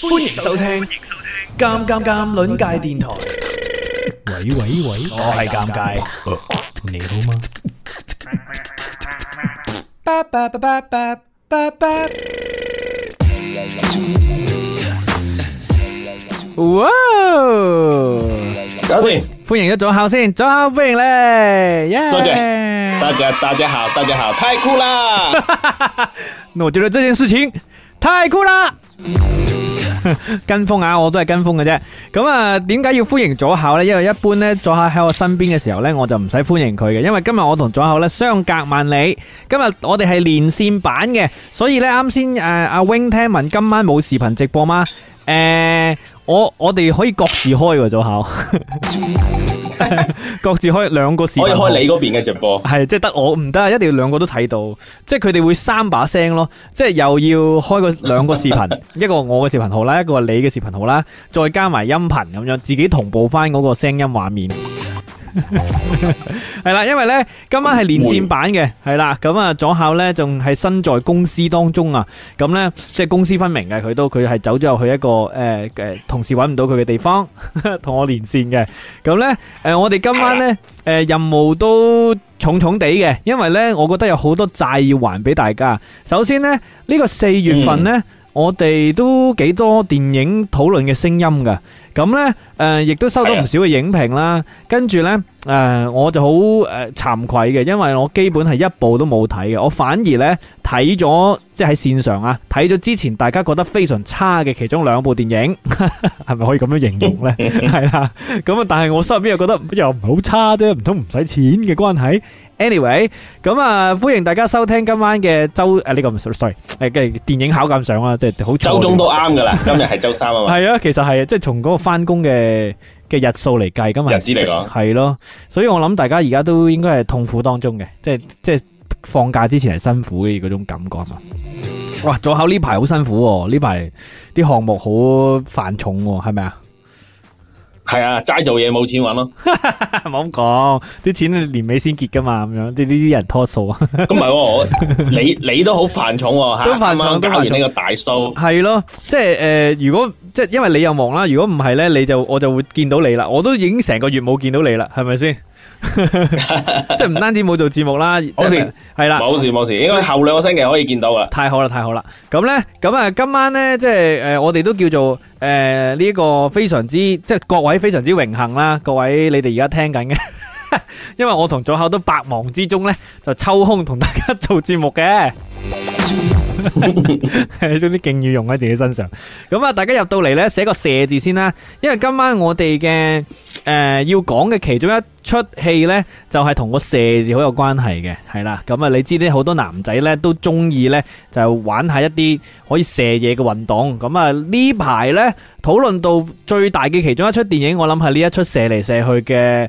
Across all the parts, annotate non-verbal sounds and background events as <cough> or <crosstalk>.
歡迎收聽《尷尷尷》輪界電台。喂喂喂，我係尷尬，你好嗎？喂，a 哇！首先歡迎一早考先，早好，歡迎咧！多謝大家，大家好，大家好，太酷啦！那我覺得這件事情太酷啦！ <laughs> 跟風啊！我都係跟風嘅啫。咁啊，點解要歡迎左考呢？因為一般呢，左考喺我身邊嘅時候呢，我就唔使歡迎佢嘅。因為今日我同左考呢相隔萬里，今日我哋係連線版嘅，所以呢，啱先誒，阿、啊、Wing、啊、聽聞今晚冇視頻直播嗎？誒、uh，我我哋可以各自開喎，做口 <laughs> 各自開兩個視頻，可以開你嗰邊嘅直播，係即係得我唔得啊？一定要兩個都睇到，即係佢哋會三把聲咯，即係又要開個兩個視頻， <laughs> 一個我嘅視頻號啦，一個你嘅視頻號啦，再加埋音頻咁樣，自己同步翻嗰個聲音畫面。係啦， <laughs> 因為呢今晚係連線版嘅，係啦，咁啊左考呢仲係身在公司當中啊，咁呢，即係公私分明嘅，佢都佢係走咗去一個誒誒、呃、同事揾唔到佢嘅地方同 <laughs> 我連線嘅，咁呢，誒、呃、我哋今晚呢誒、呃、任務都重重地嘅，因為呢，我覺得有好多債要還俾大家，首先呢，呢、這個四月份呢。嗯我哋都幾多電影討論嘅聲音噶，咁呢誒，亦都收到唔少嘅影評啦。跟住呢，誒，我就好誒慚愧嘅，因為我基本係一部都冇睇嘅，我反而呢睇咗，即係喺線上啊，睇咗之前大家覺得非常差嘅其中兩部電影，係咪可以咁樣形容呢？係啦，咁啊，但係我心入邊又覺得又唔好差啫，唔通唔使錢嘅關係？Anyway，咁啊歡迎大家收聽今晚嘅周誒呢個唔 sorry，誒即係電影考尷賞啊，即係好早。周中都啱噶啦， <laughs> 今日係周三啊嘛。係 <laughs> 啊，其實係即係從嗰個翻工嘅嘅日數嚟計，今、就係、日子嚟。人資嚟講。係咯，所以我諗大家而家都應該係痛苦當中嘅，即係即係放假之前係辛苦嘅嗰種感覺啊嘛。哇，早考呢排好辛苦，啊，呢排啲項目好繁重，係咪啊？係啊，齋做嘢冇錢揾咯，啊，冇咁講，啲錢年尾先結噶嘛，咁樣啲呢啲人拖數啊，咁唔係我你你都好繁重，都繁重都繁重，搞完你個大數，係咯，即係誒、呃，如果即係因為你又忙啦，如果唔係咧，你就我就會見到你啦，我都已經成個月冇見到你啦，係咪先？即係唔單止冇做節目啦，冇事係啦，冇事冇事，應該後兩個星期可以見到啊！太好啦，太好啦！咁呢，咁啊，今晚呢，即係誒，我哋都叫做誒呢個非常之即係各位非常之榮幸啦！各位，你哋而家聽緊嘅，因為我同早到都百忙之中呢，就抽空同大家做節目嘅。將啲勁語用喺自己身上咁啊！大家入到嚟呢，寫個射字先啦，因為今晚我哋嘅誒要講嘅其中一出戲呢，就係同個射字好有關係嘅係啦。咁啊，你知啲好多男仔呢都中意呢，就玩下一啲可以射嘢嘅運動咁啊。呢排呢，討論到最大嘅其中一出電影，我諗係呢一出射嚟射去嘅。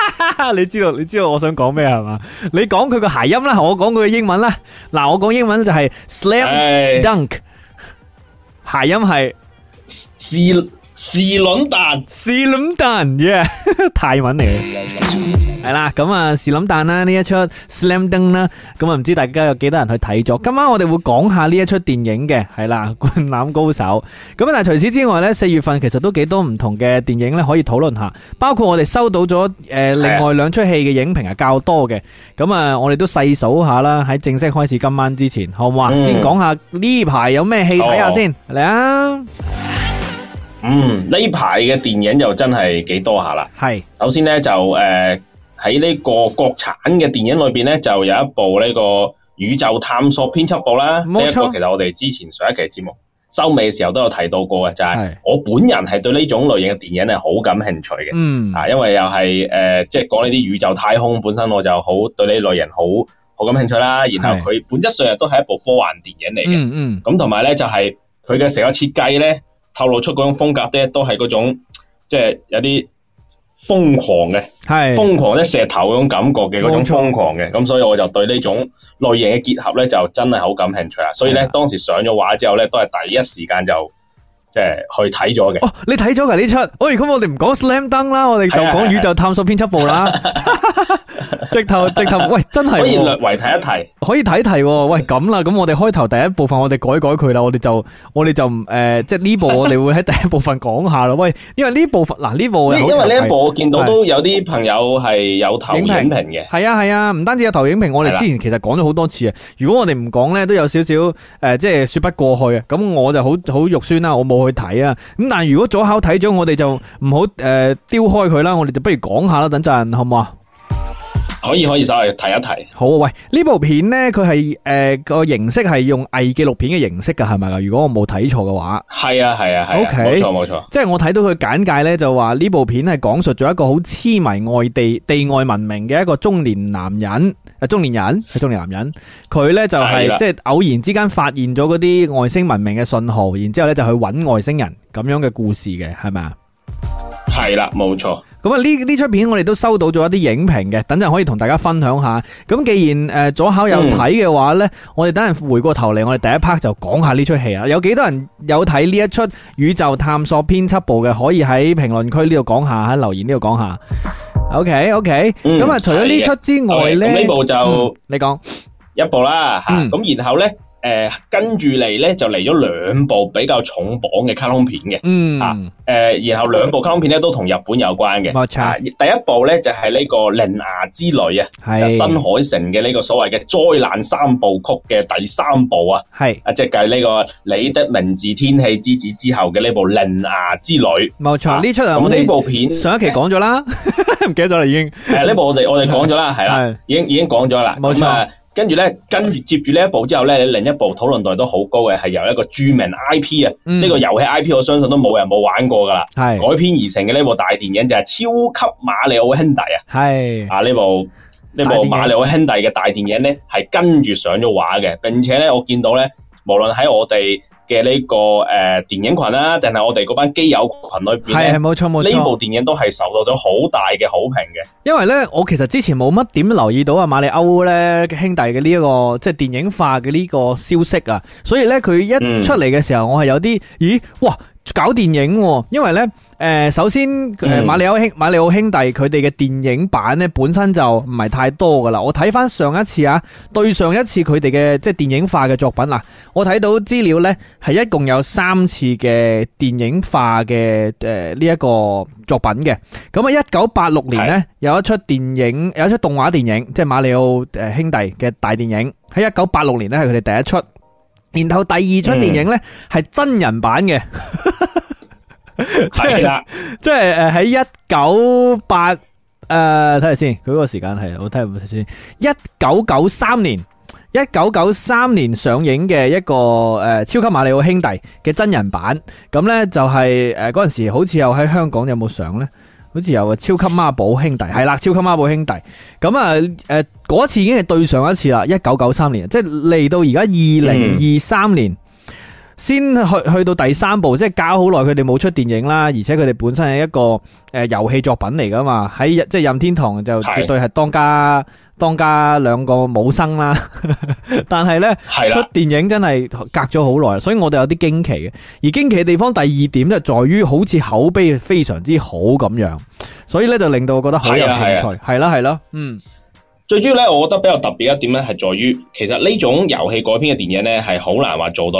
啊，你知道你知道我想講咩係嘛？你講佢個諧音啦，我講佢嘅英文啦。嗱，我講英文就係 slam dunk，諧是音係是卵蛋，是卵蛋，耶，泰文嚟啦！係啦，咁啊，是卵蛋啦，呢一出《Slam Dunk》啦，咁啊，唔知大家有幾多人去睇咗？今晚我哋會講下呢一出電影嘅，係啦，《灌籃高手》。咁啊，但係除此之外咧，四月份其實都幾多唔同嘅電影咧可以討論下，包括我哋收到咗誒另外兩出戲嘅影評係較多嘅，咁啊，我哋都細數下啦。喺正式開始今晚之前，好唔好啊？先講下呢排有咩戲睇下先嚟啊！嗯，呢排嘅電影又真係幾多下啦。係是，首先咧就誒喺呢個國產嘅電影裏邊咧，就有一部呢個宇宙探索編輯部啦。冇錯錯，呢個其實我哋之前上一期節目收尾嘅時候都有提到過嘅，就係、是、我本人係對呢種類型嘅電影係好感興趣嘅。嗯是、啊，因為又係誒即係講呢啲宇宙太空本身，我就好對呢類型好好感興趣啦。然後佢本質上又都係一部科幻電影嚟嘅是、嗯。嗯嗯，咁同埋咧就係佢嘅成個設計咧。透露出嗰種風格咧，都係嗰種即係有啲瘋狂嘅，係瘋的狂嘅石頭嗰種感覺嘅嗰粗種瘋狂嘅，咁所以我就對呢種類型嘅結合咧，就真係好感興趣啦。所以咧，當時上咗畫之後咧，都係第一時間就即係去睇咗嘅。你睇咗噶呢出？哦，如果我哋唔講《Slam Dunk》啦，我哋就講《宇宙探索編輯部》啦是的。 <laughs> 直頭直頭，喂，真係可以略為提一提，可以睇提，喂，咁啦，咁我哋開頭第一部分，我哋改改佢啦，我哋就我哋就誒，即係呢部我哋會喺第一部分講下喇。喂，因為呢部分嗱呢部，啊、部好因為呢部我見到都有啲朋友係有投影屏嘅，係啊係啊，唔單止有投影屏，我哋之前其實講咗好多次啊，如果我哋唔講呢，都有少少誒，即係說不過去啊，咁我就好好肉酸啦，我冇去睇啊，咁但係如果左口睇咗，我哋就唔好誒丟開佢啦，我哋就不如講下啦，等陣好唔好啊？可以可以，可以稍微提一提。好啊，喂！呢部片呢，佢係誒個形式係用偽紀錄片嘅形式噶，係咪啊？如果我冇睇錯嘅話，係啊係啊係啊。O K，冇錯冇錯。錯，即係我睇到佢簡介呢，就話呢部片係講述咗一個好痴迷外地地外文明嘅一個中年男人啊，中年人係中年男人，佢呢就係即係偶然之間發現咗嗰啲外星文明嘅信號，然之後呢就去搵外星人咁樣嘅故事嘅，係咪啊？係啦，冇錯。咁啊，呢呢出片我哋都收到咗一啲影評嘅，等陣可以同大家分享下。咁既然誒、呃、左考有睇嘅話呢，嗯、我哋等陣回過頭嚟，我哋第一 part 就講下呢出戲啊。有幾多人有睇呢一出宇宙探索編輯部嘅？可以喺評論區呢度講下，喺留言呢度講下。OK OK、嗯。咁啊，除咗呢出之外呢，呢、嗯嗯、部就你講說一部啦。咁、嗯、然後呢？誒，跟住嚟咧就嚟咗兩部比較重磅嘅卡通片嘅，嗯吓，誒，然後兩部卡通片咧都同日本有關嘅，冇錯。第一部咧就係呢個《鈴芽之旅》啊，新海誠嘅呢個所謂嘅災難三部曲嘅第三部啊，係啊，即係呢個《你的名字》天氣之子之後嘅呢部《鈴芽之旅》，冇錯。呢出啊，呢部片上一期講咗啦，唔記得咗啦已經。誒，呢部我哋我哋講咗啦，係啦，已經已經講咗啦，冇錯。跟住呢跟住接住呢一部之後你另一部討論度都好高嘅，係由一個著名 IP 啊，嗯，呢個遊戲 IP 我相信都冇人冇玩過㗎啦，是改編而成嘅呢部大電影就係《超級馬里奧兄弟》是啊，啊呢部呢部馬里奧兄弟嘅大電影呢，係跟住上咗畫嘅，並且呢，我見到呢，無論喺我哋。嘅呢、這個誒、呃、電影群啦，定係我哋嗰班基友群裏邊咧，係，冇錯，冇錯，呢部電影都係受到咗好大嘅好評嘅。因為呢，我其實之前冇乜點留意到啊，馬里奧呢兄弟嘅呢一個即係電影化嘅呢個消息啊，所以呢，佢一出嚟嘅時候，嗯、我係有啲咦，哇，搞電影、啊，因為呢。誒，首先誒，馬里奧兄馬里奧兄弟佢哋嘅電影版呢，本身就唔係太多噶啦。我睇翻上一次啊，對上一次佢哋嘅即係電影化嘅作品啦，我睇到資料呢，係一共有三次嘅電影化嘅誒呢一個作品嘅。咁啊，一九八六年呢，有一出電影，有一出動畫電影，即係馬里奧誒兄弟嘅大電影。喺一九八六年呢，係佢哋第一出，然後第二出電影呢，係真人版嘅。嗯 <laughs> 係啦，即係誒喺一九八誒睇下先，佢、那、嗰個時間係我睇下先，一九九三年，一九九三年上映嘅一個誒、呃、超級馬里奧兄弟嘅真人版，咁呢就係誒嗰陣時好似又喺香港有冇上呢？好似有個，超級孖寶兄弟。係啦，超級孖寶兄弟，咁啊誒嗰次已經係對上一次啦，一九九三年，即係嚟到而家二零二三年。嗯先去去到第三部，即係搞好耐，佢哋冇出電影啦。而且佢哋本身係一個誒遊戲作品嚟噶嘛，喺即係任天堂就絕對係當家當家兩個武生啦。但係呢，出電影真係隔咗好耐，所以我哋有啲驚奇嘅。而驚奇嘅地方，第二點就在於好似口碑非常之好咁樣，所以呢就令到我覺得好有興趣。係啦，係啦，嗯，最主要呢，我覺得比較特別一點呢係在於其實呢種遊戲改編嘅電影呢係好難話做到。.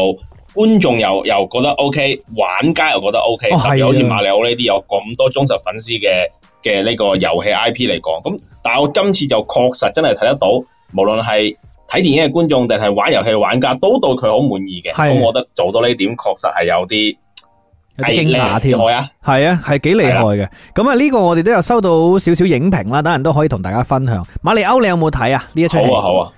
觀眾又又覺得 OK，玩家又覺得 OK，特別好似、哦、馬里奧呢啲有咁多忠實粉絲嘅嘅呢個遊戲 IP 嚟講，咁但係我今次就確實真係睇得到，無論係睇電影嘅觀眾定係玩遊戲嘅玩家，都對佢好滿意嘅。咁的我覺得做到呢點，確實係有啲有啲驚訝添啊！係啊，係幾厲害嘅。咁啊的，呢個我哋都有收到少少影評啦，等人都可以同大家分享。馬里奧你有冇睇啊？呢一出啊。好啊。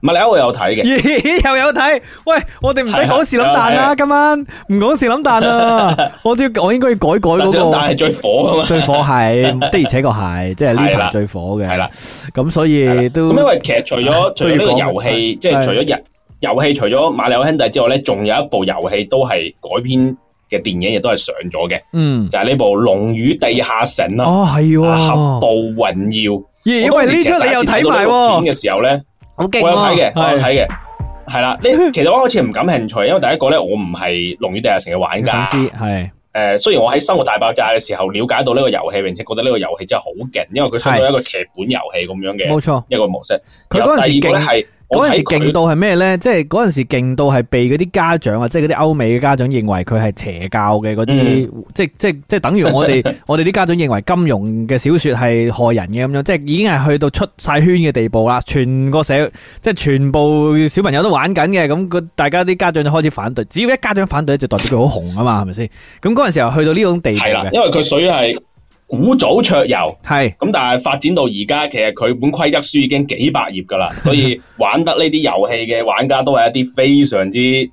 唔係，馬里奧我有睇嘅，又有睇。喂，我哋唔使講士林彈啦，今晚唔講士林彈啦，我都要，我應該要改改嗰個。但係最火噶嘛，最火係的而且確係，即係呢套最火嘅。係啦，咁所以都。咁因為其實除咗除咗個遊戲，即係除咗日遊戲，除咗《馬里奧兄弟》之外咧，仲有一部遊戲都係改編嘅電影，亦都係上咗嘅。嗯，就係呢部《龍與地下城》啦。哦，係啊，俠盜榮耀。咦，喂，呢出你又睇埋？嘅時候咧。我有睇嘅，的我有睇嘅，係啦的。呢其實我好似唔感興趣，因為第一個咧，我唔係《龍與地下城》嘅玩家。係誒，雖然我喺《生活大爆炸》嘅時候了解到呢個遊戲，並且覺得呢個遊戲真係好勁，因為佢出到一個劇本遊戲咁樣嘅，冇錯一個模式。第二個呢，佢嗰陣時勁。嗰陣時勁到係咩呢？即係嗰陣時勁到係被嗰啲家長啊，即係嗰啲歐美嘅家長認為佢係邪教嘅嗰啲，即係即係即等於我哋 <laughs> 我哋啲家長認為金庸嘅小說係害人嘅咁樣，即係已經係去到出晒圈嘅地步啦。全個社即係全部小朋友都玩緊嘅，咁大家啲家長就開始反對。只要一家長反對，就代表佢好紅啊嘛，係咪先？咁嗰陣時候去到呢種地步，因為佢水係古早桌遊，係咁是，但係發展到而家，其實佢本規則書已經幾百頁㗎啦。所以玩得呢啲遊戲嘅玩家都係一啲非常之 <laughs>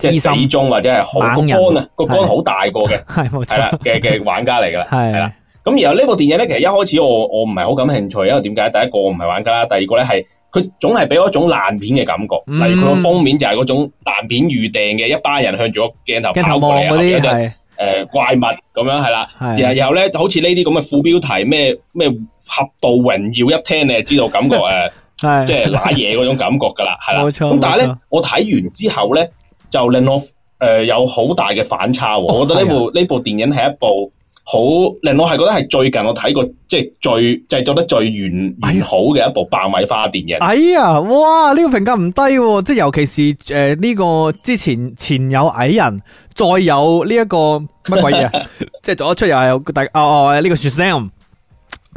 知心 即係死忠或者係個肝啊，是個肝好大個嘅係冇錯，係啦嘅嘅玩家嚟㗎啦係啦。咁是然後呢部電影咧，其實一開始我我唔係好感興趣，因為點解？第一個我唔係玩家啦，第二個咧係佢總係俾我一種爛片嘅感覺。例、嗯、如佢個封面就係嗰種爛片預定嘅一班人向住個鏡頭跑過嚟。誒、呃，怪物咁樣係啦，是的 然後然後咧，好似呢啲咁嘅副標題咩咩俠道榮耀，一聽你就知道感覺誒，即係打嘢嗰種感覺噶啦，係啦。冇錯。咁但係咧，我睇完之後咧，就令我誒有好大嘅反差，哦、我覺得呢部呢的部電影係一部。好令我係覺得係最近我睇過即係、就是、最就作、是、做得最完美好嘅一部爆米花電影。哎呀，哇！呢、這個評價唔低、啊，即係尤其是誒呢、呃這個之前前有蟻人，再有呢、這、一個乜鬼嘢，啊、 <laughs> 即係做得出又係大哦哦呢、這個《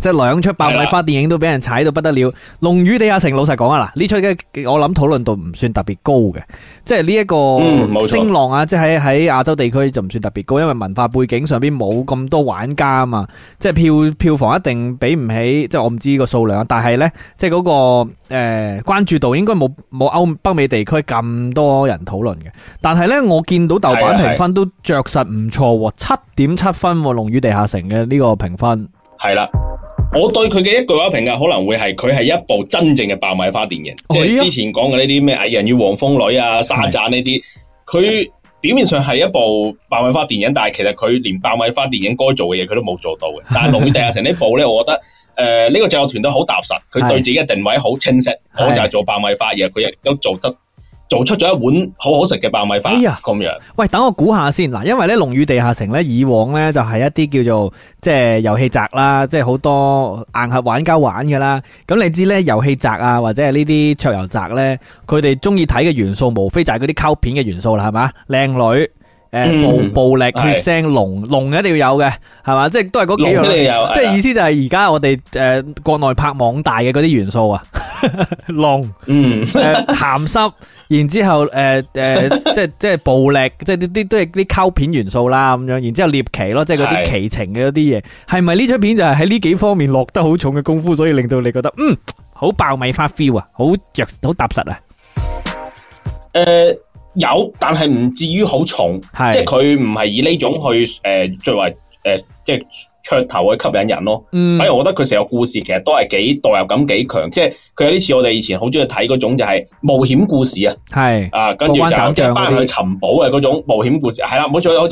即係兩出爆米花電影都俾人踩到不得了，《龍與地下城》老實講啊，嗱呢出嘅我諗討論度唔算特別高嘅，即係呢一個聲浪啊，嗯、即係喺亞洲地區就唔算特別高，因為文化背景上邊冇咁多玩家啊嘛，即係票票房一定比唔起，即係我唔知個數量，但係呢，即係嗰、嗰個誒、呃、關注度應該冇冇歐北美地區咁多人討論嘅，但係呢，我見到豆瓣評分都着實唔錯，七點七分、啊，《龍與地下城》嘅、這呢個評分係啦。我對佢嘅一句話評價，可能會係佢係一部真正嘅爆米花電影。即係之前講嘅呢啲咩蟻人與黃蜂女啊、沙贊呢啲，佢表面上係一部爆米花電影，但係其實佢連爆米花電影該做嘅嘢佢都冇做到嘅。但係龍與地下城呢部咧，我覺得誒呢、 <laughs> 呃這個製作團隊好踏實，佢對自己嘅定位好清晰，的我就係做爆米花嘢，佢亦都做得。做出咗一碗好好食嘅爆米飯，咁、哎、呀樣。喂，等我估下先嗱，因為咧龍與地下城咧以往咧就係、是、一啲叫做即係遊戲宅啦，即係好多硬核玩家玩㗎啦。咁你知咧遊戲宅啊或者係呢啲桌遊宅咧，佢哋中意睇嘅元素，無非就係嗰啲溝片嘅元素啦，係嘛，靚女。誒，暴、uh, 嗯、暴力血腥，龍龍的一定要有嘅，係嘛？即係都係嗰幾樣，有即係意思就係而家我哋誒國內拍網大嘅嗰啲元素啊，龍的， <laughs> 龍嗯，誒鹹濕， <laughs> 然之後誒誒、呃，即係即係暴力，即係啲啲都係啲溝片元素啦咁樣，然之後獵奇咯，即係嗰啲奇情嘅嗰啲嘢，係咪呢出片就係喺呢幾方面落得好重嘅功夫，所以令到你覺得嗯好爆米花 feel 啊，好着好踏實啊，誒、呃。有，但係唔至於好重，是即係佢唔係以呢種去、呃、作為、呃、即係。噱頭去吸引人咯，反而、嗯、我覺得佢成個故事其實都係幾代入感幾強，即係佢有啲似我哋以前好中意睇嗰種就係冒險故事啊，係啊，跟住就班人去尋寶嘅嗰種冒險故事，係啦是，冇錯、啊嗯，好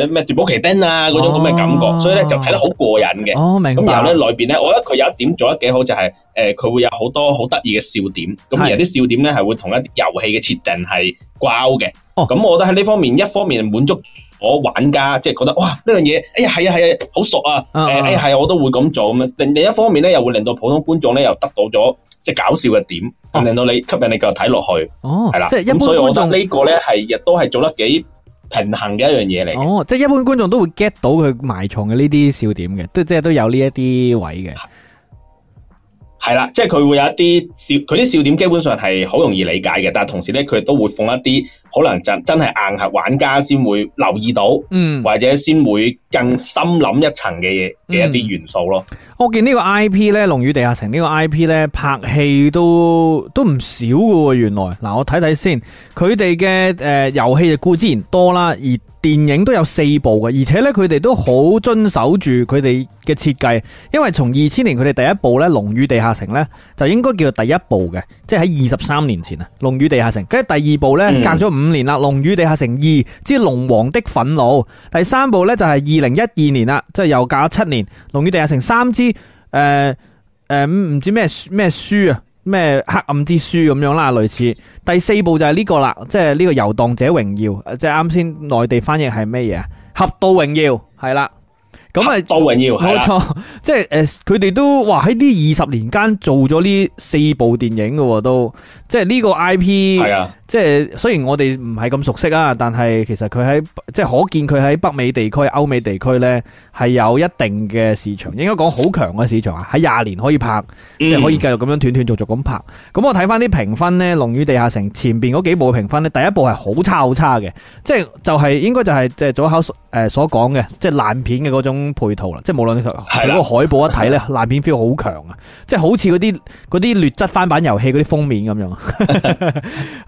似誒咩奪寶奇兵啊嗰種咁嘅感覺，所以咧就睇得好過癮嘅，哦，明白。咁然後咧裏邊咧，我覺得佢有一點做得幾好就係、是，誒、呃，佢會有好多好得意嘅笑點，咁是然後啲笑點咧係會同一啲遊戲嘅設定係掛勾嘅，咁、哦、我覺得喺呢方面一方面滿足。我玩家即係覺得哇呢樣嘢，哎呀係啊係啊，好熟啊！誒、啊，哎呀係啊，我都會咁做咁樣。另另一方面咧，又會令到普通觀眾咧又得到咗即係搞笑嘅點，啊、令到你吸引你繼續睇落去。哦，係啦的、哦，即係一般我覺得呢個咧係亦都係做得幾平衡嘅一樣嘢嚟。哦，即係一般觀眾都會 get 到佢埋藏嘅呢啲笑點嘅，都即係都有呢一啲位嘅。係啦，即係佢會有一啲笑，佢啲笑點基本上係好容易理解嘅，但係同時咧佢都會放一啲。可能就真係硬核玩家先會留意到，嗯，或者先會更深諗一層嘅嘢嘅一啲元素咯。我見呢個 I P 咧，《龍與地下城》呢個 I P 咧拍戲都都唔少噶喎。原來嗱，我睇睇先，佢哋嘅誒遊戲嘅固之然多啦，而電影都有四部嘅，而且咧佢哋都好遵守住佢哋嘅設計，因為從二千年佢哋第一部咧《龍與地下城呢》咧就應該叫做第一部嘅，即係喺二十三年前啊，《龍與地下城》跟住第二部咧隔咗五五年啦，《龍與地下城二之龍王的憤怒》第三部呢，就係二零一二年啦，即係又隔咗七年，《龍與地下城三之誒誒唔知咩咩書啊咩黑暗之書》咁樣啦，類似第四部就係呢個啦，即係呢個《遊蕩者榮耀》，即係啱先內地翻譯係咩嘢《俠盜榮耀》係啦，咁啊《俠盜榮耀》冇錯，即係誒佢哋都哇喺呢二十年間做咗呢四部電影嘅都，即係呢個 I P 係啊。即係雖然我哋唔係咁熟悉啊，但係其實佢喺即係可見佢喺北美地區、歐美地區呢係有一定嘅市場，應該講好強嘅市場啊！喺廿年可以拍，即係可以繼續咁樣斷斷續續咁拍。咁、嗯、我睇翻啲評分呢，《龍與地下城》前面嗰幾部嘅評分呢，第一部係好差好差嘅，即係就係應該就係即係早口所講嘅，即係爛片嘅嗰種配套啦。即係無論佢嗰個海報一睇呢，了爛片 feel <laughs> 好強啊！即係好似嗰啲嗰啲劣質翻版遊戲嗰啲封面咁樣，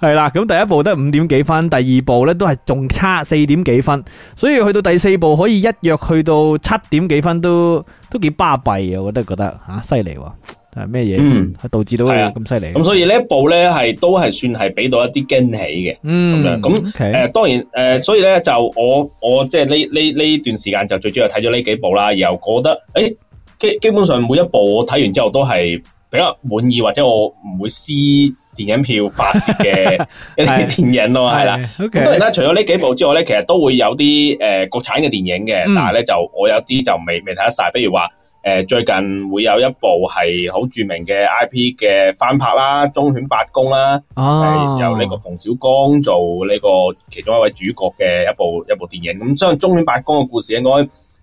係啦。 <laughs> <laughs> 咁第一部都係五點幾分，第二部咧，都係仲差四點幾分，所以去到第四部可以一躍去到七點幾分都，都都幾巴閉，我覺得覺得吓犀利，但係咩嘢嗯導致到咁犀利？咁、嗯、所以呢一部咧係都係算係俾到一啲驚喜嘅，咁、嗯、樣咁誒 okay.、呃，當然誒、呃，所以咧就我我即係呢呢呢段時間就最主要睇咗呢幾部啦，然後覺得誒基、欸、基本上每一部我睇完之後都係比較滿意，或者我唔會撕。電影票發泄嘅一啲電影咯，係啦。咁當然啦，除咗呢幾部之外咧，okay, 其實都會有啲誒、呃、國產嘅電影嘅，嗯、但係咧就我有啲就未未睇得晒。比如話誒、呃、最近會有一部係好著名嘅 I P 嘅翻拍啦，《忠犬八公》啦、哦，係由呢個馮小剛做呢個其中一位主角嘅一部一部，一部電影。咁雖然《忠犬八公》嘅故事，應該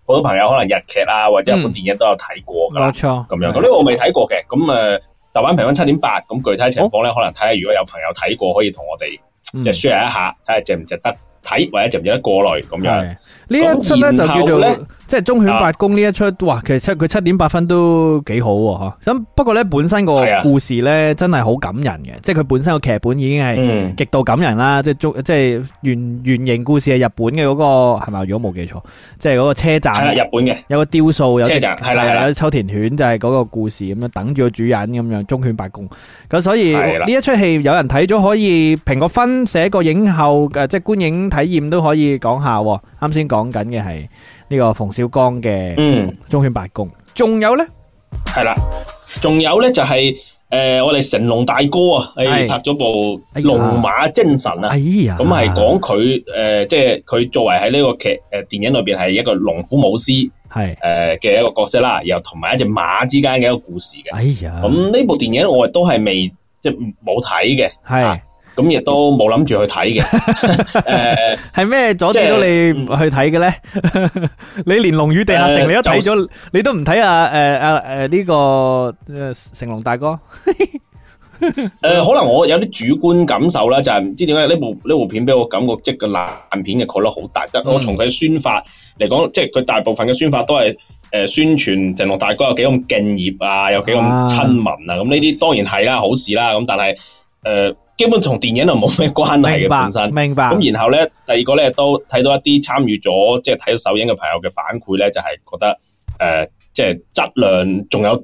好多朋友可能日劇啊或者日本電影都有睇過噶啦，咁、嗯、樣咁呢個我未睇過嘅，咁誒。呃豆瓣評分七點八，咁具體情況呢，哦、可能睇下如果有朋友睇過，可以同我哋即係 share 一下，睇下值唔值得睇，或者值唔值得過濾咁樣。呢一出呢，就叫做。即係忠犬八公呢一出，Yeah. 哇！其實佢七點八分都幾好喎，咁。不過咧，本身個故事咧真係好感人嘅，Yeah. 即係佢本身個劇本已經係極度感人啦。Mm. 即係即係原原型故事係日本嘅嗰個係咪？如果冇記錯，即係嗰個車站，yeah, 日本嘅有個雕塑，車站係啦，有秋田犬就係嗰個故事咁樣等住個主人咁樣，忠犬八公咁。所以呢一出戲有人睇咗，可以評個分，寫個影後嘅，即係觀影體驗都可以講下。啱先講緊嘅係。呢個馮小剛嘅嗯，忠犬八公、嗯，仲有呢？還仲有呢就係、呃、我哋成龍大哥啊，是拍咗部《龍馬精神》啊，咁係講佢即係佢作為喺呢個電影裏面係一個龍虎武師，是呃、的嘅一個角色啦，又同埋一隻馬之間嘅一個故事嘅。哎呀，咁呢部電影我亦都係未即係冇睇嘅，咁亦都冇諗住去睇嘅、 <laughs> <laughs> 嗯，誒，係咩阻止到你去睇嘅咧？ <laughs> 你連《龍與地下城裡》呃、你都睇咗，你都唔睇啊？誒誒誒，呢、啊這個成龍大哥，誒、 <laughs> 呃，可能我有啲主觀感受啦，就係、是、唔知點解呢部呢 <laughs> 部片俾我感覺，即個爛片嘅概率好大。嗯、我從佢宣發嚟講，即係佢大部分嘅宣發都係誒宣傳成龍大哥有幾咁敬業啊，有幾咁親民啊，咁呢啲當然係啦，好事啦、啊，咁但係誒。呃基本同電影就冇咩關係嘅，本身明白，明白。咁然後咧，第二個咧都睇到一啲參與咗，即係睇到首映嘅朋友嘅反饋咧，就係、是、覺得誒，即係質量仲有。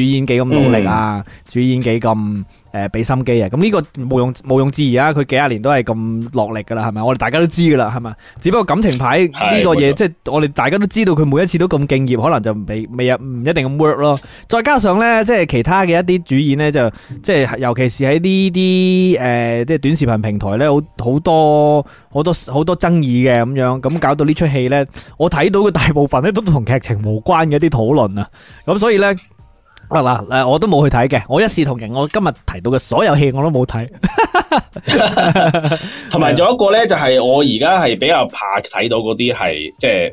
主演幾咁努力啊！嗯、主演幾咁誒俾心機啊！咁呢個毋庸毋庸置疑啊！佢幾廿年都係咁落力噶啦，係咪？我哋大家都知噶啦，係嘛。只不過感情牌呢個嘢，即係唉我哋大家都知道佢每一次都咁敬業，可能就未未有唔一定咁 work 咯。再加上呢，即係其他嘅一啲主演呢，就即係尤其是喺呢啲誒，即係短視頻平台呢，好好多好多好多爭議嘅咁樣，咁搞到呢出戲呢，我睇到嘅大部分呢，都同劇情無關嘅一啲討論啊，咁所以呢。嗱嗱，我都冇去睇嘅，我一視同仁。我今日提到嘅所有戲我都冇睇。同埋仲有一個咧，就係、是、我而家係比較怕睇到嗰啲係即係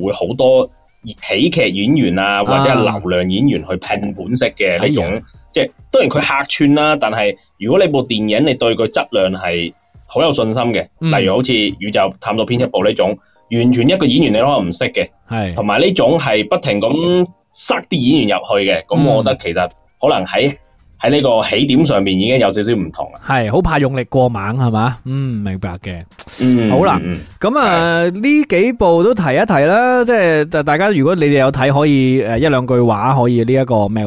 誒會好多喜劇演員啊，或者係流量演員去拼本色嘅呢種。即、就、係、是、當然佢客串啦，但係如果你部電影你對佢質量係好有信心嘅，嗯、例如好似《宇宙探索編輯部》呢種，完全一個演員你可能唔識嘅，同埋呢種係不停咁。塞啲演員入去嘅，咁、嗯、我覺得其實可能喺喺呢個起點上面已經有少少唔同啦。係，好怕用力過猛係嘛？嗯，明白嘅。嗯，好啦，咁啊呢幾部都提一提啦，即係，大家如果你哋有睇，可以誒一兩句話可以呢、這、一個咩？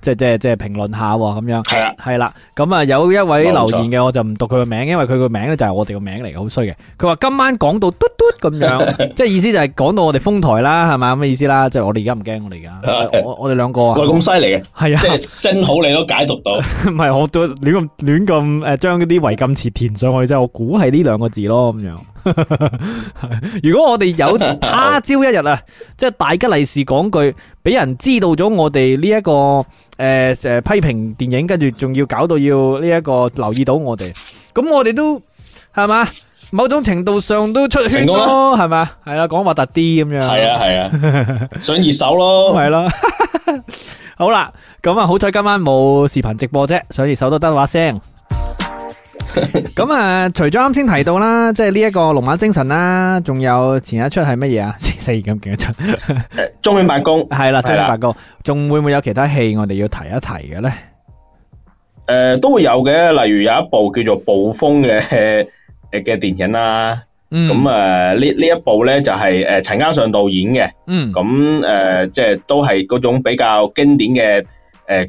即係即係即係評論下咁樣，係啊，係啦。咁啊，有一位留言嘅，我就唔讀佢個名，因為佢個名咧就係我哋個名嚟嘅，好衰嘅。佢話今晚講到嘟嘟咁樣，即係意思就係講到我哋封台啦，係咪？咁嘅意思啦。即係我哋而家唔驚，我哋而家，我我哋兩個啊，喂，咁犀利嘅，係啊，聲好你都解讀到，唔係我都亂亂咁誒，將啲違禁詞填上去，即係我估係呢兩個字咯咁樣。如果我哋有他朝一日啊，即係大吉利是講句。俾人知道咗我哋呢一個誒誒批評電影，跟住仲要搞到要呢一個留意到我哋，咁我哋都係嘛，某種程度上都出圈咯，係嘛，係啦，講話特啲咁樣，係啊係啊，上熱搜咯，係咯，好啦，咁啊好彩今晚冇視頻直播啫，上熱搜都得把聲。咁啊，除咗啱先提到啦，即係呢一個龍馬精神啦，仲有前一出係乜嘢啊？四四咁幾一出？忠犬八公係啦，忠犬八公仲會唔會有其他戲？我哋要提一提嘅咧？誒，都會有嘅，例如有一部叫做《暴風》嘅誒嘅電影啦。咁誒呢呢一部咧就係誒陳嘉上導演嘅。嗯，咁誒即係都係嗰種比較經典嘅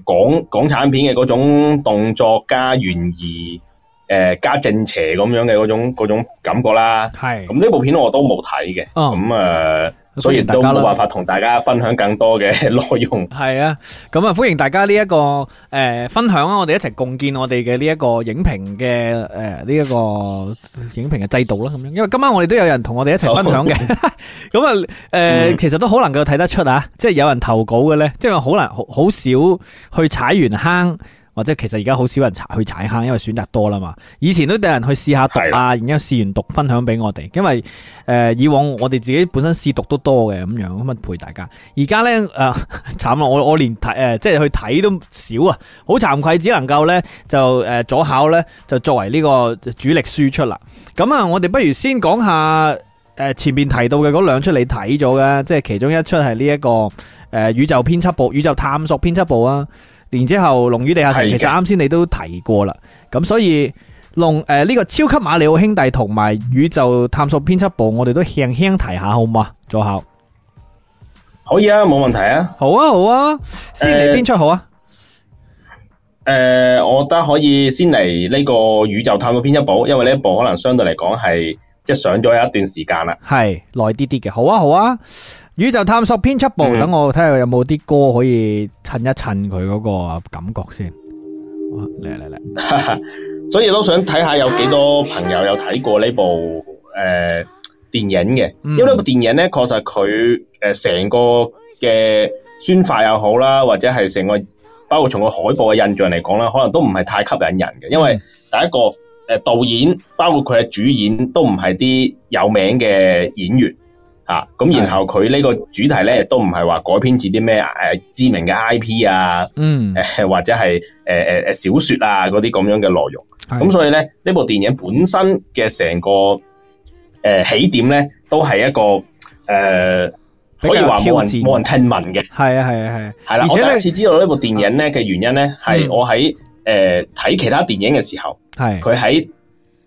誒港港產片嘅嗰種動作加懸疑。誒，家、呃、正邪咁樣嘅嗰種嗰種感覺啦，係咁呢部片我都冇睇嘅，咁誒、嗯，嗯、所以都冇辦法同大家分享更多嘅內容。係、嗯嗯、啊，咁、嗯、啊，歡迎大家呢、這、一個誒、呃、分享啊，我哋一齊共建我哋嘅呢一個影評嘅誒呢一個影評嘅制度啦，咁樣。因為今晚我哋都有人同我哋一齊分享嘅，咁啊，誒，其實都好能夠睇得出啊，即係有人投稿嘅咧，即係好難好少去踩完坑。或者其實而家好少人去踩坑，因為選擇多啦嘛。以前都有人去試下毒啊，的然之後試完毒分享俾我哋。因為誒、呃，以往我哋自己本身試毒都多嘅咁樣，咁啊陪大家。而家呢，誒、呃，慘咯，我我連睇誒、呃，即係去睇都少啊，好慚愧，只能夠呢就誒左、呃、考呢，就作為呢個主力輸出啦。咁啊，我哋不如先講下誒、呃、前面提到嘅嗰兩出你睇咗嘅，即係其中一出係呢一個誒、呃、宇宙編輯部、宇宙探索編輯部啊。然之後龍與地下城其實啱先你都提過啦，咁的所以龍誒呢個超級馬里奧兄弟同埋宇宙探索編輯部，我哋都輕輕提下好唔好？坐下可以啊，冇問題啊，好啊好啊，先嚟邊出好啊？誒、呃，我覺得可以先嚟呢個宇宙探索編輯部，因為呢一部可能相對嚟講係即係上咗有一段時間啦，係耐啲啲嘅，好啊好啊。宇宙探索編輯部，等、嗯、我睇下有冇啲歌可以襯一襯佢嗰個感覺先。來來來 <laughs> 所以都想睇下有幾多朋友有睇過呢部、呃嗯、部電影嘅，因為呢部電影咧，確實佢誒成個嘅宣發又好啦，或者係成個包括從個海報嘅印象嚟講啦，可能都唔係太吸引人嘅。因為第一個、呃、導演，包括佢嘅主演都唔係啲有名嘅演員。嗯啊，咁然後佢呢個主題咧，亦都唔係話改編自啲咩誒知名嘅 I P 啊，嗯，誒或者係誒誒誒小說啊嗰啲咁樣嘅內容。咁的所以咧，呢部電影本身嘅成個誒、呃、起點咧，都係一個誒、呃、可以話冇人冇人聽聞嘅。係啊係啊係，係啦。的我第一次知道呢部電影咧嘅原因咧，係我喺誒睇其他電影嘅時候，係佢喺。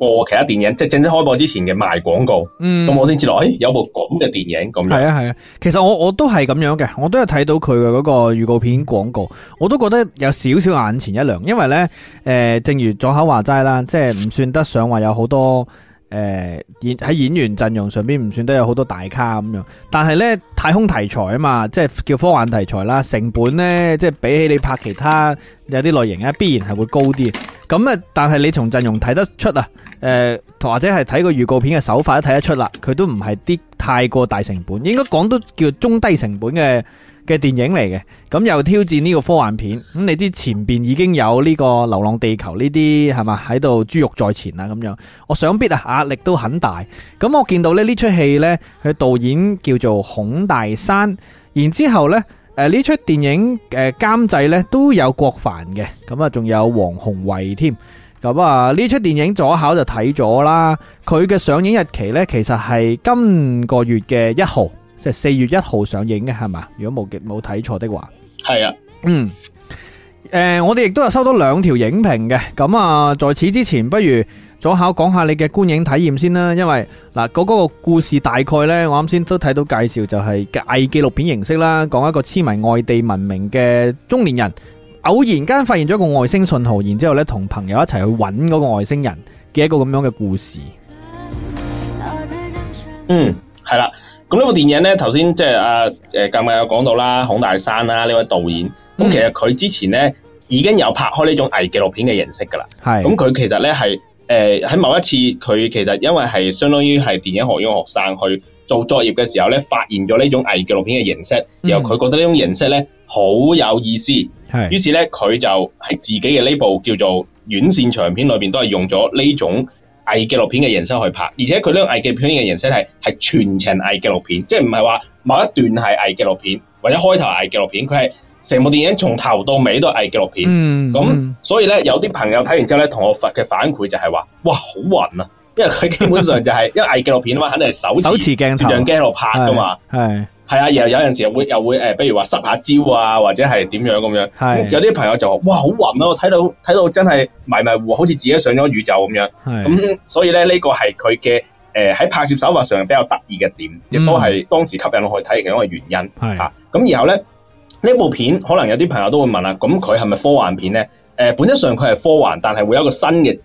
播其他電影，即係正式開播之前嘅賣廣告，咁、嗯、我先知道，誒、欸，有部咁嘅電影咁樣。係啊係啊，其實我我都係咁樣嘅，我都有睇到佢嘅嗰個預告片廣告，我都覺得有少少眼前一亮，因為呢，誒、呃，正如左口話齋啦，即係唔算得上話有好多，誒、呃，演喺演員陣容上邊唔算得有好多大咖咁樣，但係呢太空題材啊嘛，即係叫科幻題材啦，成本呢，即係比起你拍其他有啲類型呢，必然係會高啲，咁啊，但係你從陣容睇得出啊。誒、呃，或者係睇個預告片嘅手法都睇得出啦，佢都唔係啲太過大成本，應該講都叫中低成本嘅嘅電影嚟嘅。咁又挑戰呢個科幻片，咁、嗯、你知前邊已經有呢個《流浪地球》呢啲係嘛，喺度珠玉在前啦咁樣，我想必啊壓力都很大。咁我見到呢出戲呢，佢導演叫做孔大山，然之後呢誒呢出電影誒監製呢都有郭帆嘅，咁啊仲有黃宏維添。咁啊！呢出電影左考就睇咗啦，佢嘅上映日期呢，其實係今個月嘅一號，即係四月一號上映嘅，係嘛？如果冇冇睇錯的話，係啊，嗯，誒、呃，我哋亦都有收到兩條影評嘅。咁啊，在此之前，不如左考講下你嘅觀影體驗先啦。因為嗱，嗰、那、嗰個故事大概呢，我啱先都睇到介紹，就係偽紀錄片形式啦，講一個痴迷外地文明嘅中年人。偶然間發現咗個外星信號，然之後咧同朋友一齊去揾嗰個外星人嘅一個咁樣嘅故事。嗯，係啦。咁呢部電影咧，頭先即係阿誒，今、呃、日有講到啦，孔大山啦、啊、呢位導演。咁、嗯、其實佢之前咧已經有拍開呢種偽紀錄片嘅形式噶啦。係是。咁佢其實咧係誒喺某一次，佢其實因為係相當於係電影學院學生去，做作業嘅時候咧，發現咗呢種偽紀錄片嘅形式，然後佢覺得呢種形式咧好有意思，係。於是咧，佢就係自己嘅呢部叫做《院線長片》裏邊都係用咗呢種偽紀錄片嘅形式去拍，而且佢呢種偽紀錄片嘅形式係係全程偽紀錄片，即係唔係話某一段係偽紀錄片，或者開頭係偽紀錄片，佢係成部電影從頭到尾都係偽紀錄片、嗯。咁、嗯、所以咧，有啲朋友睇完之後咧，同我嘅反饋就係話：哇，好暈啊！ <laughs> 因為佢基本上就係因為偽紀錄片啊嘛，肯定係手持鏡手持鏡攝像機喺度拍噶嘛。係係啊，然又有陣時又會又會誒，比如話失下焦啊，或者係點樣咁樣。係是有啲朋友就話：哇，好暈、啊、我睇到睇到真係迷迷糊，好似自己上咗宇宙咁樣。係咁是，所以咧呢、這個係佢嘅誒喺拍攝手法上比較得意嘅點，亦都係當時吸引我去睇嘅一個原因。係、嗯、啊，咁然後咧呢這部片可能有啲朋友都會問啦，咁佢係咪科幻片咧？誒、呃，本質上佢係科幻，但係會有一個新嘅。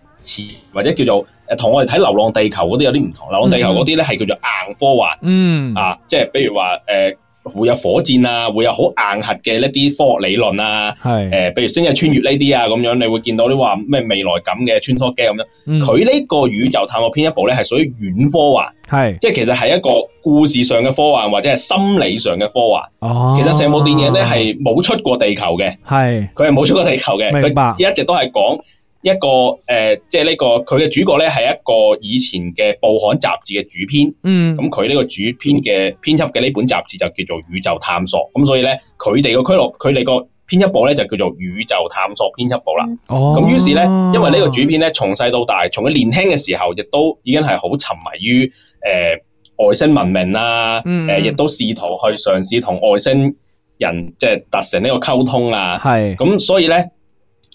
或者叫做誒，同我哋睇《流浪地球》嗰啲有啲唔同。《流浪地球》嗰啲咧係叫做硬科幻，嗯啊，即係比如話誒、呃，會有火箭啊，會有好硬核嘅一啲科學理論啊，係誒是、呃，比如星際穿越呢啲啊，咁樣你會見到啲話咩未來感嘅穿梭機咁樣。佢呢、嗯、個宇宙探測片一部咧係屬於軟科幻，係是即係其實係一個故事上嘅科幻或者係心理上嘅科幻。哦，其實《成部電影咧係冇出過地球嘅，係佢係冇出過地球嘅，佢白一直都係講。一個誒、呃，即係呢、這個佢嘅主角咧，係一個以前嘅報刊雜誌嘅主編。嗯，咁佢呢個主編嘅編輯嘅呢本雜誌就叫做《宇宙探索》嗯。咁所以咧，佢哋個俱樂部，佢哋個編輯部咧就叫做《宇宙探索編輯部》啦。哦，咁於是咧，因為呢個主編咧，從細到大，從佢年輕嘅時候，亦都已經係好沉迷於誒、呃、外星文明啦、啊、誒，亦、嗯呃、都試圖去嘗試同外星人即係達成呢個溝通啦、啊、係，咁是所以咧。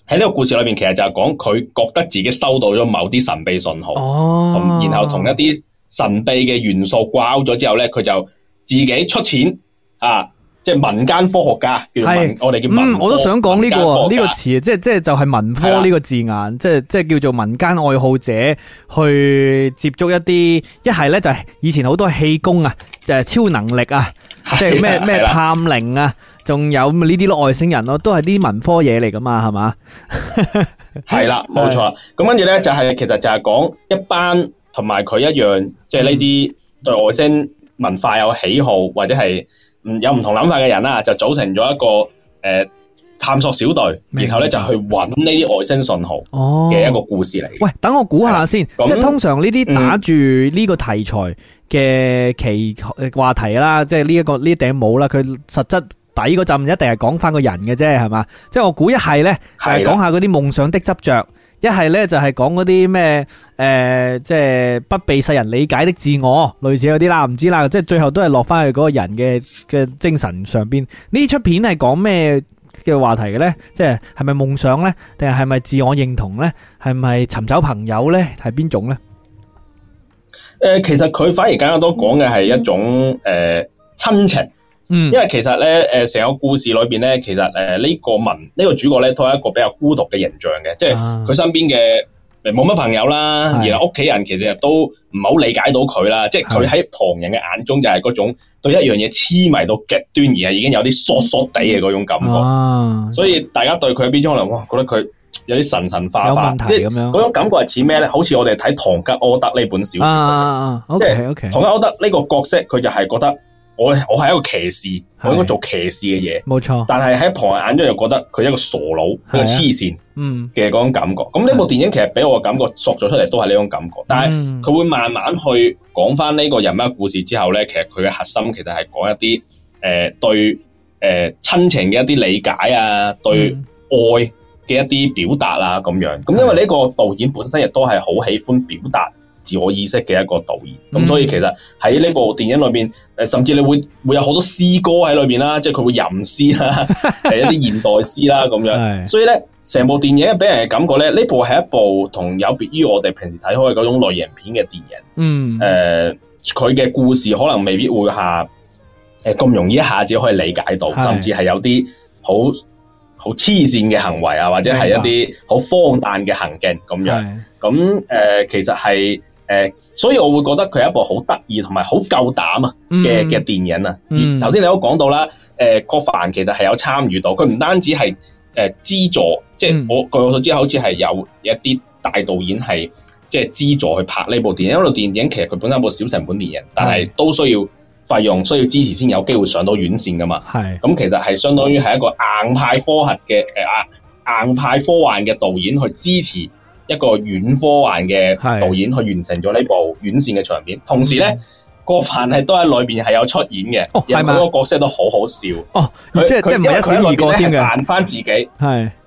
喺呢個故事裏面，其實就係講佢覺得自己收到咗某啲神秘信號，哦、然後同一啲神秘嘅元素掛鈎咗之後咧，佢就自己出錢啊，即係民間科學家，叫民，是我哋叫民、嗯。我都想講呢、呢個呢個詞，即係即係就係民科呢個字眼，是的即係即係叫做民間愛好者去接觸一啲的一係咧就係以前好多氣功啊，誒、就係，超能力啊，的即係咩咩探靈啊。仲有咁呢啲咯外星人咯，都係啲文科嘢嚟噶嘛，係嘛？係啦，冇錯啦。咁跟住咧，就係其實就係講一班同埋佢一樣，即係呢啲對外星文化有喜好或者係唔有唔同諗法嘅人啦，就組成咗一個誒探索小隊，然後咧就去搵呢啲外星信號嘅一個故事嚟。喂，等我估下先，即係通常呢啲打住呢個題材嘅奇誒話題啦，即係呢一個呢頂帽啦，佢實質。底嗰陣一定係講翻個人嘅啫，係嘛？即係我估一係呢，係講下嗰啲夢想的執着；一係呢，就係講嗰啲咩誒，即係不被世人理解的自我，類似嗰啲啦，唔知啦。即係最後都係落翻去嗰個人嘅嘅精神上面。呢出片係講咩嘅話題嘅呢？即係係咪夢想呢？定係係咪自我認同呢？係咪係尋找朋友呢？係邊種呢？誒、呃，其實佢反而更加多講嘅係一種誒親、嗯呃、情。嗯、因為其實呢，誒、呃，成個故事裏邊呢，其實誒呢、呃這個文呢、這個主角呢，都係一個比較孤獨嘅形象嘅，啊、即係佢身邊嘅冇乜朋友啦，是而屋企人其實都唔好理解到佢啦，是即係佢喺旁人嘅眼中就係嗰種對一樣嘢癡迷到極端而係已經有啲傻傻地嘅嗰種感覺，啊、所以大家對佢邊張林覺得佢有啲神神化化，問即係咁樣嗰種感覺係似咩呢？嗯、好似我哋睇唐吉柯德呢本小說，即係唐吉柯德呢個角色，佢就係覺得。我我係一個騎士，是我應該做騎士嘅嘢，冇錯錯。但係喺旁人眼中又覺得佢一個傻佬，是啊，一個黐線，嗯，嘅嗰種感覺。咁呢、嗯、部電影其實俾我嘅感覺，塑造出嚟，都係呢種感覺。是但係佢會慢慢去講翻呢個人物故事之後呢、嗯、其實佢嘅核心其實係講一啲誒、呃、對誒親、呃、情嘅一啲理解啊，嗯、對愛嘅一啲表達啊咁樣。咁因為呢個導演本身亦都係好喜歡表達。自我意識嘅一個導演，咁所以其實喺呢部電影裏邊，誒、呃、甚至你會會有好多詩歌喺裏邊啦，即係佢會吟詩啦，係 <laughs> 一啲現代詩啦咁樣。 <laughs> 所以咧，成部電影俾人嘅感覺咧，呢部係一部同有別於我哋平時睇開嘅嗰種類型片嘅電影。嗯、 <laughs> 呃，誒，佢嘅故事可能未必會下誒咁容易一下子可以理解到， <laughs> 甚至係有啲好好黐線嘅行為啊，或者係一啲好荒誕嘅行徑咁樣。咁誒、 <laughs> 呃，其實係。誒，所以我會覺得佢係一部好得意同埋好夠膽啊嘅嘅電影啊。頭先、嗯嗯、你都講到啦，誒、呃，郭帆其實係有參與到，佢唔單止係誒資助，即、就、係、是、我據我所知，嗯、好似係有一啲大導演係即係資助去拍呢部電影，因為部電影其實佢本身一部小成本電影，是但係都需要費用，需要支持先有機會上到院線噶嘛。係咁是，其實係相當於係一個硬派科學嘅誒啊，硬派科幻嘅導演去支持。一個軟科幻嘅導演去完成咗呢部院線嘅場面，同時咧郭凡，係都喺裏邊係有出演嘅，有好多角色都好好笑哦。即係即唔係一成二過添嘅扮翻自己，係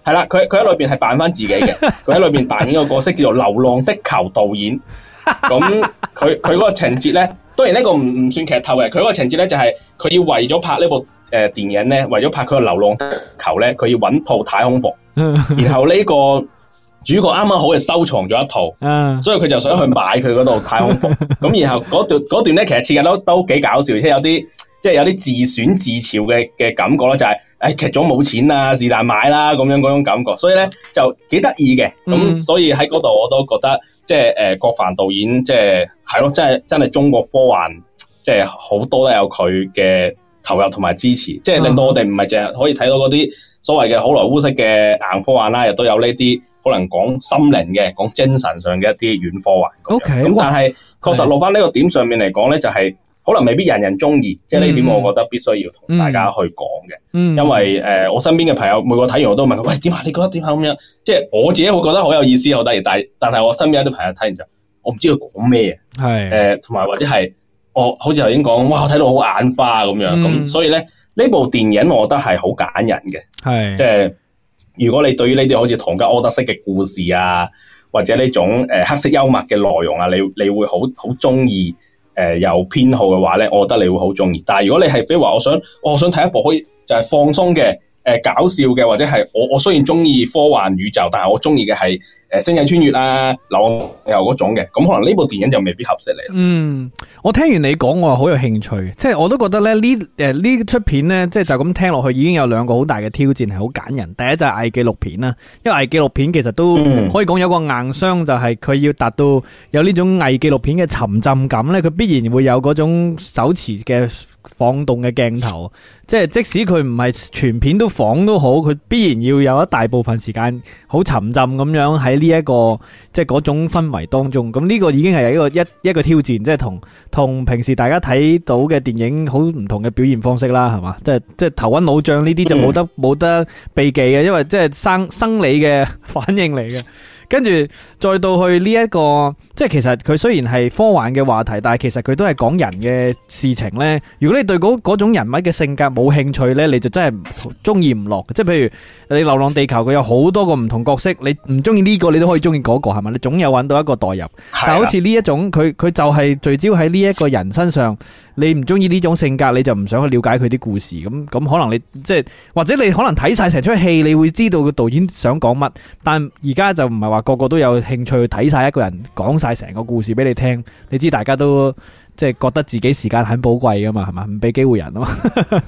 係啦，佢佢喺裏邊係扮翻自己嘅，佢喺裏邊扮演個角色叫做流浪的球導演。咁佢佢個情節咧，當然呢個唔唔算劇透嘅。佢個情節咧就係佢要為咗拍呢部誒電影咧，為咗拍佢個流浪球咧，佢要揾套太空服，然後呢個。主角啱啱好係收藏咗一套，啊、所以佢就想去買佢嗰度太空服。咁 <laughs> 然後嗰段嗰段咧，其實設計都都幾搞笑，即係有啲即係有啲自選自嘲嘅嘅感覺啦。就係、是、誒、哎、劇組冇錢啊，是但買啦咁樣嗰種感覺。所以咧就幾得意嘅。咁、嗯、所以喺嗰度我都覺得即係國郭帆導演即係係咯，真係真係中國科幻即係好多都有佢嘅投入同埋支持。即係令到我哋唔係淨係可以睇到嗰啲所謂嘅好萊塢式嘅硬科幻啦，亦都有呢啲。可能講心靈嘅，講精神上嘅一啲軟科幻。OK，咁但係確實是落翻呢個點上面嚟講咧，就係、是、可能未必人人中意。即係呢點，我覺得必須要同大家去講嘅。嗯，因為誒、呃，我身邊嘅朋友每個睇完我都問佢、嗯、喂，點啊？你覺得點啊？咁樣。即係我自己會覺得好有意思好得意，但但係我身邊有啲朋友睇完就，我唔知佢講咩係。誒是，同埋、呃、或者係我好似頭先講，哇，我睇到好眼花咁樣。咁、嗯、所以咧，呢部電影我覺得係好揀人嘅。係是。即係。如果你對於呢啲好似唐吉柯德式嘅故事啊，或者呢種誒、呃、黑色幽默嘅內容啊，你你會很很喜歡、呃、好好中意誒有偏好嘅話咧，我覺得你會好中意。但係如果你係比如話，我想我想睇一部可以就係放鬆嘅誒、呃、搞笑嘅，或者係我我雖然中意科幻宇宙，但係我中意嘅係星人穿越啦、啊，流浪又嗰種嘅，咁可能呢部電影就未必合適你了。嗯，我聽完你講，我又好有興趣，即、就、係、是、我都覺得咧呢誒呢、呃、出片咧，即係就咁、是、聽落去，已經有兩個好大嘅挑戰係好揀人。第一就係偽紀錄片啦，因為偽紀錄片其實都可以講有個硬傷，嗯、就係佢要達到有呢種偽紀錄片嘅沉浸感咧，佢必然會有嗰種手持嘅晃動嘅鏡頭，即、就、係、是、即使佢唔係全片都晃都好，佢必然要有一大部分時間好沉浸咁樣喺。呢一、這個即係嗰種氛圍當中，咁、這、呢個已經係一個一一個挑戰，即係同同平時大家睇到嘅電影好唔同嘅表現方式啦，係嘛？即係即係頭暈腦脹呢啲就冇得冇、嗯、得避忌嘅，因為即係生生理嘅反應嚟嘅。跟住再到去呢一個，即係其實佢雖然係科幻嘅話題，但係其實佢都係講人嘅事情呢。如果你對嗰嗰種人物嘅性格冇興趣呢，你就真係唔中意唔落。即係譬如你《流浪地球》，佢有好多個唔同角色，你唔中意呢個，你都可以中意嗰個，係咪？你總有揾到一個代入。是的 但好似呢一種，佢佢就係聚焦喺呢一個人身上。你唔中意呢種性格，你就唔想去了解佢啲故事咁咁，可能你即係或者你可能睇晒成出戲，你會知道個導演想講乜。但而家就唔係話個個都有興趣去睇晒一個人講晒成個故事俾你聽。你知大家都即係覺得自己時間很寶貴噶嘛，係嘛？唔俾機會人吖嘛。 <laughs>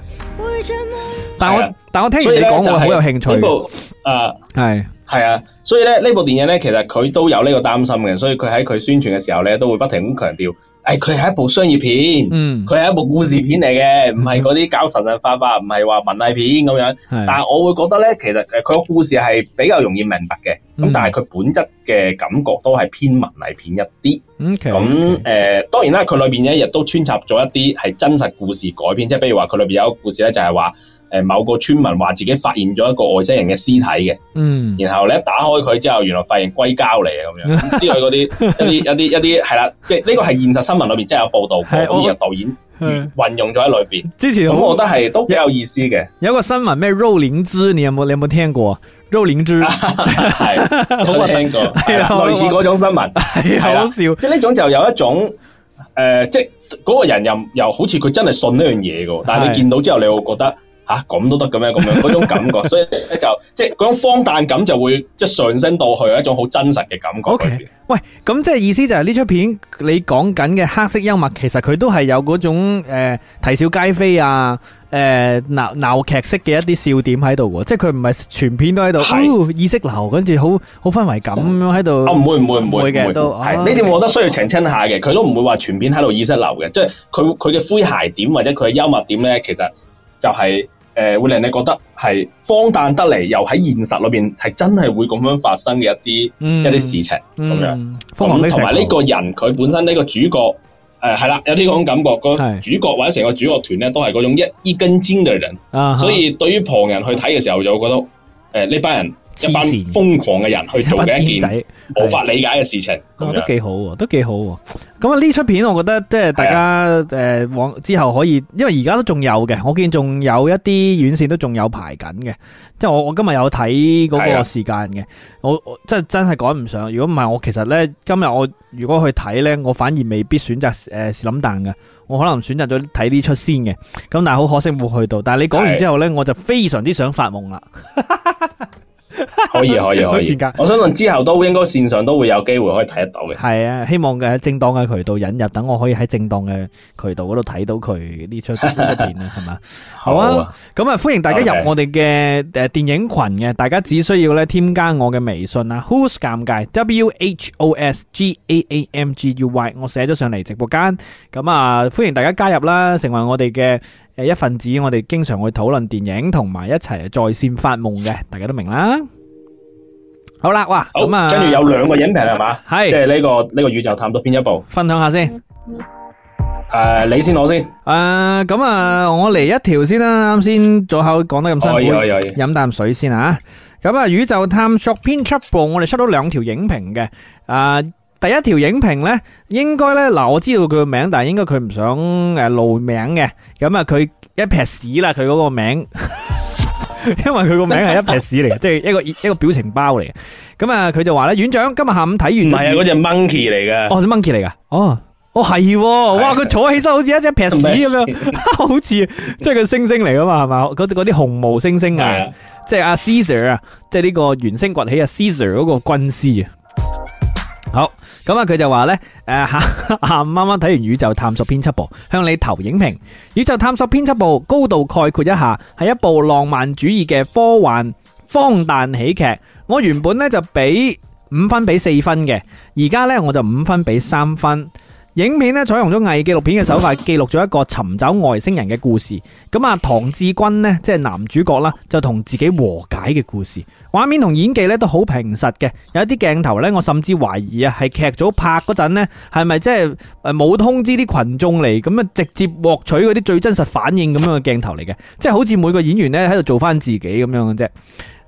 但我的但我聽完你講，我好有興趣。啊係係啊，所以咧呢部電影咧，其實佢都有呢個擔心嘅，所以佢喺佢宣傳嘅時候咧，都會不停咁強調。係佢係一部商業片，佢係一部故事片嚟嘅，唔係嗰啲搞神神化化，唔係話文藝片咁樣。是但係我會覺得咧，其實誒佢個故事係比較容易明白嘅，咁、嗯、但係佢本質嘅感覺都係偏文藝片一啲。咁誒 Okay, okay.、呃，當然啦，佢裏邊亦都穿插咗一啲係真實故事改編，即係比如話佢裏邊有一個故事咧，就係話。誒，某個村民話自己發現咗一個外星人嘅屍體嘅，嗯，然後你一打開佢之後，原來發現硅膠嚟嘅咁樣之類嗰啲一啲一啲一啲係啦，即係呢個係現實新聞裏邊真係有報道過，咁而導演運用咗喺裏邊。之前咁，我覺得係都幾有意思嘅。有個新聞咩肉靈芝，你有冇你有冇聽過肉靈芝？係都聽過，係類似嗰種新聞，係好笑。即係呢種就有一種誒，即係嗰個人又又好似佢真係信呢樣嘢嘅，但係你見到之後，你會覺得。吓，咁都得嘅咩？咁、啊、樣嗰種感覺，所以咧就即係嗰種荒誕感就會即係上升到去一種好真實嘅感覺。Okay. 喂，咁即係意思就係呢出片你講緊嘅黑色幽默，其實佢都係有嗰種誒啼笑皆非啊，誒鬧鬧劇式嘅一啲笑點喺度嘅，即係佢唔係全片都喺度、哦、意識流，跟住好好氛圍感咁樣喺度。唔、哦、會唔會唔會嘅，係呢點我覺得需要澄清下嘅。佢都唔會話全片喺度意識流嘅，即係佢佢嘅詼諧點或者佢嘅幽默點咧，其實就係、是。誒，會令你覺得係荒誕得嚟，又喺現實裏邊係真係會咁樣發生嘅一啲、嗯、一啲事情咁，嗯、樣。同埋呢個人佢本身呢個主角，誒係啦，有啲嗰種感覺。個主角或者成個主角團咧，都係嗰種一根筋嘅人。的所以對於旁人去睇嘅時候，就覺得誒呢、呃、班人。一班瘋狂嘅人去做嘅一件無法理解嘅事情，的的哦、都幾好，都幾好。咁啊，呢出片我覺得即係大家誒的、呃、往之後可以，因為而家都仲有嘅，我見仲有一啲院線都仲有排緊嘅。即係我我今日有睇嗰個時間嘅的，我即係真係趕唔上。如果唔係，我其實呢今日我如果去睇呢，我反而未必選擇誒、呃、史林頓嘅，我可能選擇咗睇呢出先嘅。咁但係好可惜冇去到。但係你講完之後呢，的我就非常之想發夢啦。 <laughs> <laughs> 可以，可以，可以。我相信之後都應該線上都會有機會可以睇得到嘅。係啊，希望喺正當嘅渠道引入，等我可以喺正當嘅渠道嗰度睇到佢呢出片啊，係嘛？ <laughs> 好啊，咁啊，歡迎大家入我哋嘅誒電影群嘅，大家只需要咧添加我嘅微信啊。Who’s 尷尬？W H O S G A A M G U Y，我寫咗上嚟直播間，咁啊歡迎大家加入啦，成為我哋嘅。誒，一份子，我哋經常去討論電影，同埋一齊在綫發夢嘅，大家都明啦。好啦，哇，咁啊，跟住有兩個影評係嘛，係即係呢個呢個宇宙探到邊一部，分享下先。誒，你先攞先。誒，咁啊，我嚟一條先啦。啱先左口講得咁辛苦，飲啖水先吓。咁啊，宇宙探索編輯部，我哋出到兩條影評嘅，誒。第一條影評咧，應該咧，嗱，我知道佢個名，但係應該佢唔想誒露名嘅。咁啊，佢一撇屎啦，佢嗰個名，因為佢個名係一撇屎嚟嘅， <laughs> 即係一個一個表情包嚟嘅。咁、嗯、啊，佢就話咧，院長今日下午睇完，唔係嗰隻 monkey 嚟嘅，哦，隻 monkey 嚟噶，哦，哦係，哇，佢坐起身好似一隻撇屎咁樣，好似即係佢猩猩嚟噶嘛，係嘛，嗰啲紅毛猩猩 <laughs> 即係啊，Caesar，即係阿 Caesar 啊，即係呢個原聲崛起啊 Caesar 嗰個軍師啊。好，咁啊佢就話呢誒下啱啱睇完《宇宙探索編輯部》，向你投影評。《宇宙探索編輯部》高度概括一下，係一部浪漫主義嘅科幻荒誕喜劇。我原本呢就俾五分俾四分嘅，而家呢我就五分俾三分。影片咧採用咗偽紀錄片嘅手法，記錄咗一個尋找外星人嘅故事。咁啊，唐志軍呢，即係男主角啦，就同自己和解嘅故事。畫面同演技咧都好平實嘅，有一啲鏡頭咧，我甚至懷疑啊，係劇組拍嗰陣呢，係咪即係誒冇通知啲群眾嚟，咁啊直接獲取嗰啲最真實反應咁樣嘅鏡頭嚟嘅，即係好似每個演員咧喺度做翻自己咁樣嘅啫。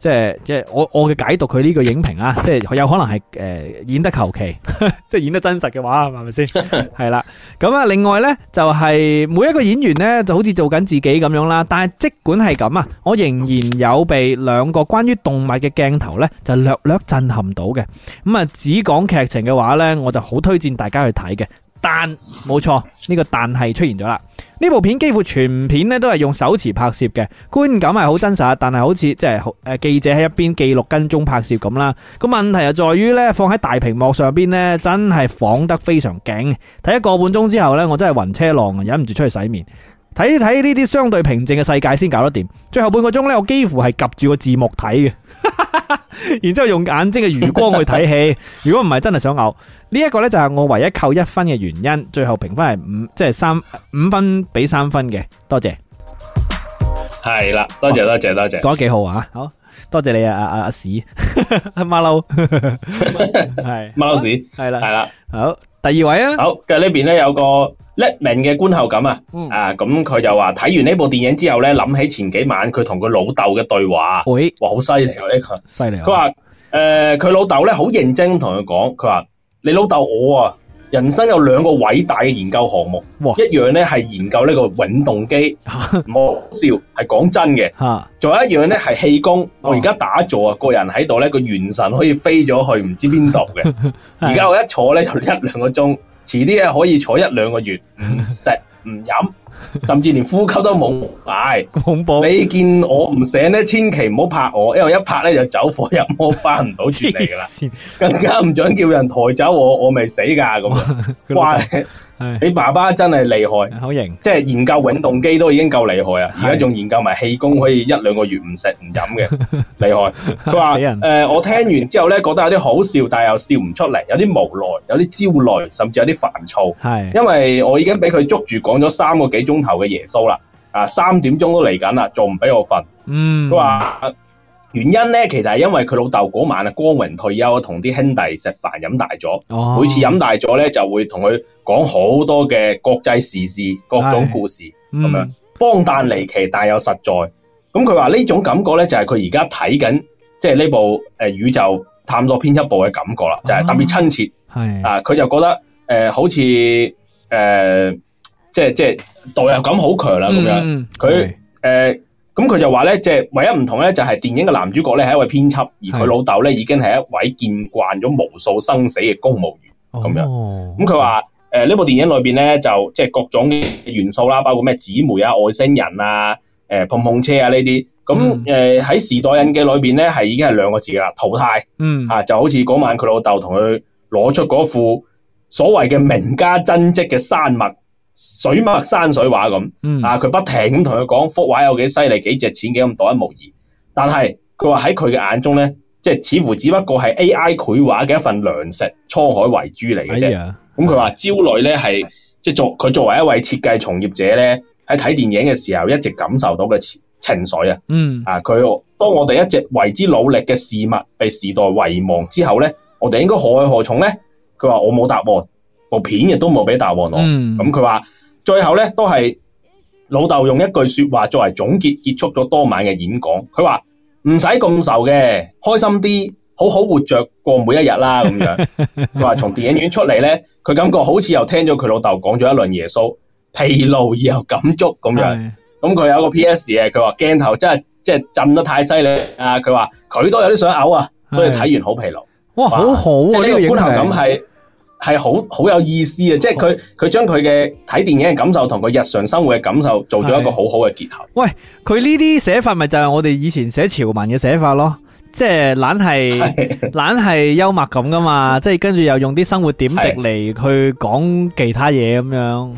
即係即係我我嘅解讀佢呢個影評啊，即係有可能係誒演得求其， <laughs> 即係演得真實嘅話係咪先？係啦，咁啊， <laughs> 另外呢，就係每一個演員呢就好似做緊自己咁樣啦。但係即管係咁啊，我仍然有被兩個關於動物嘅鏡頭呢就略略震撼到嘅。咁啊，只講劇情嘅話呢，我就好推薦大家去睇嘅。但冇錯，呢個但係出現咗啦。呢部片幾乎全片呢都係用手持拍攝嘅，觀感係好真實。但係好似即係誒記者喺一邊記錄跟蹤拍攝咁啦。個問題就在於呢，放喺大屏幕上邊呢，真係晃得非常勁。睇一個半鐘之後呢，我真係暈車浪啊，忍唔住出去洗面。睇睇呢啲相對平靜嘅世界先搞得掂，最後半個鐘呢，我幾乎係夾住個字幕睇嘅，然之後用眼睛嘅餘光去睇戲。如果唔係，真係想嘔。呢一個呢，就係我唯一扣一分嘅原因。最後評分係五，即係三五分比三分嘅。多謝。係啦，多謝多謝哇多謝，講得幾好啊！好多謝你啊啊阿、啊、屎，馬騮係貓屎，係啦係啦，好第二位啊！好，今日呢邊咧有個。匿名嘅觀後感啊，嗯、啊，咁佢就話睇完呢部電影之後咧，諗起前幾晚佢同佢老豆嘅對話，哇，好犀利啊呢個，犀利啊！佢話誒，佢、啊呃、老豆咧好認真同佢講，佢話你老豆我啊，人生有兩個偉大嘅研究項目，哇一樣咧係研究呢個永動機， <laughs> 唔好笑，係講真嘅，仲有一樣咧係氣功， <laughs> 我而家打坐啊，個人喺度咧個元神可以飛咗去唔知邊度嘅，而家 <laughs> 的我一坐咧就一兩個鐘。遲啲啊，可以坐一兩個月，唔食唔飲，甚至連呼吸都冇，唉，恐怖！你見我唔醒咧，千祈唔好拍我，因為一拍咧就走火入魔，翻唔到住嚟噶啦，更加唔準叫人抬走我，我未死噶咁，乖。是你爸爸真係厲害，好型，即係研究永動機都已經夠厲害啊！而家仲研究埋氣功，可以一兩個月唔食唔飲嘅，厲 <laughs> 害。佢話誒，我聽完之後咧，覺得有啲好笑，但係又笑唔出嚟，有啲無奈，有啲焦慮，甚至有啲煩躁。係是因為我已經俾佢捉住講咗三個幾鐘頭嘅耶穌啦，啊三點鐘都嚟緊啦，仲唔俾我瞓？嗯，佢話原因咧，其實係因為佢老豆嗰晚啊，光榮退休，同啲兄弟食飯飲大咗。哦，每次飲大咗咧，就會同佢。講好多嘅國際時事、各種故事咁樣，荒誕離奇但又實在。咁佢話呢種感覺咧，就係佢而家睇緊，即係呢部誒宇宙探索編輯部嘅感覺啦，就係、是、特別親切。係啊，佢就覺得誒、呃，好似誒、呃，即係即係代入感好強啦咁樣。佢誒，咁佢就話咧，即、就、係、是、唯一唔同咧，就係電影嘅男主角咧係一位編輯，而佢老豆咧已經係一位見慣咗無數生死嘅公務員咁的、哦、樣。咁佢話。誒，呢、呃、部電影裏邊咧就即係各種元素啦，包括咩姊妹啊、外星人啊、誒碰碰車啊呢啲。咁誒喺時代印記裏邊咧係已經係兩個字噶啦，淘汰。嗯啊，就好似嗰晚佢老豆同佢攞出嗰副所謂嘅名家真迹嘅山脈水墨山水畫咁、嗯、啊，佢不停咁同佢講幅畫有幾犀利，幾只錢，幾咁獨一無二。但係佢話喺佢嘅眼中咧，即係似乎只不過係 A I 繪畫嘅一份糧食滄海遺珠嚟嘅啫。咁佢話焦慮咧係即係作佢作為一位設計從業者咧喺睇電影嘅時候一直感受到嘅情緒、嗯、啊，嗯啊佢當我哋一直為之努力嘅事物被時代遺忘之後咧，我哋應該何去何從咧？佢話我冇答案，部片亦都冇俾答案我。咁佢話最後咧都係老豆用一句說話作為總結結束咗多晚嘅演講。佢話唔使咁愁嘅，開心啲。好好活着過每一日啦，咁樣佢話從電影院出嚟咧，佢感覺好似又聽咗佢老豆講咗一輪耶穌，疲勞而又感觸咁樣。咁佢的有個 P.S. 啊，佢話鏡頭真係即係震得太犀利啊！佢話佢都有啲想嘔啊，所以睇完好疲勞。哇，好好啊！呢個觀後感係係是好好有意思啊！的即係佢佢將佢嘅睇電影嘅感受同佢日常生活嘅感受做咗一個好好嘅結合。喂，佢呢啲寫法咪就係我哋以前寫潮文嘅寫法咯。即係懶係懶係幽默咁噶嘛，即係跟住又用啲生活點滴嚟去講其他嘢咁樣。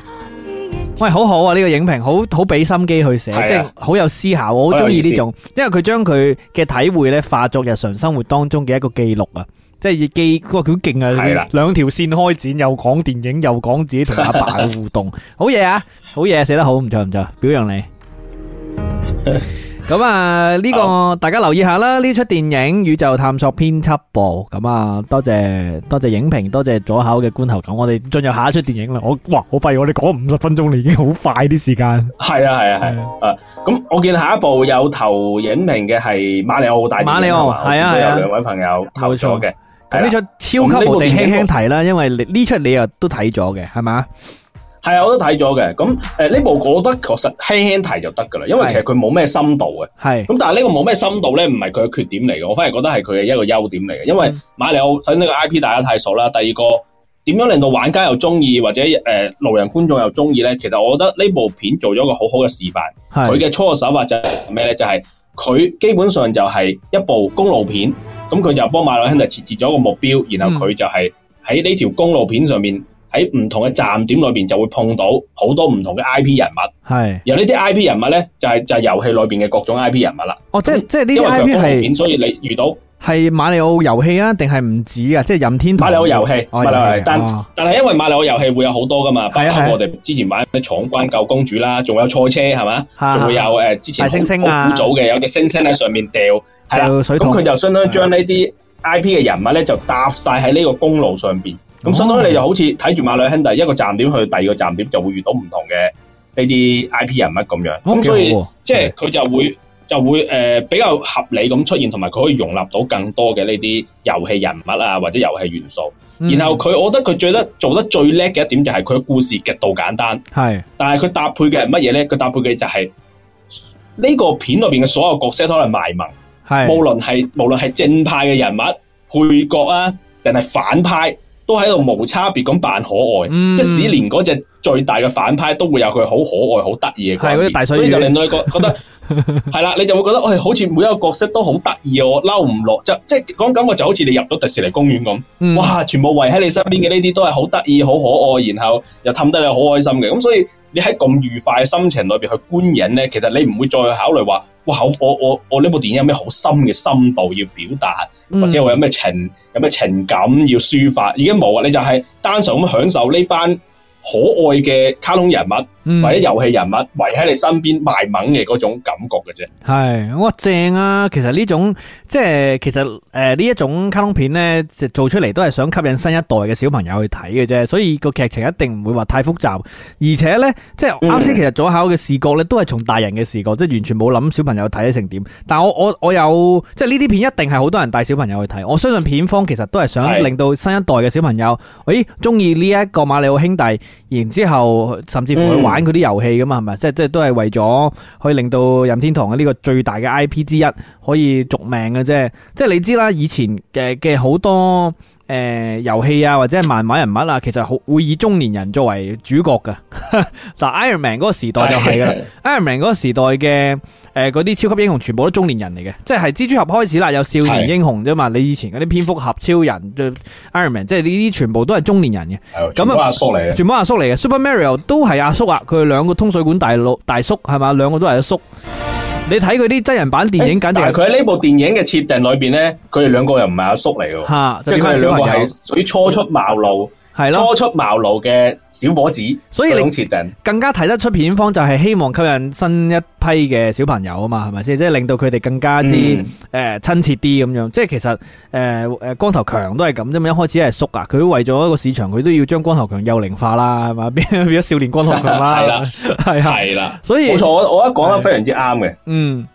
喂，好好啊！呢個影評好好俾心機去寫，即係好有思考，我好中意呢種。因為佢將佢嘅體會咧化作日常生活當中嘅一個記錄啊，即係以記。哇，佢好勁啊！兩條線開展，又講電影，又講自己同阿爸嘅互動，好嘢啊！好嘢，寫得好，唔錯唔錯，表揚你。咁啊，呢、這個、oh. 大家留意下啦！呢出電影《宇宙探索編輯部》咁啊，多謝多謝影評，多謝左口嘅觀後感，我哋進入下一出電影啦！我哇，好廢我哋講五十分鐘你已經好快啲時間。係啊係啊係！啊，咁、啊啊啊、我見下一部有投影評嘅係《馬里奧大電影、馬里奧》，係啊係啊，啊有兩位朋友投錯嘅。咁呢出超級無敵輕輕提啦，因為呢出你又都睇咗嘅，係嘛？係啊，我都睇咗嘅。咁誒呢部，我覺得確實輕輕睇就得噶啦，因為其實佢冇咩深度嘅。係。咁但係呢個冇咩深度咧，唔係佢嘅缺點嚟嘅，我反而覺得係佢嘅一個優點嚟嘅，因為馬里奧首先呢個 IP 大家太熟啦。第二個點樣令到玩家又中意，或者誒、呃、路人觀眾又中意咧？其實我覺得呢部片做咗一個好好嘅示範。佢嘅係。初手或者咩咧？就係、是、佢基本上就係一部公路片，咁佢就幫馬里奧兄弟設置咗一個目標，然後佢就係喺呢條公路片上面。喺唔同嘅站點內邊就會碰到好多唔同嘅 I P 人物，係由呢啲 I P 人物咧，就係就係遊戲內邊嘅各種 I P 人物啦。哦，即係即係呢啲 I P 係，所以你遇到係馬里奧遊戲啊，定係唔止啊？即係任天堂馬里奧遊戲，但但係因為馬里奧遊戲會有好多㗎嘛，包括我哋之前玩啲闖關救公主啦，仲有賽車係嘛，仲會有誒之前大猩猩好早嘅有隻星星喺上面掉，係啦，咁佢就相當於將呢啲 I P 嘅人物咧，就搭晒喺呢個公路上邊。咁相當於你就好似睇住馬里兄弟一個站點去第二個站點，就會遇到唔同嘅呢啲 I P 人物咁樣、哦。咁所以即係佢就會就會誒、呃、比較合理咁出現，同埋佢可以容納到更多嘅呢啲遊戲人物啊，或者遊戲元素。嗯、然後佢，我覺得佢最得做得最叻嘅一點就係佢嘅故事極度簡單。係是，但係佢搭配嘅係乜嘢咧？佢搭配嘅就係呢個片裏邊嘅所有角色可能賣萌是，無論係無論係正派嘅人物配角啊，定係反派。都喺度無差別咁扮可愛，嗯、即使連嗰隻最大嘅反派都會有佢好可愛、好得意嘅，係嗰啲大水魚，所以就令到你覺得， <laughs> 覺得係啦，你就會覺得，哎、好似每一個角色都好得意喎，嬲唔落，就即係講感覺就好似你入咗迪士尼公園咁，嗯、哇！全部圍喺你身邊嘅呢啲都係好得意、好可愛，然後又氹得你好開心嘅，咁所以。你喺咁愉快嘅心情裏面去觀影呢，其實你唔會再去考慮話，哇！我我我呢部電影有咩好深嘅深度要表達，或者我有咩情有咩情感要抒發，已經冇啦。你就係單純咁享受呢班可愛嘅卡通人物。或者遊戲人物圍喺你身邊賣萌嘅嗰種感覺嘅啫，係哇正啊！其實呢種即係其實誒呢一種卡通片呢，就做出嚟都係想吸引新一代嘅小朋友去睇嘅啫，所以個劇情一定唔會話太複雜。而且呢，即係啱先，剛才其實左考嘅視角呢，都係從大人嘅視角，嗯、即係完全冇諗小朋友睇得成點。但我我我有即係呢啲片一定係好多人帶小朋友去睇。我相信片方其實都係想令到新一代嘅小朋友，誒、嗯，中意呢一個馬里奧兄弟，然之後甚至乎、嗯玩佢啲遊戲噶嘛，係咪？即係即係都係為咗可以令到任天堂嘅呢個最大嘅 IP 之一可以續命嘅啫。即係你知啦，以前嘅嘅好多。誒，遊戲、呃、啊，或者係漫畫人物啊，其實好會以中年人作為主角嘅。 <laughs> Iron Man 嗰個時代就係啦 <laughs> ，Iron Man 嗰個時代嘅誒，嗰、呃、啲超級英雄全部都中年人嚟嘅，即係蜘蛛俠開始啦，有少年英雄啫嘛。 <laughs> 你以前嗰啲蝙蝠俠、超人，Iron Man，即係呢啲全部都係中年人嘅。咁啊，阿叔嚟嘅，全部阿叔嚟嘅，Super Mario 都係阿叔啊。佢兩個通水管大佬，大叔係嘛，兩個都係阿叔。你睇佢啲真人版電影，簡直係佢喺呢部電影嘅設定裏邊咧，佢哋兩個又唔係阿叔嚟嘅，即係佢哋兩個係屬於初出茅廬。嗯係咯，是初出茅廬嘅小伙子，所以更加睇得出片方就係希望吸引新一批嘅小朋友啊嘛，係咪先？即係令到佢哋更加之誒親、嗯呃、切啲咁樣。即係其實誒誒、呃，光頭強都係咁啫嘛。一開始係叔啊，佢為咗一個市場，佢都要將光頭強幼齡化啦，係嘛？ <laughs> 變咗少年光頭強啦，係啦 <laughs> 的，係啦的。所以冇錯，我我覺得講得非常之啱嘅，嗯。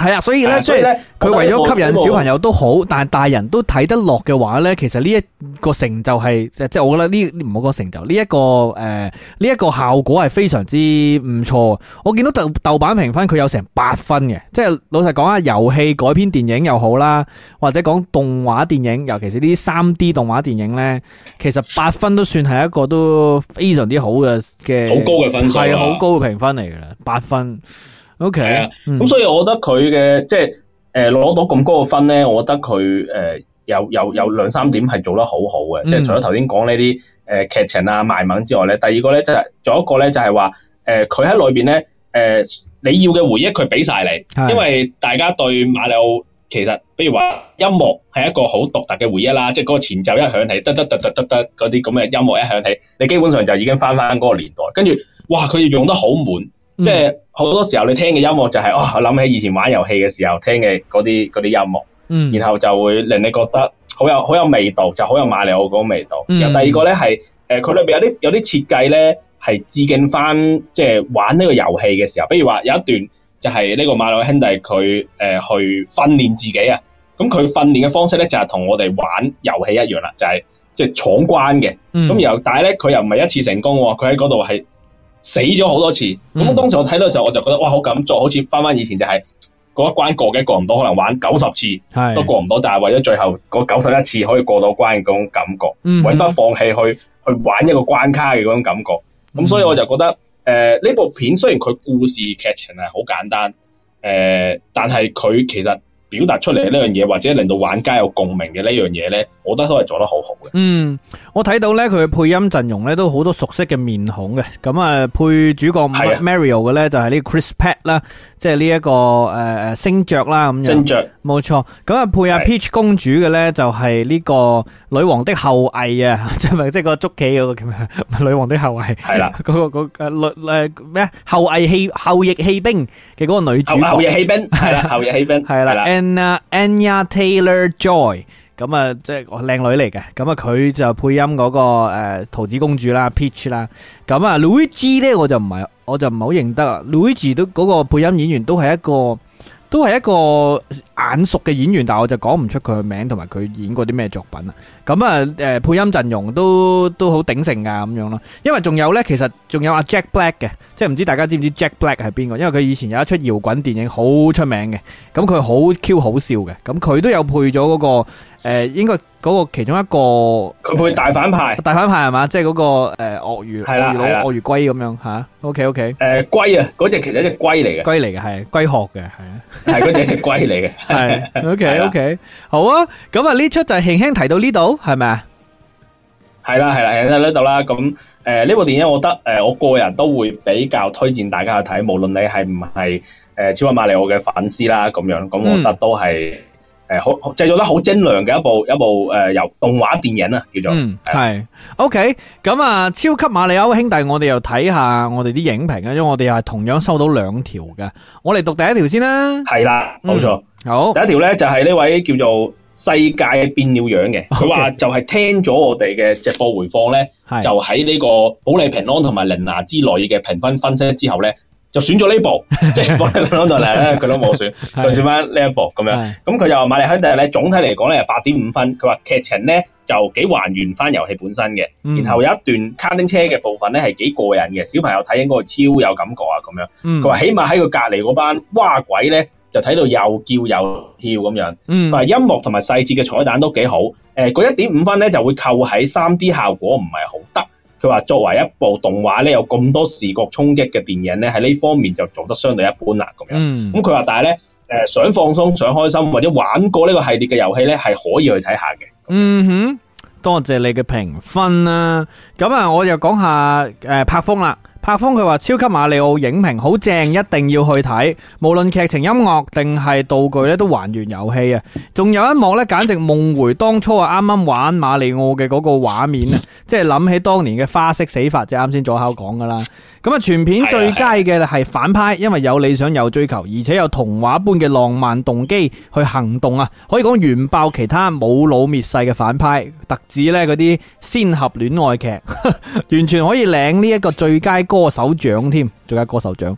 係啊，所以咧，即係佢為咗吸引小朋友都好，但係大人都睇得落嘅話咧，其實呢一個成就係，即、即係我覺得呢唔好個成就，呢一個誒呢一個效果係非常之唔錯。我見到豆豆瓣評分佢有成八分嘅，即係老實講啊，遊戲改編電影又好啦，或者講動畫電影，尤其是呢啲三 D 動畫電影咧，其實八分都算係一個都非常之好嘅嘅，好高嘅分數係好高嘅評分嚟嘅啦，八分。O K 咁所以我覺得佢嘅即係誒攞到咁高嘅分咧，我覺得佢誒有有有兩三點係做得好好嘅，即係除咗頭先講呢啲誒劇情啊賣猛之外咧，第二個咧即係仲有一個咧就係話誒佢喺裏邊咧誒你要嘅回憶佢俾晒你，因為大家對馬里奧其實比如話音樂係一個好獨特嘅回憶啦，即係嗰個前奏一響起得得得得得得嗰啲咁嘅音樂一響起，你基本上就已經返返嗰個年代，跟住哇佢要用得好滿。即係好多時候你聽嘅音樂就係哦諗起以前玩遊戲嘅時候聽嘅嗰啲嗰啲音樂，嗯、然後就會令你覺得好有好有味道，就好有馬里奧嗰個味道。嗯、然後第二個咧係誒佢裏邊有啲有啲設計咧係致敬翻即係玩呢個遊戲嘅時候，比如話有一段就係呢個馬里奧兄弟佢誒、呃、去訓練自己啊，咁佢訓練嘅方式咧就係、是、同我哋玩遊戲一樣啦、啊，就係即係闖關嘅。咁、嗯、然後但係咧佢又唔係一次成功喎、啊，佢喺嗰度係。死咗好多次，咁當時我睇到，就我就覺得哇好感動，好似返返以前就係、是、過一關過嘅，過唔到可能玩九十次都過唔到，是但係為咗最後嗰九十一次可以過到關嘅嗰種感覺，永不放棄去去玩一個關卡嘅嗰種感覺，咁所以我就覺得誒呢、呃、部片雖然佢故事劇情係好簡單，誒、呃、但係佢其實。表達出嚟呢樣嘢，或者令到玩家有共鳴嘅呢樣嘢咧，我覺得都係做得好好嘅。嗯，我睇到咧佢嘅配音陣容咧都好多熟悉嘅面孔嘅。咁啊，配主角 Mario 嘅咧就係呢 Chris Pratt 啦，即係呢一個誒誒星爵啦咁樣。星爵，冇錯。咁啊配啊 Peach 公主嘅咧就係呢個女王的後翼啊，即係咪即係個捉棋嗰個叫咩？女王的後翼係啦，嗰個嗰個女誒咩後翼棄後翼棄兵嘅嗰個女主后後翼棄兵係啦，後翼棄兵係啦。Anya、uh, Taylor Joy 咁啊，即係我靚女嚟嘅，咁啊佢就配音嗰、那個誒、呃、桃子公主啦 Peach 啦，咁啊 Luigi 咧我就唔係，我就唔係好認得啊 Luigi 都嗰、那個配音演員都係一個，都係一個。眼熟嘅演員，但係我就講唔出佢嘅名，同埋佢演過啲咩作品啊？咁啊，誒、呃，配音陣容都都好鼎盛噶咁樣咯。因為仲有呢，其實仲有阿、啊、Jack Black 嘅，即係唔知大家知唔知道 Jack Black 係邊個？因為佢以前有一出搖滾電影好出名嘅，咁佢好 Q 好笑嘅，咁佢都有配咗嗰、那個誒、呃，應該嗰個其中一個，佢配大反派，呃、大反派係嘛？即係嗰、那個誒鱷、呃、魚，鱷的魚龜咁的樣吓的？OK OK，誒龜、呃、啊，嗰隻其實一隻龜嚟嘅，龜嚟嘅係，龜殼嘅係啊，係嗰隻隻龜嚟嘅。龜 <laughs> 係，OK，OK，好啊，咁啊，呢出就輕輕提到呢度，係咪啊？係啦，係啦，喺呢度啦。咁誒，呢部電影，我覺得誒，我個人都會比較推薦大家去睇，無論你係唔係誒《超級馬里奧》嘅粉絲啦，咁樣，咁我覺得都係誒好製作得好精良嘅一部一部誒由動畫電影啊，叫做係 OK。咁啊，《超級馬里奧》兄弟，我哋又睇下我哋啲影評啊，因為我哋又係同樣收到兩條嘅，我哋讀第一條先啦。係啦，冇錯。好、oh. 第一條咧就係、是、呢位叫做世界變了樣嘅，佢話 Okay. 就係聽咗我哋嘅直播回放咧，是就喺呢個保利平安同埋林娜之內嘅評分分析之後咧，就選咗呢部。即係保利平安同林咧，佢都冇選， <laughs> 就選翻呢一部咁是樣。咁佢又馬里奧兄弟咧，總體嚟講咧係八點五分。佢話劇情咧就幾還原翻遊戲本身嘅，嗯、然後有一段卡丁車嘅部分咧係幾過癮嘅，小朋友睇應該超有感覺啊咁樣。佢話、嗯、起碼喺佢隔籬嗰班蛙鬼咧。就睇到又叫又跳咁樣，嗯，嗱，音樂同埋細節嘅彩蛋都幾好，誒，嗰一點五分咧就會扣喺三 D 效果唔係好得，佢話作為一部動畫咧有咁多視覺衝擊嘅電影咧喺呢方面就做得相對一般啦，咁樣，嗯，咁佢話但係咧，誒，想放鬆想開心或者玩過呢個系列嘅遊戲咧係可以去睇下嘅，嗯哼，多謝你嘅評分啊，咁啊，我又講下誒，拍風啦。柏鋒佢話，超級馬里奧影評好正，一定要去睇。無論劇情、音樂定係道具咧，都還原遊戲啊！仲有一幕咧，簡直夢回當初啊！啱啱玩馬里奧嘅嗰個畫面啊， <laughs> 即係諗起當年嘅花式死法，就啱、是、先左口講噶啦。咁啊，全片最佳嘅係反派，因為有理想、有追求，而且有童話般嘅浪漫動機去行動啊！可以講完爆其他冇腦滅世嘅反派，特指咧嗰啲仙俠戀愛劇， <laughs> 完全可以領呢一個最佳。歌手獎添，最佳歌手獎。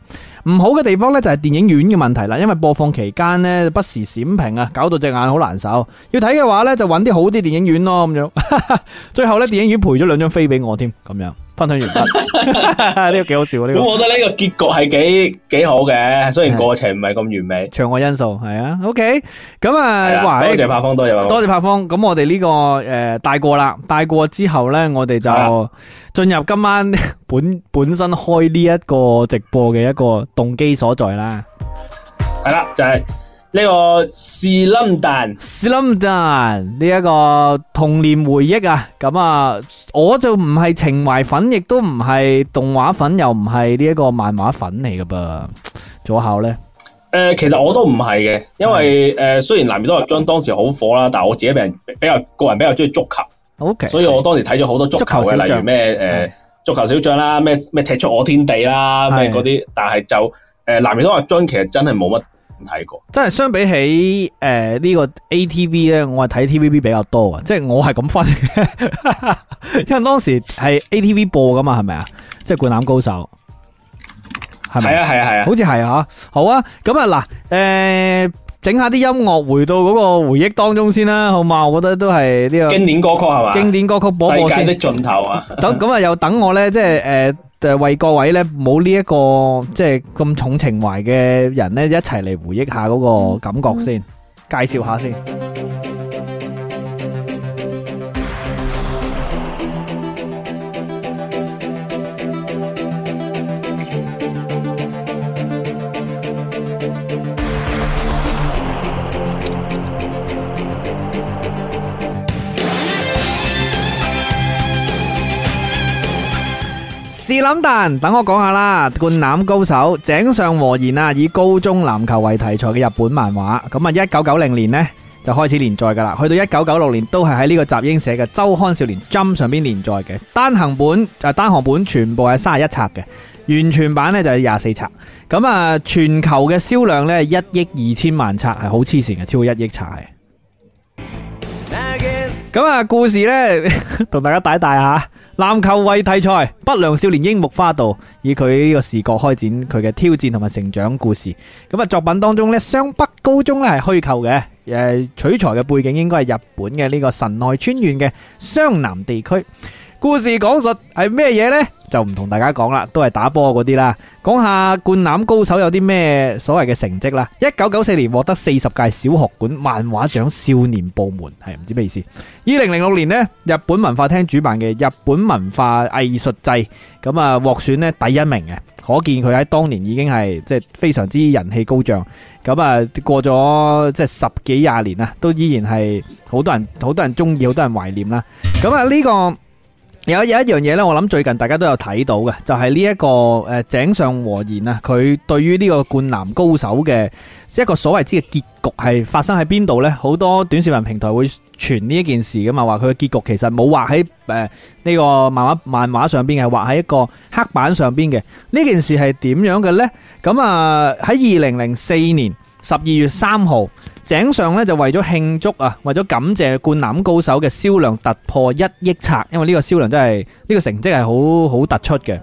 唔好嘅地方呢，就係電影院嘅問題啦，因為播放期間呢，不時閃屏啊，搞到隻眼好難受。要睇嘅話呢，就揾啲好啲電影院咯咁樣。 <laughs> 最後呢，電影院賠咗兩張飛俾我添，咁樣。.分享完啦，呢個幾好笑。咁我覺得呢個結局係幾幾好嘅，雖然過程唔係咁完美。場外因素係啊，OK。咁啊，多謝柏方，多謝，多謝柏方。咁我哋呢個誒帶過啦，帶過之後咧，我哋就進入今晚本本身開呢一個直播嘅一個動機所在啦。係啦，就係。呢、這個《是林旦》斯林丹《是林旦》呢一個童年回憶啊，咁啊，我就唔係情懷粉，亦都唔係動畫粉，又唔係呢一個漫畫粉嚟噶噃，左后咧？誒、呃，其實我都唔係嘅，因為誒的、呃，雖然南美多阿 j o h 當時好火啦，但係我自己比較個人比較中意足球，O Okay K，所以我當時睇咗好多足球的例如咩誒、呃、的足球小將啦，咩咩踢出我天地啦，咩嗰啲，是的但係就誒、呃、南美多阿 j 其實真係冇乜。睇過，真係相比起誒、呃這個、呢個 ATV 咧，我係睇 TVB 比較多啊！即係我係咁分嘅， <laughs> 因為當時係 ATV 播噶嘛，係咪啊？即係《灌籃高手》是不是，係咪啊？係啊係啊，是啊好似係啊！好啊，咁啊嗱誒。呃整下啲音樂回到嗰個回憶當中先啦，好嘛？我覺得都係呢、呢個經典歌曲係嘛，經典歌曲播播先。世界的盡頭啊！等咁啊，又等我呢？即係誒為各位呢，冇呢一個即係咁重情懷嘅人呢，一齊嚟，回憶下嗰個感覺先，介紹下先。李林蛋，等我講下啦。灌籃高手井上和彥啊，以高中籃球為題材嘅日本漫畫。咁啊，一九九零年呢就開始連載噶啦，去到一九九六年都係喺呢個集英社嘅周刊少年 Jump 上邊連載嘅。單行本誒、呃、單行本全部係三十一冊嘅，完全版呢就係廿四冊。咁啊，全球嘅銷量呢一億二千萬冊，係好黐線嘅，超過一億冊係。咁啊，故事呢同 <laughs> 大家帶一帶吓。籃球為題材，不良少年櫻木花道以佢呢個視角開展佢嘅挑戰同埋成長故事。咁啊，作品當中呢，湘北高中呢係虛構嘅，誒取材嘅背景應該係日本嘅呢個神奈川縣嘅湘南地區。故事講述係咩嘢呢？就唔同大家講啦，都係打波嗰啲啦。講下灌籃高手有啲咩所謂嘅成績啦。一九九四年獲得四十屆小學館漫畫獎少年部門，係唔知咩意思。二零零六年呢，日本文化廳主辦嘅日本文化藝術祭，咁啊獲選呢第一名嘅，可見佢喺當年已經係即係非常之人氣高漲。咁啊過咗即係十幾廿年啦，都依然係好多人好多人中意，好多人懷念啦。咁啊呢個。有有一樣嘢咧，我諗最近大家都有睇到嘅，就係呢一個誒、呃、井上和言啊，佢對於呢個灌籃高手嘅一個所謂之嘅結局係發生喺邊度呢？好多短視頻平台會傳呢一件事㗎嘛，話佢嘅結局其實冇畫喺誒呢個漫畫漫畫上邊，係畫喺一個黑板上邊嘅。呢件事係點樣嘅呢？咁啊喺二零零四年十二月三號。井上咧就為咗慶祝啊，為咗感謝灌籃高手嘅銷量突破一億冊，因為呢個銷量真係呢、呢個成績係好好突出嘅。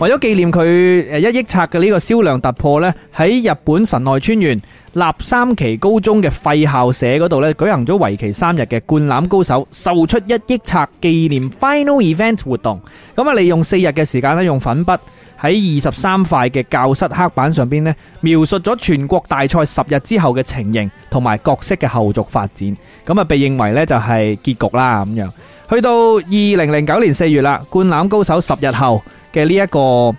為咗紀念佢誒一億冊嘅呢個銷量突破呢，喺日本神奈川縣立三崎高中嘅廢校舍嗰度呢舉行咗為期三日嘅灌籃高手售出一億冊紀念 Final Event 活動。咁啊，利用四日嘅時間呢，用粉筆。喺二十三塊嘅教室黑板上邊咧，描述咗全國大賽十日之後嘅情形同埋角色嘅後續發展。咁啊，被認為呢就係、是、結局啦。咁樣去到二零零九年四月啦，《灌籃高手》十日後嘅呢一個誒，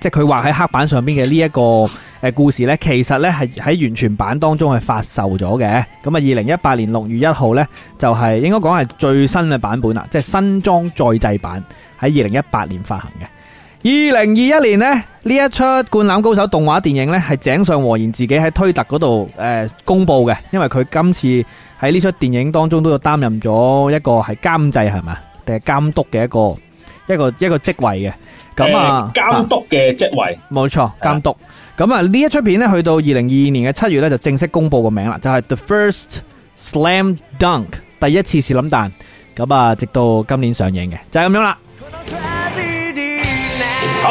即係佢畫喺黑板上邊嘅呢一個誒故事呢，其實呢係喺完全版當中係發售咗嘅。咁啊，二零一八年六月一號呢，就係、是、應該講係最新嘅版本啦，即、就、係、是、新裝再製版喺二零一八年發行嘅。二零二一年咧，呢一出灌籃高手動畫電影咧，係井上和彥自己喺推特嗰度誒公布嘅。因為佢今次喺呢出電影當中都有擔任咗一個係監製係咪，定係監督嘅一個一個一個職位嘅。咁啊，監督嘅職位，冇錯監督。咁啊呢一出片咧，去到二零二二年嘅七月咧，就正式公布個名啦，就係 The First Slam Dunk，第一次試諗彈。咁啊，直到今年上映嘅就係咁樣啦。好，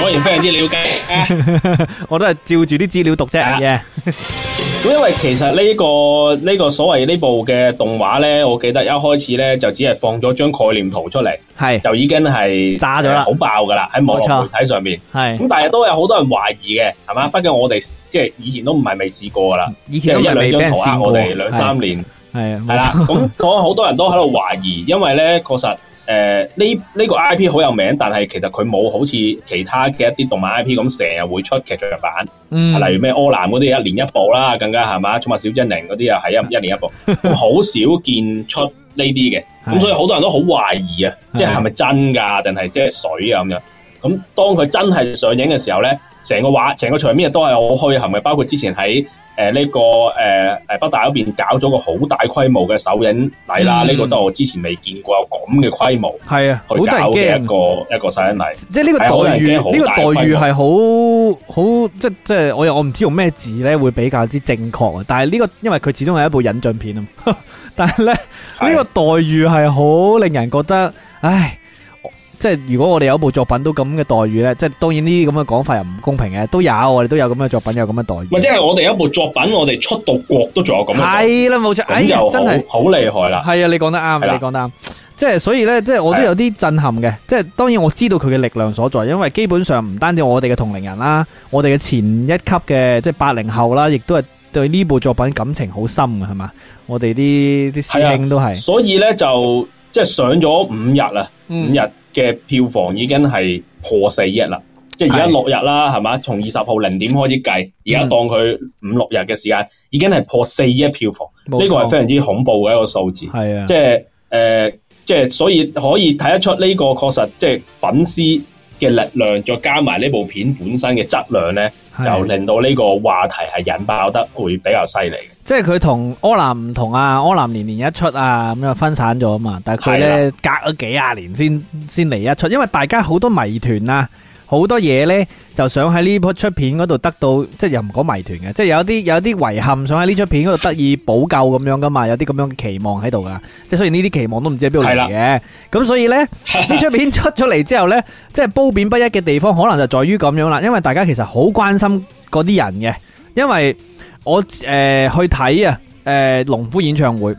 果然非常之了解，我都係照住啲資料讀啫。咁因為其實呢個呢個所謂呢部嘅動畫呢，我記得一開始呢就只係放咗張概念圖出嚟，係就已經係炸咗啦，好爆噶啦喺網絡媒體上面，係咁，但係都有好多人懷疑嘅，係嘛？畢竟我哋即係以前都唔係未試過噶啦，以前有一兩張圖啊，我哋兩三年係啊，係啦。咁所以好多人都喺度懷疑，因為呢確實。誒，呢呢、呃這個 I P 好有名，但係其實佢冇好似其他嘅一啲動漫 I P 咁成日會出劇場版，嗯、例如咩柯南嗰啲，一年一部啦，更加係嘛，寵物小精靈嗰啲又係一一年一部，好 <laughs> 少見出呢啲嘅，咁所以好多人都好懷疑啊，即係係咪真㗎，定係即係水啊咁樣。咁當佢真係上映嘅時候咧，成個畫，成個場面都係好墟冚嘅，包括之前喺。誒，呢、呃這個誒誒、呃、北大嗰邊搞咗個好大規模嘅首映禮啦，呢、嗯、個都我之前未見過有咁嘅規模，係啊，好大嘅一個一個首映禮，即係呢個待遇，呢個待遇係好好，即即係我又我唔知用咩字咧會比較之正確啊！但係、這、呢個因為佢始終係一部引進片啊，但係咧呢的個待遇係好令人覺得，唉。即係如果我哋有一部作品都咁嘅待遇呢，即係當然呢啲咁嘅講法又唔公平嘅，都有我哋都有咁嘅作品有咁嘅待遇。即係我哋有部作品，我哋出到國都仲有咁係啦，冇錯，哎又真係好厲害啦。係啊，你講得啱，的你講得啱。即係所以呢，即係我都有啲震撼嘅。的即係當然我知道佢嘅力量所在，因為基本上唔單止我哋嘅同齡人啦，我哋嘅前一級嘅即係八零後啦，亦都係對呢部作品感情好深嘅，係嘛？我哋啲啲師兄的都係是。所以呢，就即係上咗五日啊，嗯、五日。嘅票房已經係破四億啦，即係而家六日啦，係嘛是的？從二十號零點開始計，而家當佢五六日嘅時間，已經係破四億票房，呢沒錯 個係非常之恐怖嘅一個數字。係啊是的、呃，即係誒，即係所以可以睇得出呢個確實即係粉絲。嘅力量，再加埋呢部片本身嘅質量呢，的就令到呢個話題係引爆得會比較犀利。即係佢同柯南唔同啊，柯南年年一出啊，咁樣分散咗啊嘛。但係佢呢的隔咗幾廿年先先嚟一出，因為大家好多謎團啊。好多嘢呢，就想喺呢出片嗰度得到，即係又唔講謎團嘅，即係有啲有啲遺憾，想喺呢出片嗰度得以補救咁樣噶嘛，有啲咁樣嘅期望喺度噶，即係雖然呢啲期望都唔知喺邊度嚟嘅，咁對了 所以呢，呢出 <laughs> 片出咗嚟之後呢，即係褒貶不一嘅地方，可能就在於咁樣啦，因為大家其實好關心嗰啲人嘅，因為我誒、呃、去睇啊，誒、呃、農夫演唱會，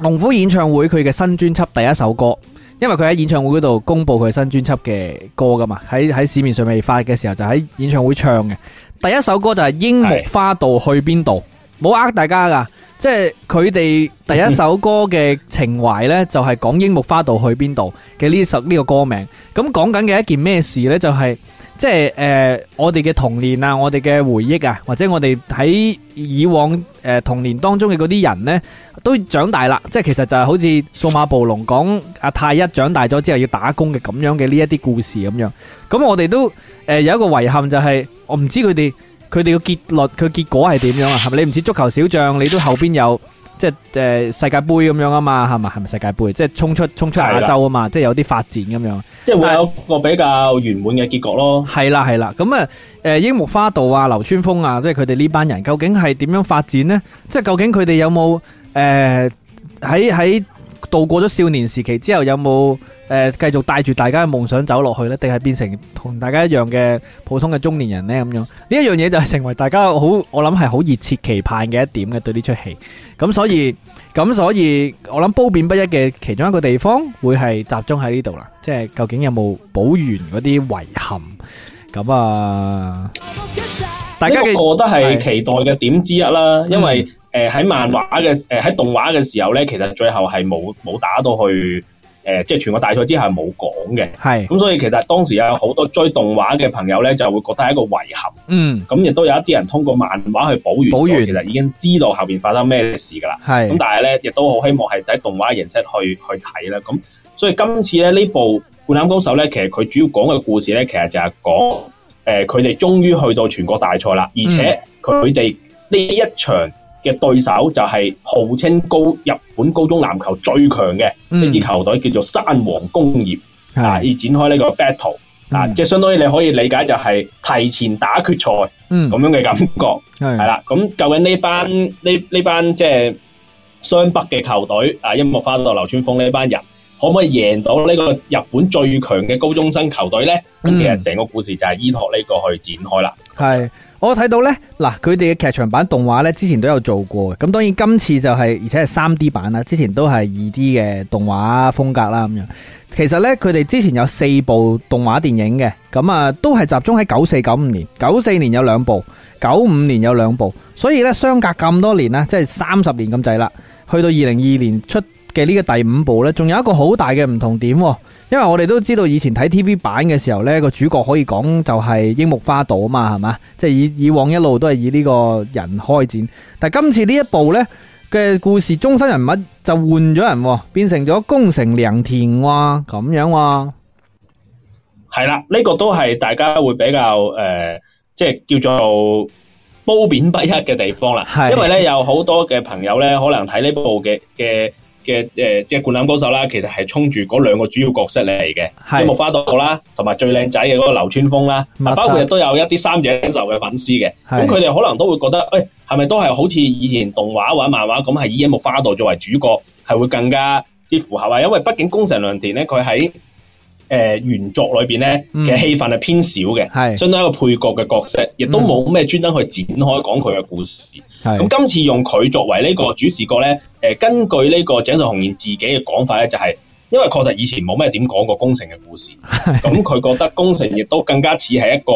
農夫演唱會佢嘅新專輯第一首歌。因為佢喺演唱會嗰度公布佢新專輯嘅歌噶嘛，喺喺市面上未發嘅時候就喺演唱會唱嘅。第一首歌就係《櫻木花道去邊度》，冇呃大家噶，即係佢哋第一首歌嘅情懷呢，就係講櫻木花道去邊度嘅呢首呢個歌名。咁講緊嘅一件咩事呢？就係。即係誒，我哋嘅童年啊，我哋嘅回憶啊，或者我哋喺以往誒童年當中嘅嗰啲人呢，都長大啦。即係其實就係好似數碼暴龍講阿太一長大咗之後要打工嘅咁樣嘅呢一啲故事咁樣。咁我哋都誒有一個遺憾就係，我唔知佢哋佢哋嘅結論佢結果係點樣啊？係咪你唔似足球小將，你都後邊有？即係世界杯咁樣啊嘛，係咪係咪世界杯？即係衝出衝出亞洲啊嘛，的即係有啲發展咁樣。即係會有個比較圓滿嘅結局咯。係啦係啦，咁啊誒櫻木花道啊、流川楓啊，即係佢哋呢班人，究竟係點樣發展呢？即係究竟佢哋有冇誒喺喺度過咗少年時期之後有冇？誒，繼續帶住大家嘅夢想走落去咧，定係變成同大家一樣嘅普通嘅中年人咧？咁樣呢一樣嘢，就係成為大家好，我諗係好熱切期盼嘅一點嘅，對呢出戲。咁所以，咁所以我諗褒貶不一嘅其中一個地方會係集中喺呢度啦。即係究竟有冇補完嗰啲遺憾？咁啊，大家嘅我都係期待嘅點之一啦。因為誒喺漫畫嘅誒喺動畫嘅時候咧，其實最後係冇冇打到去。誒、呃，即係全國大賽之後冇講嘅，係咁是、嗯，所以其實當時有好多追動畫嘅朋友咧，就會覺得係一個遺憾，嗯，咁亦、嗯、都有一啲人通過漫畫去補完，補完其實已經知道後邊發生咩事噶啦，係咁是、嗯，但係咧，亦都好希望係喺動畫形式去去睇啦，咁所以今次咧呢這部《灌籃高手》咧，其實佢主要講嘅故事咧，其實就係講誒，佢、呃、哋終於去到全國大賽啦，而且佢哋呢一場，嗯嘅對手就係號稱高日本高中籃球最強嘅呢支球隊叫做山王工業、嗯、啊，要展開呢個 battle、嗯、啊，即、就、係、是、相當於你可以理解就係提前打決賽咁樣嘅感覺係啦。咁、嗯嗯、究竟呢班呢呢班即係雙北嘅球隊啊，音樂花道流川楓呢班人。可唔可以贏到呢個日本最強嘅高中生球隊呢？咁、嗯、其實成個故事就係依託呢個去展開啦。係我睇到呢，嗱，佢哋嘅劇場版動畫呢，之前都有做過嘅。咁當然今次就係、是，而且係三 D 版啦。之前都係二 D 嘅動畫風格啦，咁樣。其實呢，佢哋之前有四部動畫電影嘅，咁啊，都係集中喺九四九五年、九四年有兩部、九五年有兩部，所以呢，相隔咁多年啦，即係三十年咁滯啦，去到二零二二年出。嘅呢個第五部呢，仲有一個好大嘅唔同點，因為我哋都知道以前睇 TV 版嘅時候呢，個主角可以講就係櫻木花道啊嘛，係嘛，即係以以往一路都係以呢個人開展，但今次呢一部呢，嘅故事中心人物就換咗人，變成咗宮城良田哇，咁樣哇，係啦，呢個都係大家會比較誒，即係叫做褒貶不一嘅地方啦，係。因為呢，有好多嘅朋友呢，可能睇呢部嘅、嘅。嘅誒即係灌籃高手啦，其實係衝住嗰兩個主要角色嚟嘅，即是櫻木花道啦，同埋最靚仔嘅嗰個流川楓啦，錯包括亦都有一啲三井壽嘅粉絲嘅，咁佢哋可能都會覺得，誒係咪都係好似以前動畫或者漫畫咁，係以櫻木花道作為主角，係會更加之符合啊？因為畢竟宮城良田咧，佢喺。誒、呃、原作裏邊咧嘅戲份係偏少嘅，嗯、係相當一個配角嘅角色，亦都冇咩專登去展開講佢嘅故事。咁今、嗯、次用佢作為呢個主視角咧是、呃，根據呢個井上雄彥自己嘅講法咧，就係、是。因為確實以前冇咩點講過宮城嘅故事，咁佢 <laughs> 覺得宮城亦都更加似係一個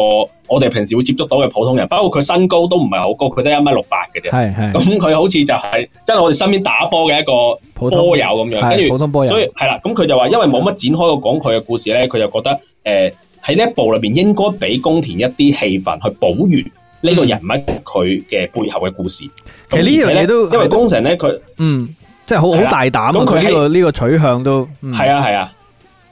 我哋平時會接觸到嘅普通人，包括佢身高都唔係好高，佢得一米六八嘅啫。係係，咁佢好似就係真係我哋身邊打波嘅一個波友咁樣，跟住後所以係啦。咁佢就話因為冇乜展開過講佢嘅故事咧，佢就覺得誒喺呢一部裏邊應該俾宮田一啲氣氛去補完呢個人物佢嘅背後嘅故事。嗯、呢其實呢樣嘢都因為宮城咧，佢嗯。即係好好大膽、啊啊，咁佢呢個呢、呢個取向都係、嗯、啊係啊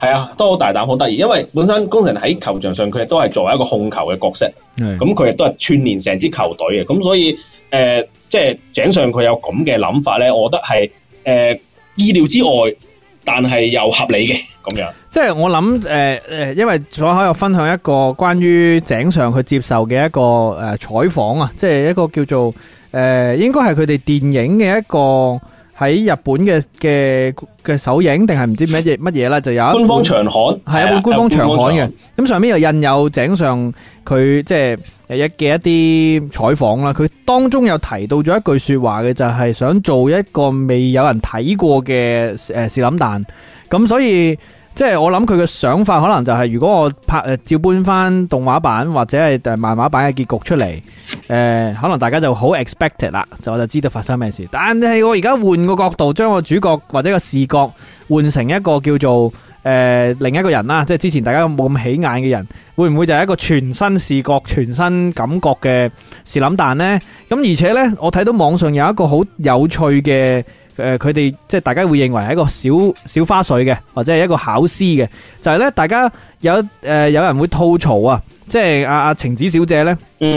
係啊，都好大膽，好得意。因為本身宮城喺球場上，佢都係作為一個控球嘅角色，咁佢亦都係串聯成支球隊嘅。咁所以誒，即、呃、係、就是、井上佢有咁嘅諗法咧，我覺得係誒、呃、意料之外，但係又合理嘅咁樣。即係我諗誒誒，因為我可以分享一個關於井上佢接受嘅一個誒採訪啊，即、就、係、是、一個叫做誒、呃，應該係佢哋電影嘅一個。喺日本嘅嘅嘅首映，定係唔知咩嘢乜嘢啦，就有一本官方長刊，係一本官方長刊嘅。咁上面又印有井上佢即係一嘅一啲採訪啦。佢當中又提到咗一句說話嘅，就係、是、想做一個未有人睇過嘅、誒、是、呃、林誕。咁所以。即係我諗佢嘅想法，可能就係如果我拍、呃、照搬翻動畫版或者係漫畫版嘅結局出嚟，誒、呃、可能大家就好 expected 啦，就我就知道發生咩事。但係我而家換個角度，將個主角或者個視角換成一個叫做誒、呃、另一個人啦，即係之前大家冇咁起眼嘅人，會唔會就係一個全新視角、全新感覺嘅是諗？但呢，咁而且呢，我睇到網上有一個好有趣嘅。誒，佢哋、呃、即係大家會認為係一個小小花絮嘅，或者係一個巧思嘅，就係、是、咧，大家有誒、呃，有人會吐槽啊，即係阿阿晴子小姐咧，嗯，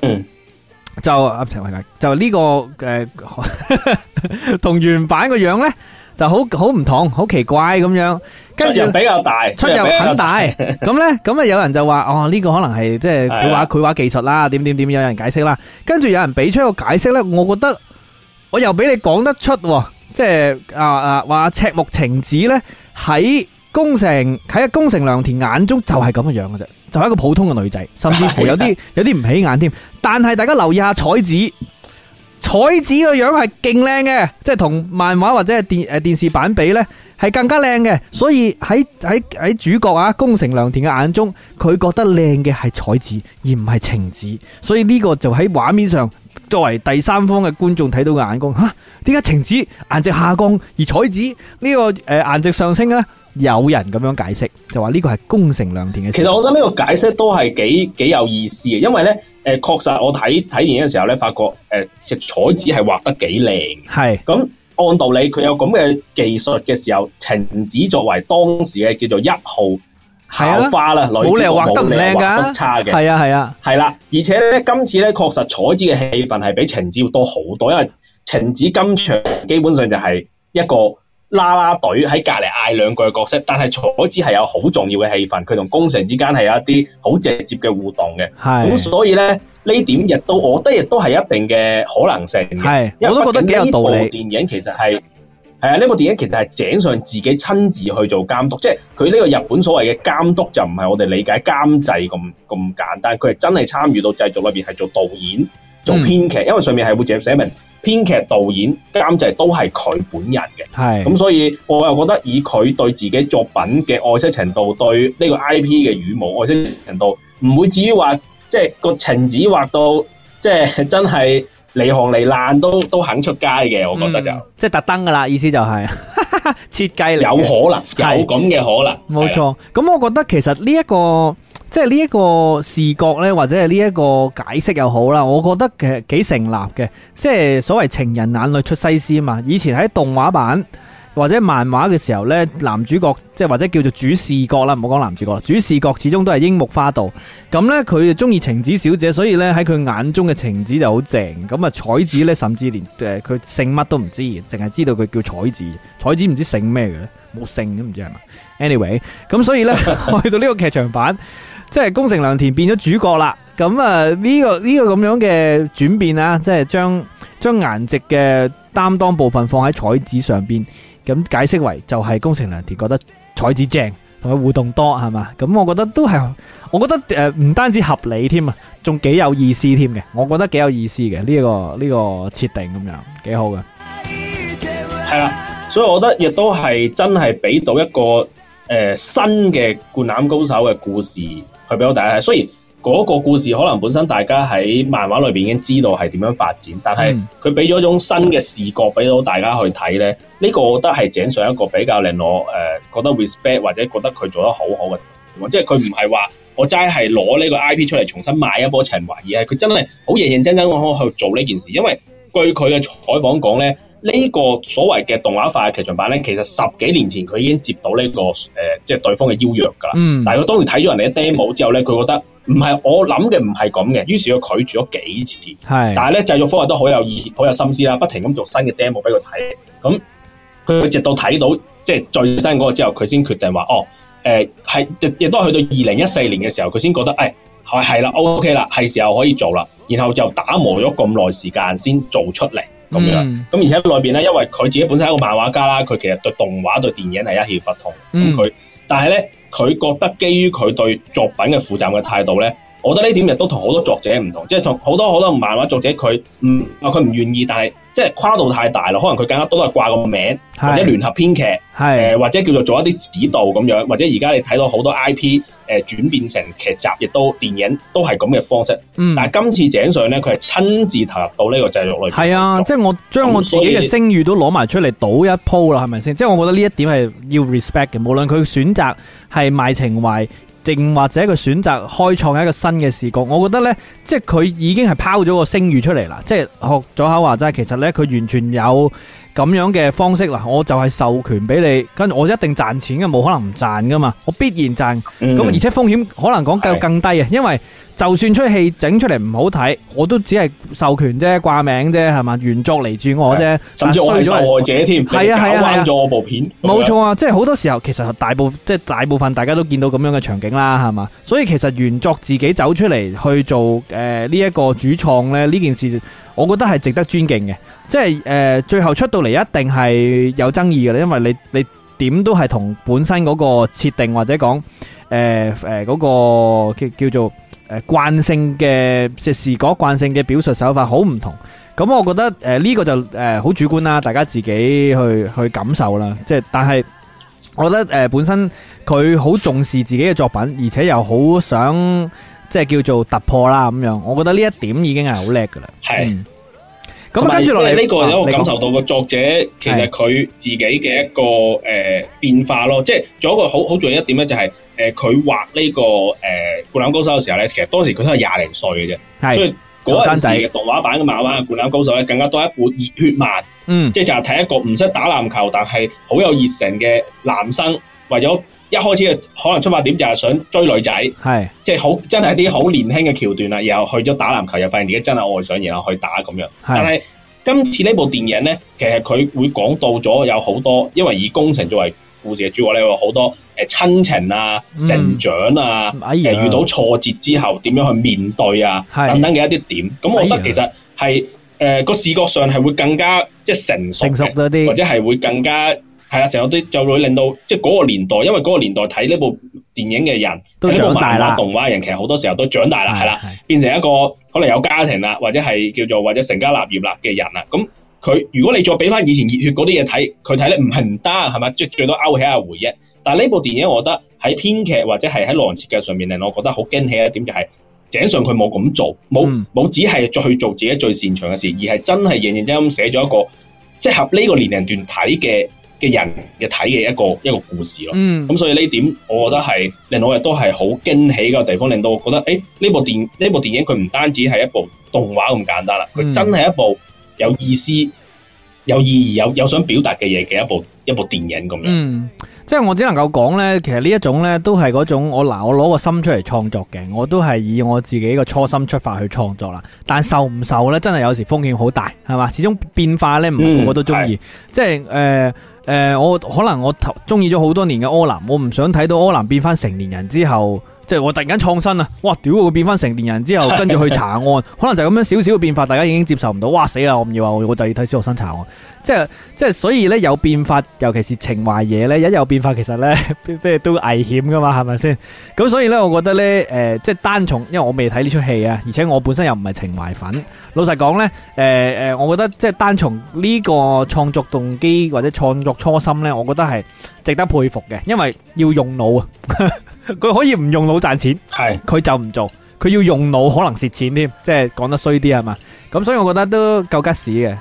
就阿陳就呢、這個誒，呃、 <laughs> 同原版個樣咧，就好好唔同，好奇怪咁樣，跟住比較大，出入，大出入大很大，咁咧， <laughs> 咁啊，有人就話哦，呢、這個可能係即係佢話佢了話技術啦，點點點，有人解釋啦，跟住有人俾出一個解釋咧，我覺得我又俾你講得出、啊。即係啊啊，話赤木晴子呢，喺宮城喺宮城良田眼中就係咁嘅樣嘅啫，就係、是、一個普通嘅女仔，甚至乎有啲有啲唔起眼添。但係大家留意下彩子，彩子個樣係勁靚嘅，即係同漫畫或者係電誒電視版比呢，係更加靚嘅。所以喺喺主角啊宮城良田嘅眼中，佢覺得靚嘅係彩子，而唔係晴子。所以呢個就喺畫面上。作為第三方嘅觀眾睇到嘅眼光，吓，點解晴子顏值下降而彩子呢個誒顏值上升咧？有人咁樣解釋，就話呢個係攻城良田嘅。其實我覺得呢個解釋都係幾幾有意思嘅，因為咧誒，確實我睇睇電影嘅時候咧，發覺誒、呃，彩子係畫得幾靚。係咁是按道理佢有咁嘅技術嘅時候，晴子作為當時嘅叫做一號。校、啊、花啦，女仔冇你畫得靚，畫得、啊、得差嘅。係啊係啊，係啦、啊啊。而且咧，今次咧確實彩子嘅戲份係比晴子要多好多，因為晴子今場基本上就係一個啦啦隊喺隔籬嗌兩句嘅角色，但係彩子係有好重要嘅戲份，佢同工城之間係有一啲好直接嘅互動嘅。係咁是、嗯，所以咧呢點亦都，我覺得亦都係一定嘅可能性。係，我都覺得幾有道理。呢部電影其實係。係啊！呢部電影其實係井上自己親自去做監督，即係佢呢個日本所謂嘅監督就唔係我哋理解監製咁咁簡單，佢係真係參與到製作裏面，係做導演、做編劇，因為上面係會寫明編劇、導演、監製都係佢本人嘅。咁是，所以我又覺得以佢對自己作品嘅愛惜程度，對呢個 IP 嘅羽毛愛惜程度，唔會至於話即係個情子畫到，即係真係。你行嚟爛都都肯出街嘅，我覺得就即係特登㗎喇，意思就係、是、 <laughs> 設計有可能的有咁嘅可能，冇錯。咁的我覺得其實呢、這、一個即係呢一個視覺呢，或者係呢一個解釋又好啦，我覺得其實幾成立嘅。即、就、係、是、所謂情人眼裏出西施嘛，以前喺動畫版。或者漫畫嘅時候呢，男主角即係或者叫做主視角啦，唔好講男主角，主視角始終都係櫻木花道。咁呢，佢就中意晴子小姐，所以呢，喺佢眼中嘅晴子就好正。咁啊彩子呢，甚至連佢姓乜都唔知，淨係知道佢叫彩子。彩子唔知姓咩嘅冇姓都唔知係嘛。Anyway，咁所以呢，去 <laughs> 到呢個劇場版，即係宮城良田變咗主角啦。咁啊呢個呢、呢個咁樣嘅轉變啊，即係將將顏值嘅擔當部分放喺彩子上邊。咁解釋為就係宮城良田覺得彩子正同佢互動多係嘛？咁我覺得都係，我覺得誒唔單止合理添啊，仲幾有意思添嘅。我覺得幾有意思嘅呢一個呢、呢個設定咁樣幾好嘅。係啊，所以我覺得亦都係真係俾到一個誒、呃、新嘅灌籃高手嘅故事去俾我大家睇，雖然，嗰個故事可能本身大家喺漫畫裏面已經知道係點樣發展，但係佢俾咗一種新嘅視覺俾到大家去睇咧。呢、這個我覺得係井上一個比較令我誒、呃、覺得 respect 或者覺得佢做得好好嘅，即係佢唔係話我齋係攞呢個 IP 出嚟重新賣一波情懷，而係佢真係好認認真真咁去做呢件事。因為據佢嘅採訪講咧，呢、這個所謂嘅動畫化嘅劇場版咧，其實十幾年前佢已經接到呢、這個、呃、即係對方嘅邀約㗎啦。嗯、但係佢當時睇咗人哋啲 demo 之後咧，佢覺得。唔係我諗嘅，唔係咁嘅，於是佢拒絕咗幾次。係的，但係咧製作方法都好有意、好有心思啦，不停咁做新嘅 demo 俾佢睇。咁佢直到睇到即係、就是、最新嗰個之後，佢先決定話：哦，誒係亦亦都係去到二零一四年嘅時候，佢先覺得誒係啦，OK 啦，係、哎 OK、時候可以做啦。然後就打磨咗咁耐時間先做出嚟咁、嗯、樣。咁而且內邊咧，因為佢自己本身係一個漫畫家啦，佢其實對動畫對電影係一竅不通。咁佢，嗯、但係咧。佢覺得基於佢對作品嘅負責嘅態度呢，我覺得呢點亦都同好多作者唔同，即係同好多好多漫畫作者佢唔佢唔願意帶。但係即係跨度太大咯，可能佢更加都係掛個名，是或者聯合編劇，誒是、呃、或者叫做做一啲指導咁樣，或者而家你睇到好多 IP 誒、呃、轉變成劇集，亦都電影都係咁嘅方式。嗯、但係今次井上呢，佢係親自投入到呢個製作裏面。係啊，即係我將我自己嘅聲譽都攞埋出嚟賭一鋪啦，係咪先？即係我覺得呢一點係要 respect 嘅，無論佢選擇係賣情懷。定或者佢選擇開創一個新嘅視角，我覺得呢，即係佢已經係拋咗個聲譽出嚟啦。即係學咗下話齋，其實呢，佢完全有咁樣嘅方式啦。我就係授權俾你，跟住我一定賺錢嘅，冇可能唔賺噶嘛。我必然賺。咁、嗯、而且風險可能講夠更低啊，是因為。就算出戲整出嚟唔好睇，我都只係授權啫，掛名啫，係嘛，原作嚟住我啫，甚至害咗受害者添，係啊係啊係啊，冇錯啊。即係好多時候，其實大部即係大部分，大家都見到咁樣嘅場景啦，係嘛。所以其實原作自己走出嚟去做誒呢一個主創咧，呢件、這個、事，我覺得係值得尊敬嘅。即係誒、呃，最後出到嚟一定係有爭議嘅，因為你你點都係同本身嗰個設定或者講誒誒嗰個叫叫做。誒，慣性嘅石時果慣性嘅表述手法好唔同，咁我覺得呢個就好主觀啦，大家自己去去感受啦。即係，但係我覺得本身佢好重視自己嘅作品，而且又好想即係叫做突破啦咁樣。我覺得呢一點已經係好叻㗎啦。係。咁跟住落嚟呢個我感受到嘅作者其實佢自己嘅一個誒變化咯。即係仲有一個好好重要一點咧，就係。誒佢、呃、畫呢、這個誒灌籃高手嘅時候咧，其實當時佢都係廿零歲嘅啫，是所以嗰陣時嘅動畫版嘅漫畫嘅灌籃高手咧，更加多一部熱血漫，嗯，即係就係睇一個唔識打籃球但係好有熱誠嘅男生，為咗一開始嘅可能出發點就係想追女仔，係是，即係好真係啲好年輕嘅橋段啦，然後去咗打籃球，又發現自己真係愛上，然後去打咁樣。是但係今次呢部電影咧，其實佢會講到咗有好多，因為以工程作為。故事嘅主角咧，好多誒親情啊、成長啊，遇到挫折之後點樣去面對啊，等等嘅一啲點，咁我覺得其實係誒個視覺上係會更加即係成熟，成熟咗啲，或者係會更加係啦，成有啲就會令到即係嗰個年代，因為嗰個年代睇呢部電影嘅人，都長大啦。漫畫動畫嘅人其實好多時候都長大啦，係啦，變成一個可能有家庭啦，或者係叫做或者成家立業啦嘅人啦，咁。佢如果你再俾翻以前熱血嗰啲嘢睇，佢睇咧唔係唔得，係咪？即最多勾起下回憶。但呢部電影我得，我覺得喺編劇或者係喺浪設計上面，令我覺得好驚喜一點就係井上佢冇咁做，冇冇只係再去做自己最擅長嘅事，嗯、而係真係認認真真寫咗一個適合呢個年齡段睇嘅嘅人嘅睇嘅一個一個故事咯。咁、嗯、所以呢點，我覺得係令我亦都係好驚喜嘅地方，令到我覺得，誒、欸、呢部電呢部電影佢唔單止係一部動畫咁簡單啦，佢真係一部。嗯嗯有意思、有意義、有有想表達嘅嘢嘅一部一部電影咁樣，嗯，即係我只能夠講呢。其實呢一種呢，都係嗰種我嗱，我攞個心出嚟創作嘅，我都係以我自己個初心出發去創作啦。但受唔受呢？真係有時風險好大，係嘛？始終變化呢，唔係個個都中意，是即係誒誒，我、呃呃、可能我中意咗好多年嘅柯南，我唔想睇到柯南變翻成年人之後。即係我突然間創新啊！哇屌，會變翻成年人之後，跟住去查案， <laughs> 可能就咁樣少少嘅變化，大家已經接受唔到。哇死啦！我唔要啊！我就要睇小學生查案。即係即係，所以咧有變化，尤其是情懷嘢咧，一有變化，其實咧 <laughs> 都危險噶嘛，係咪先？咁所以咧，我覺得咧，誒、呃，即係單從因為我未睇呢出戲啊，而且我本身又唔係情懷粉。老實講咧，誒、呃、誒，我覺得即係單從呢個創作動機或者創作初心咧，我覺得係值得佩服嘅，因為要用腦啊。 <laughs> 佢可以唔用腦賺錢，係佢是的 就唔做，佢要用腦可能蝕錢添，即係講得衰啲係嘛，咁所以我覺得都夠吉屎嘅。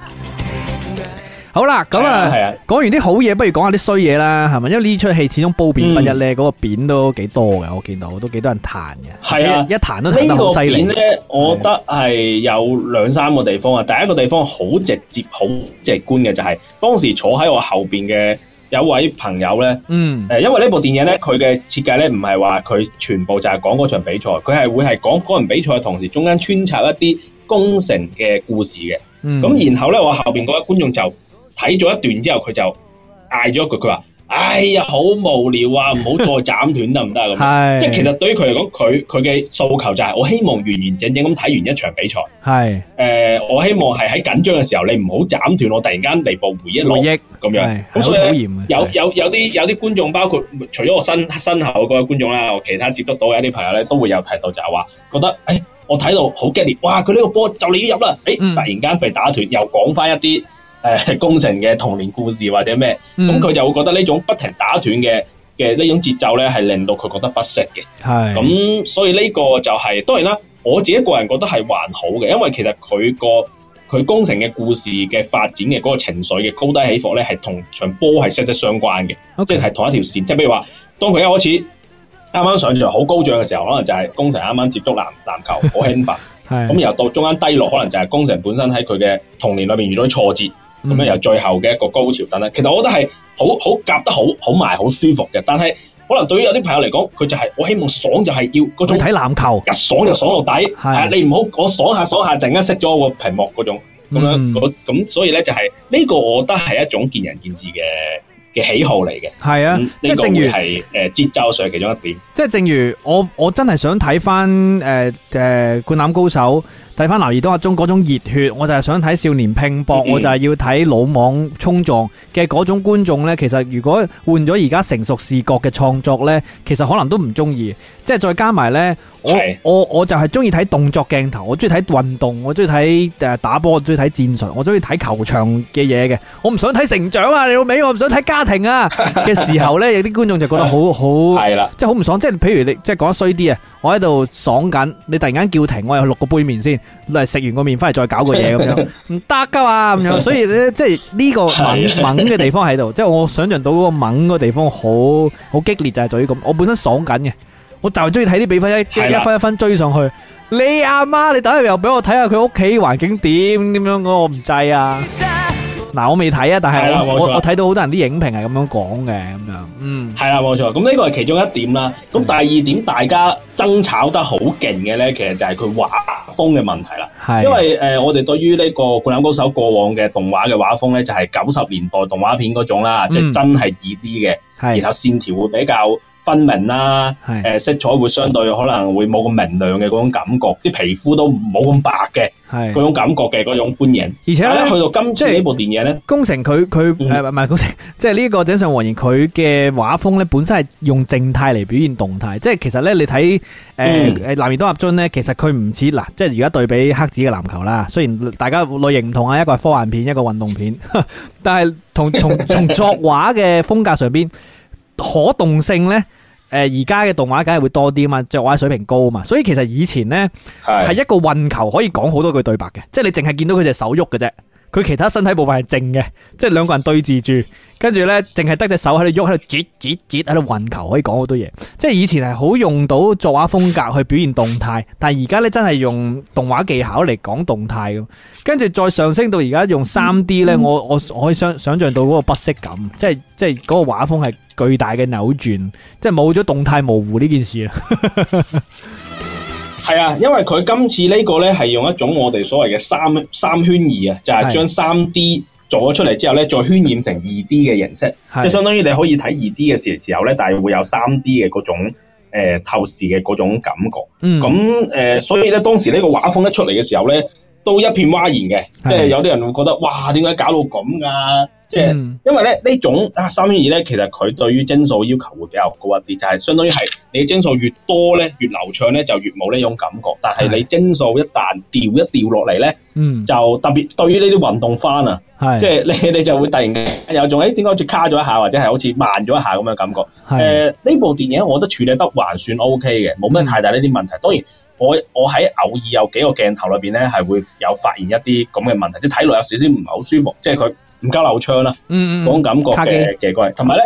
好啦，咁啊，講完啲好嘢，不如講下啲衰嘢啦，係咪？因為呢出戲始終褒貶不一咧，嗰、嗯、個貶都幾多嘅，我見到都幾多人彈嘅。係啊是的，一彈都彈得犀利。呢個貶咧，我覺得係有兩三個地方啊。是的 第一個地方好直接、好直觀嘅，就是，就係當時坐喺我後邊嘅。有位朋友呢，嗯，因為呢部電影呢，佢嘅設計呢，唔係話佢全部就係講嗰場比賽，佢係會係講嗰場比賽，同時中間穿插一啲攻城嘅故事嘅，咁、嗯、然後呢，我後面嗰位觀眾就睇咗一段之後，佢就嗌咗一句，佢話。哎呀，好無聊啊！唔好再斬斷得唔得啊？咁 <laughs> 是，即其實對於佢嚟講，佢佢嘅訴求就係、是、我希望完完整整咁睇完一場比賽。是呃、我希望係喺緊張嘅時候，你唔好斬斷我，突然間嚟部回憶錄。咁憶樣。好討厭啊！有有有啲有啲觀眾，包括除咗我身身後嗰位觀眾啦，我其他接觸到嘅一啲朋友咧，都會有提到就係話覺得，誒、欸，我睇到好激烈，哇！佢呢個波就嚟要入啦，誒、欸，嗯、突然間被打斷，又講翻一啲。誒、呃，工程嘅童年故事或者咩，咁佢、嗯、就會覺得呢種不停打斷嘅嘅呢種節奏咧，係令到佢覺得不適嘅。係的，咁所以呢個就係、是、當然啦，我自己個人覺得係還好嘅，因為其實佢個佢工程嘅故事嘅發展嘅嗰、那個情緒嘅高低起伏咧，係同場波係息息相關嘅，即係 Okay. 同一條線。即係譬如話，當佢一開始啱啱上場好高漲嘅時候，可能就係工程啱啱接觸籃籃球好興奮，咁 <laughs> 的、嗯、由到中間低落，可能就係工程本身喺佢嘅童年裏邊遇到啲挫折。.咁樣又最後嘅一個高潮等等，其實我覺得係好好夾得好好埋，好舒服嘅。但係可能對於有啲朋友嚟講，佢就係我希望爽就係要嗰種睇籃球一爽就爽到底。係啊、你唔好我爽下爽下，突然間熄咗個屏幕嗰種咁樣咁、嗯、所以咧就係呢個我覺得係一種見仁見智嘅。嘅喜好嚟嘅，係啊，即係正如係誒節奏上的其中一點，即係正，就是、正如我我真係想睇翻誒誒灌籃高手，睇翻劉儀東阿忠嗰種熱血，我就係想睇少年拼搏，嗯嗯我就係要睇魯莽衝撞嘅嗰種觀眾咧。其實如果換咗而家成熟視覺嘅創作咧，其實可能都唔中意，即係再加埋咧。我我就係中意睇動作鏡頭，我中意睇運動，我中意睇誒打波，我中意睇戰術，我中意睇球場嘅嘢嘅。我唔想睇成長啊，你老味，我唔想睇家庭啊嘅 <laughs> 時候呢。有啲觀眾就覺得好好，即係好唔爽。即係譬如你即係講得衰啲啊，我喺度爽緊，你突然間叫停，我又淥個杯麵先食完個麵翻嚟再搞個嘢咁樣，唔得噶嘛咁樣。所以即係呢個猛 <laughs> 猛嘅地方喺度，即係我想象到嗰個猛嘅地方好好激烈就係在於咁。我本身爽緊嘅。我就係中意睇啲比分一一分一分追上去。你阿媽，你等下又俾我睇下佢屋企環境點，點樣咁，我唔制啊！嗱，我未睇啊，但係我我睇到好多人啲影評係咁樣講嘅，咁樣。嗯，係啦，冇錯。咁呢個係其中一點啦。咁第二點大家爭吵得好勁嘅咧，其實就係佢畫風嘅問題啦。係。因為誒，我哋對於呢個灌籃高手過往嘅動畫嘅畫風咧，就係九十年代動畫片嗰種啦，即係真係二 D 嘅，然後線條會比較。分明啦、啊，誒色彩會相對可能會冇咁明亮嘅嗰種感覺，啲皮膚都冇咁白嘅，嗰的種感覺嘅嗰種觀影。而且咧，去到今次呢部電影咧，宮城佢佢係唔係宮城？即係呢個《井上雄彥佢嘅畫風咧，本身係用靜態嚟表現動態。即係其實咧，你睇誒誒《男兒當入樽咧，其實佢唔似嗱，即係而家對比黑子嘅籃球啦。雖然大家類型唔同啊，一個係科幻片，一個運動片， <laughs> 但係同從從作畫嘅風格上邊 <laughs> 可動性咧。誒，而家嘅動畫梗係會多啲啊嘛，作畫水平高啊嘛，所以其實以前呢，係是一個運球可以講好多句對白嘅，即係你淨係見到佢隻手喐嘅啫。佢其他身體部分係靜嘅，即係兩個人對峙住，跟住呢，淨係得隻手喺度喐喺度折折折喺度運球，可以講好多嘢。即係以前係好用到作畫風格去表現動態，但係而家呢，真係用動畫技巧嚟講動態。噉跟住再上升到而家用三 D 呢，我我我可以想想象到嗰個不適感，即係即係嗰個畫風係巨大嘅扭轉，即係冇咗動態模糊呢件事啦。 <laughs> 係啊，因為佢今次呢個呢，係用一種我哋所謂嘅三三渲二啊，就係將三 D 做咗出嚟之後呢，再渲染成二 D 嘅形式，即係是的 相當於你可以睇二 D 嘅時候呢，但係會有三 D 嘅嗰種、呃、透視嘅嗰種感覺。咁誒、嗯呃，所以呢，當時呢個畫風一出嚟嘅時候呢，都一片嘩然嘅，即係是的 有啲人會覺得哇，點解搞到咁噶、啊？即係，是因為咧呢種啊三倍二咧，其實佢對於幀數要求會比較高一啲，就係、是、相當於係你幀數越多咧，越流暢咧，就越冇呢種感覺。但係你幀數一旦掉一掉落嚟咧，嗯、就特別對於呢啲運動翻啊，即係是 你你就會突然間有種誒，點解好似卡咗一下，或者係好似慢咗一下咁嘅感覺。誒是、呃，呢部電影我覺得處理得還算 O K 嘅，冇咩太大呢啲問題。當然我，我我喺偶爾有幾個鏡頭裏邊咧，係會有發現一啲咁嘅問題，即係睇落有少少唔係好舒服，即係佢。唔交流窗啦、啊，嗰、嗯嗯、種感覺嘅嘅觀，同埋咧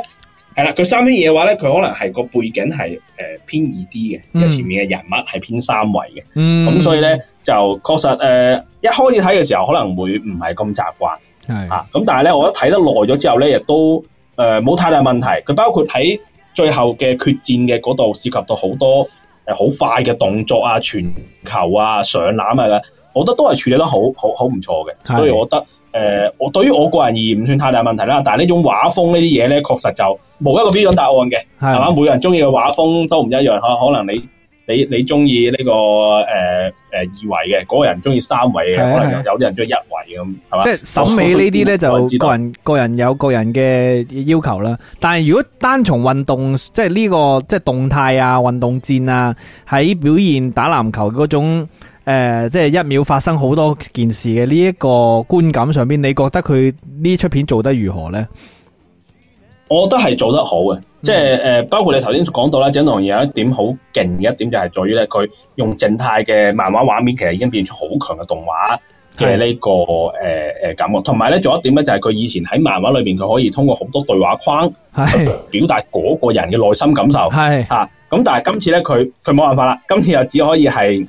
係啦，佢三 D 嘢話咧，佢可能係個背景係誒、呃、偏二 D 嘅，因有、嗯、前面嘅人物係偏三維嘅，咁、嗯、所以咧就確實誒、呃、一開始睇嘅時候可能會唔係咁習慣，係的啊，咁但係咧，我覺得睇得耐咗之後咧，亦都誒冇、呃、太大問題。佢包括喺最後嘅決戰嘅嗰度，涉及到好多誒好、呃、快嘅動作啊、傳球啊、上籃啊咧，我覺得都係處理得好好好唔錯嘅，錯的的所以我覺得。誒，我、呃、對於我個人而言唔算太大問題啦。但係呢種畫風呢啲嘢咧，確實就冇一個標準答案嘅，係嘛的？每個人中意嘅畫風都唔一樣，可可能你你你中意呢個誒誒、呃、二維嘅，個人中意三維嘅，的可能有啲的人中意一維咁，係嘛？即係審美這些呢啲咧就個人個人，個人有個人嘅要求啦。但係如果單從運動即係、這、呢個即係動態啊，運動戰啊，喺表現打籃球嗰種。誒、呃，即係一秒發生好多件事嘅呢一個觀感上邊，你覺得佢呢出片做得如何呢？我覺得係做得好嘅，嗯、即係、呃、包括你頭先講到啦，整容有一點好勁嘅一點就係在於咧，佢用靜態嘅漫畫畫面，其實已經變出好強嘅動畫嘅呢個誒誒感覺。同埋是呢，仲有一點呢，就係佢以前喺漫畫裏面，佢可以通過好多對話框是去表達嗰個人嘅內心感受係吓。咁是、啊、但係今次呢，佢佢冇辦法啦，今次又只可以係。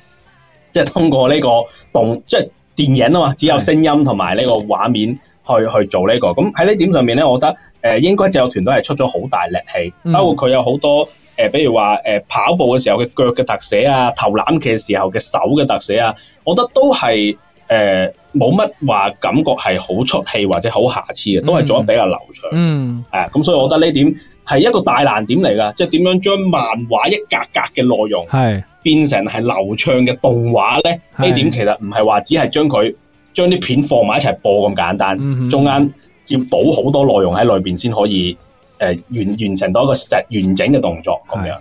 即係通過呢個動，即係電影啊嘛，只有聲音同埋呢個畫面去的去做呢、這個。咁喺呢點上面咧，我覺得誒，應、呃、該製作團隊係出咗好大力氣，嗯、包括佢有好多誒、呃，比如話誒、呃、跑步嘅時候嘅腳嘅特寫啊，投籃嘅時候嘅手嘅特寫啊，我覺得都係誒冇乜話感覺係好出戲或者好瑕疵嘅，都係做得比較流暢。嗯，誒、嗯，咁所以我覺得呢點係一個大難點嚟噶，即係點樣將漫畫一格格嘅內容係。變成係流暢嘅動畫咧，呢點的其實唔係話只係將佢將啲片放埋一齊播咁簡單，嗯、哼中間要補好多內容喺裏面先可以完、呃、完成到一個石完整嘅動作咁樣。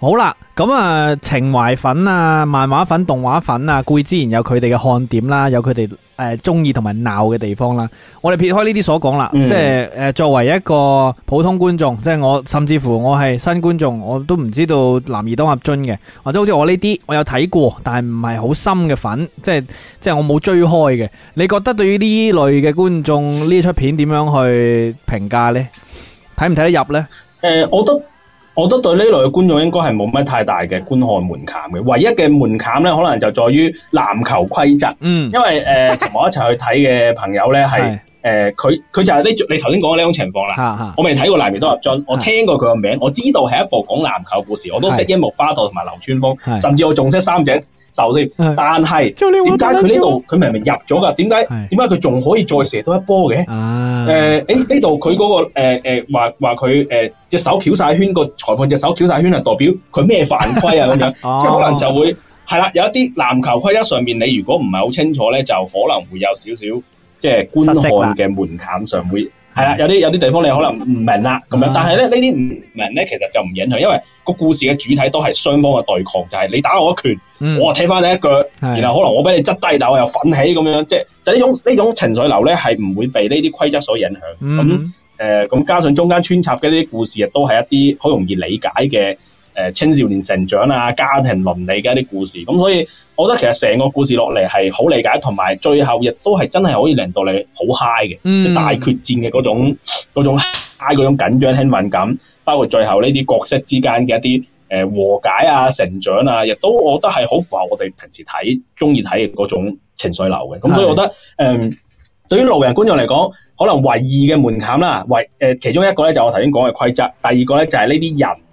好啦，咁啊，情懷粉啊，漫畫粉、動畫粉啊，固之然有佢哋嘅看點啦，有佢哋誒中意同埋鬧嘅地方啦。我哋撇開呢啲所講啦，嗯、即係誒、呃，作為一個普通觀眾，即係我甚至乎我係新觀眾，我都唔知道男兒當合樽嘅，或者好似我呢啲，我有睇過，但係唔係好深嘅粉，即係即係我冇追開嘅。你覺得對於呢類嘅觀眾呢出片點樣去評價呢？睇唔睇得入呢？誒、呃，我都……我都對呢類嘅觀眾應該係冇乜太大嘅觀看門檻嘅，唯一嘅門檻呢，可能就在於籃球規則。嗯，因為誒同、呃、 <laughs> 我一齊去睇嘅朋友呢係。是誒佢佢就係你你頭先講嘅呢種情況啦。我未睇過男兒當入樽，我聽過佢個名，我知道係一部講籃球故事，我都識櫻木花道同埋流川楓，甚至我仲識三井壽。但係點解佢呢度佢明明入咗㗎？點解點解佢仲可以再射多一波嘅？誒誒呢度佢嗰個誒誒話話佢誒隻手翹晒圈，個裁判隻手翹晒圈，係代表佢咩犯規啊咁樣？即係可能就會係啦，有一啲籃球規則上面，你如果唔係好清楚咧，就可能會有少少。即係觀看嘅門檻上會係啦，有啲有啲地方你可能唔明啦，咁樣，是的但係咧呢啲唔明咧，其實就唔影響，因為個故事嘅主題都係雙方嘅對抗，就係、是、你打我一拳，嗯、我踢翻你一腳，的然後可能我俾你執低，但我又奮起咁樣，即係就呢、是、種呢種情緒流咧，係唔會被呢啲規則所影響。咁誒、嗯，咁、呃、加上中間穿插嘅呢啲故事，亦都係一啲好容易理解嘅。誒，青少年成長啊，家庭倫理嘅一啲故事，咁所以，我覺得其實成個故事落嚟係好理解，同埋最後亦都係真係可以令到你好嗨嘅，即、嗯、大決戰嘅嗰種嗰種 high 嗰種緊張興奮感，包括最後呢啲角色之間嘅一啲誒、呃、和解啊、成長啊，亦都我覺得係好符合我哋平時睇中意睇嘅嗰種情緒流嘅。咁所以，我覺得誒的、嗯，對於路人觀眾嚟講，可能唯二嘅門檻啦，唯、呃、其中一個咧就係我頭先講嘅規則，第二個咧就係呢啲人。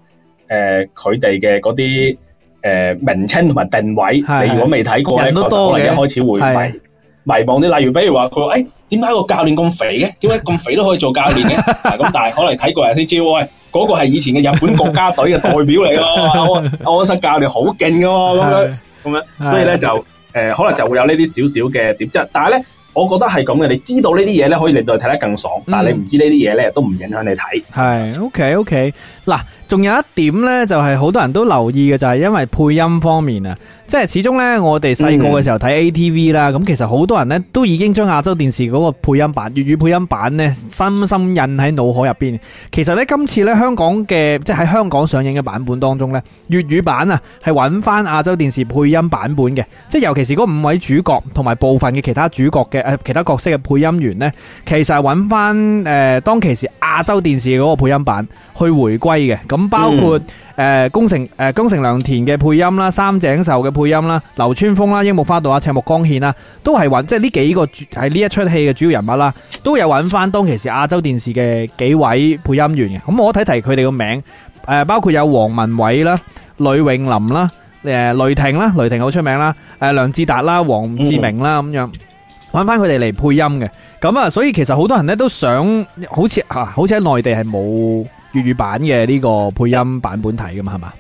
誒，佢哋嘅嗰啲誒名稱同埋定位，你如果未睇過咧，可能一開始會迷迷茫啲。例如，比如話佢，誒，點解個教練咁肥嘅？點解咁肥都可以做教練嘅？咁但係，可能睇過啊先知。喂，嗰個係以前嘅日本國家隊嘅代表嚟噶，我我個新教練好勁噶，咁樣咁樣。所以咧就誒，可能就會有呢啲少少嘅點質。但係咧，我覺得係咁嘅。你知道呢啲嘢咧，可以令到睇得更爽。但係你唔知呢啲嘢咧，都唔影響你睇。係，OK，OK，嗱。仲有一點呢，就係好多人都留意嘅，就係因為配音方面啊，即係始終呢，我哋細個嘅時候睇 ATV 啦，咁、hmm. 其實好多人呢，都已經將亞洲電視嗰個配音版、粵語配音版呢，深深印喺腦海入邊。其實呢，今次呢，香港嘅即係喺香港上映嘅版本當中呢，粵語版啊係揾翻亞洲電視配音版本嘅，即係尤其是嗰五位主角同埋部分嘅其他主角嘅誒其他角色嘅配音員呢，其實係揾翻誒當其時亞洲電視嗰個配音版去回歸嘅咁。包括誒，宮城誒，宮城、呃呃、良田嘅配音啦，三井壽嘅配音啦，流川楓啦，櫻木花道啊，赤木光憲啦，都係揾即係呢幾個係呢一出戲嘅主要人物啦，都有揾翻當其時亞洲電視嘅幾位配音員嘅。咁我睇睇佢哋個名誒、呃，包括有黃文偉啦、呂詠林啦、誒雷霆啦，雷霆好出名啦，誒、呃、梁志達啦、黃志明啦，咁樣揾翻佢哋嚟配音嘅。咁啊，所以其實好多人咧都想，好似吓、啊，好似喺內地係冇。粵語版嘅呢個配音版本睇噶嘛，係嘛？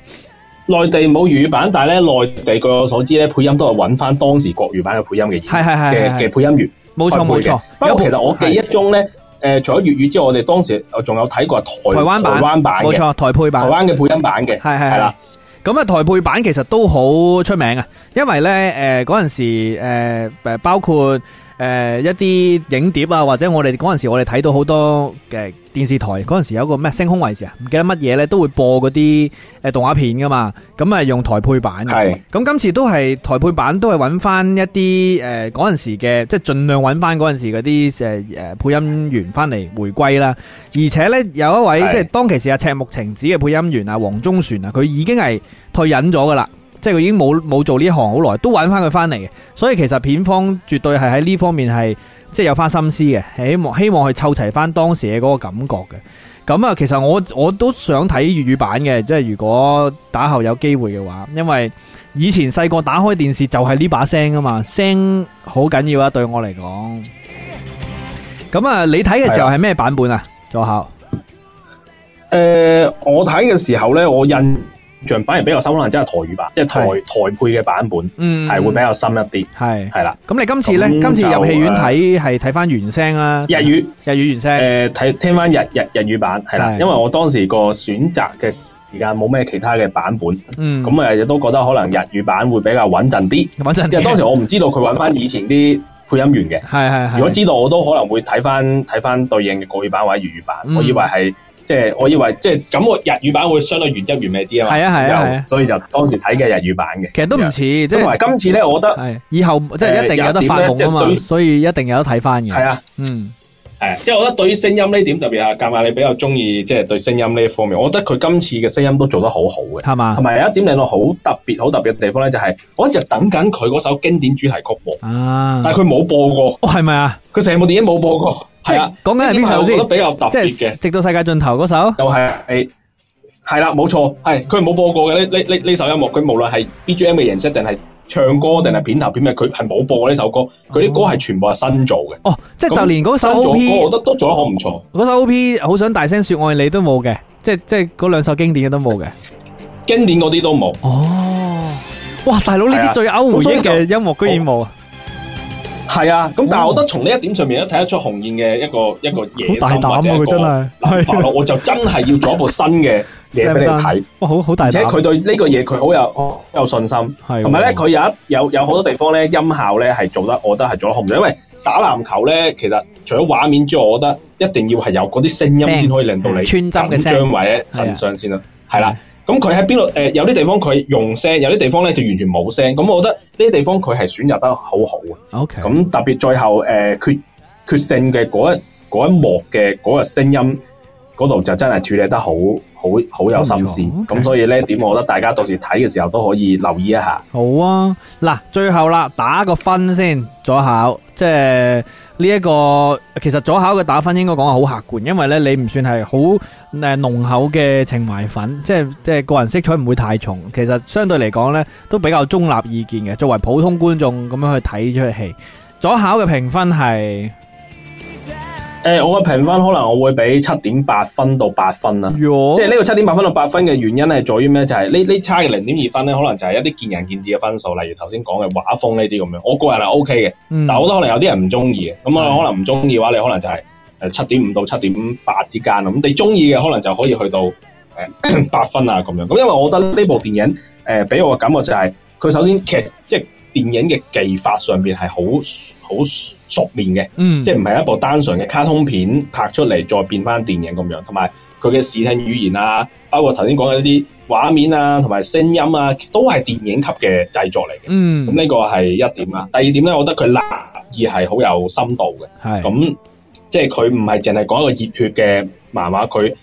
內地冇粵語版，但係咧內地據我所知咧，配音都係揾翻當時國語版嘅配音嘅，係係係嘅嘅配音員，冇錯冇錯。不過其實我記憶中咧，誒除咗粵語之外，我哋當時我仲有睇過台灣版，台灣版冇錯，台配版，台灣嘅配音版嘅，係係係啦。咁啊，台配版其實都好出名啊，因為咧誒嗰陣時誒誒、呃、包括。誒、呃、一啲影碟啊，或者我哋嗰陣時，我哋睇到好多嘅電視台嗰陣時有個咩星空衛視啊，唔記得乜嘢呢，都會播嗰啲誒動畫片噶嘛，咁啊用台配版。係。咁今次都係台配版都，都係揾翻一啲誒嗰陣時嘅，即係盡量揾翻嗰陣時嗰啲、呃、配音員翻嚟回歸啦。而且呢，有一位是的 即係當其時阿赤木晴子嘅配音員啊，黃宗璇啊，佢已經係退隱咗噶啦。即係佢已經冇冇做呢一行好耐，都揾翻佢翻嚟嘅。所以其實片方絕對係喺呢方面係即係有翻心思嘅，希望希望去湊齊翻當時嘅嗰個感覺嘅。咁啊，其實我我都想睇粵語版嘅，即係如果打後有機會嘅話，因為以前細個打開電視就係呢把聲啊嘛，聲好緊要啊，對我嚟講。咁啊，你睇嘅時候係咩版本啊？左下的。誒後、呃，我睇嘅時候呢，我印。像反而比較深，可能真係台語版，即係台台配嘅版本，係會比較深一啲。係係啦，咁你今次咧，今次入戲院睇係睇翻原聲啊？日語日語原聲。誒，睇聽翻日日日語版係啦，因為我當時個選擇嘅時間冇咩其他嘅版本，咁亦都覺得可能日語版會比較穩陣啲。穩陣，因為當時我唔知道佢搵翻以前啲配音員嘅，係係。如果知道我都可能會睇翻睇翻對應嘅國語版或者粵語版，我以為係。即係我以為，即係咁我日語版會相對原汁原味啲啊嘛，啊。啊啊啊所以就當時睇嘅日語版嘅。 <laughs> 其實都唔似，即係同埋今次咧，我覺得以後即係、呃、一定有得翻工啊嘛，所以一定有得睇翻嘅。係啊，嗯，係、啊，即係我覺得對於聲音呢點特別啊，夾埋你比較中意即係對聲音呢方面，我覺得佢今次嘅聲音都做得好好嘅，係嘛嗎。同埋有一點令我好特別、好特別嘅地方咧、就是，就係我一直等緊佢嗰首經典主題曲啊，但係佢冇播過，哦係咪啊？佢成部電影冇播過。係啦，講緊係邊首先？即、 <music> 啊、我覺得比較特別嘅，直到世界盡頭嗰首。就係係係啦，冇、哎、錯，係佢冇播過嘅呢呢呢呢首音樂。佢無論係 BGM 嘅形式，定係唱歌，定係片頭片尾，佢係冇播呢首歌。佢啲、哦、歌係全部係新做嘅。哦，那即係就連嗰首 OP，新作歌，我覺得都做得好唔錯。嗰首 OP 好想大聲說我愛你都冇嘅，即係即係嗰兩首經典嘅都冇嘅。經典嗰啲都冇。哦，哇！大佬呢啲最勾回憶嘅音樂、啊、居然冇啊！哦係啊，咁但係我覺得從呢一點上面咧睇得出紅燕嘅一個野心、啊、或者一個嘢好大膽啊佢真係諗法咯， <laughs> 我就真係要做一部新嘅嘢俾你睇， <laughs> 哇，好好大，而且佢對呢個嘢佢好有有信心，同埋咧佢有一有有好多地方咧音效咧係做得，我覺得係做得好，因為打籃球咧其實除咗畫面之外，我覺得一定要係有嗰啲聲音先可以令到你穿針嘅聲喺身上先啦，係啦、啊。咁佢喺邊度？誒，有啲地方佢用聲，有啲地方咧就完全冇聲。咁我覺得呢啲地方佢係選擇得好好啊。OK。咁特別最後誒決決勝嘅嗰一嗰一幕嘅嗰個聲音嗰度就真係處理得好好好有心思。咁、okay. 所以呢點？我覺得大家到時睇嘅時候都可以留意一下。好啊，嗱，最後啦，打個分先，左考即係。呢一個其實左考嘅打分應該講好客觀，因為咧你唔算係好誒濃厚嘅情懷粉，即係即係個人色彩唔會太重。其實相對嚟講呢都比較中立意見嘅。作為普通觀眾咁樣去睇呢出戲，左考嘅評分係。誒、呃，我嘅評分可能我會俾七點八分到八分啦，啊，Yeah? 即係呢個七點八分到八分嘅原因係在於咩？就係、是，呢呢差嘅零點二分咧，可能就係一啲見仁見智嘅分數，例如頭先講嘅畫風呢啲咁樣。我個人係 O K 嘅，mm. 但係我覺得可能有啲人唔中意嘅，咁我可能唔中意嘅話，你可能就係誒七點五到七點八之間。咁你中意嘅可能就可以去到誒八 <laughs> 分啊，咁樣。咁因為我覺得呢部電影誒俾、呃、我嘅感覺就係、是，佢首先劇劇。即電影嘅技法上邊係好好熟練嘅，嗯、即係唔係一部單純嘅卡通片拍出嚟再變翻電影咁樣，同埋佢嘅視聽語言啊，包括頭先講嘅一啲畫面啊，同埋聲音啊，都係電影級嘅製作嚟嘅，嗯，咁呢個係一點啦。第二點呢，我覺得佢立意係好有深度嘅，係是，咁、嗯、即係佢唔係淨係講一個熱血嘅漫畫，佢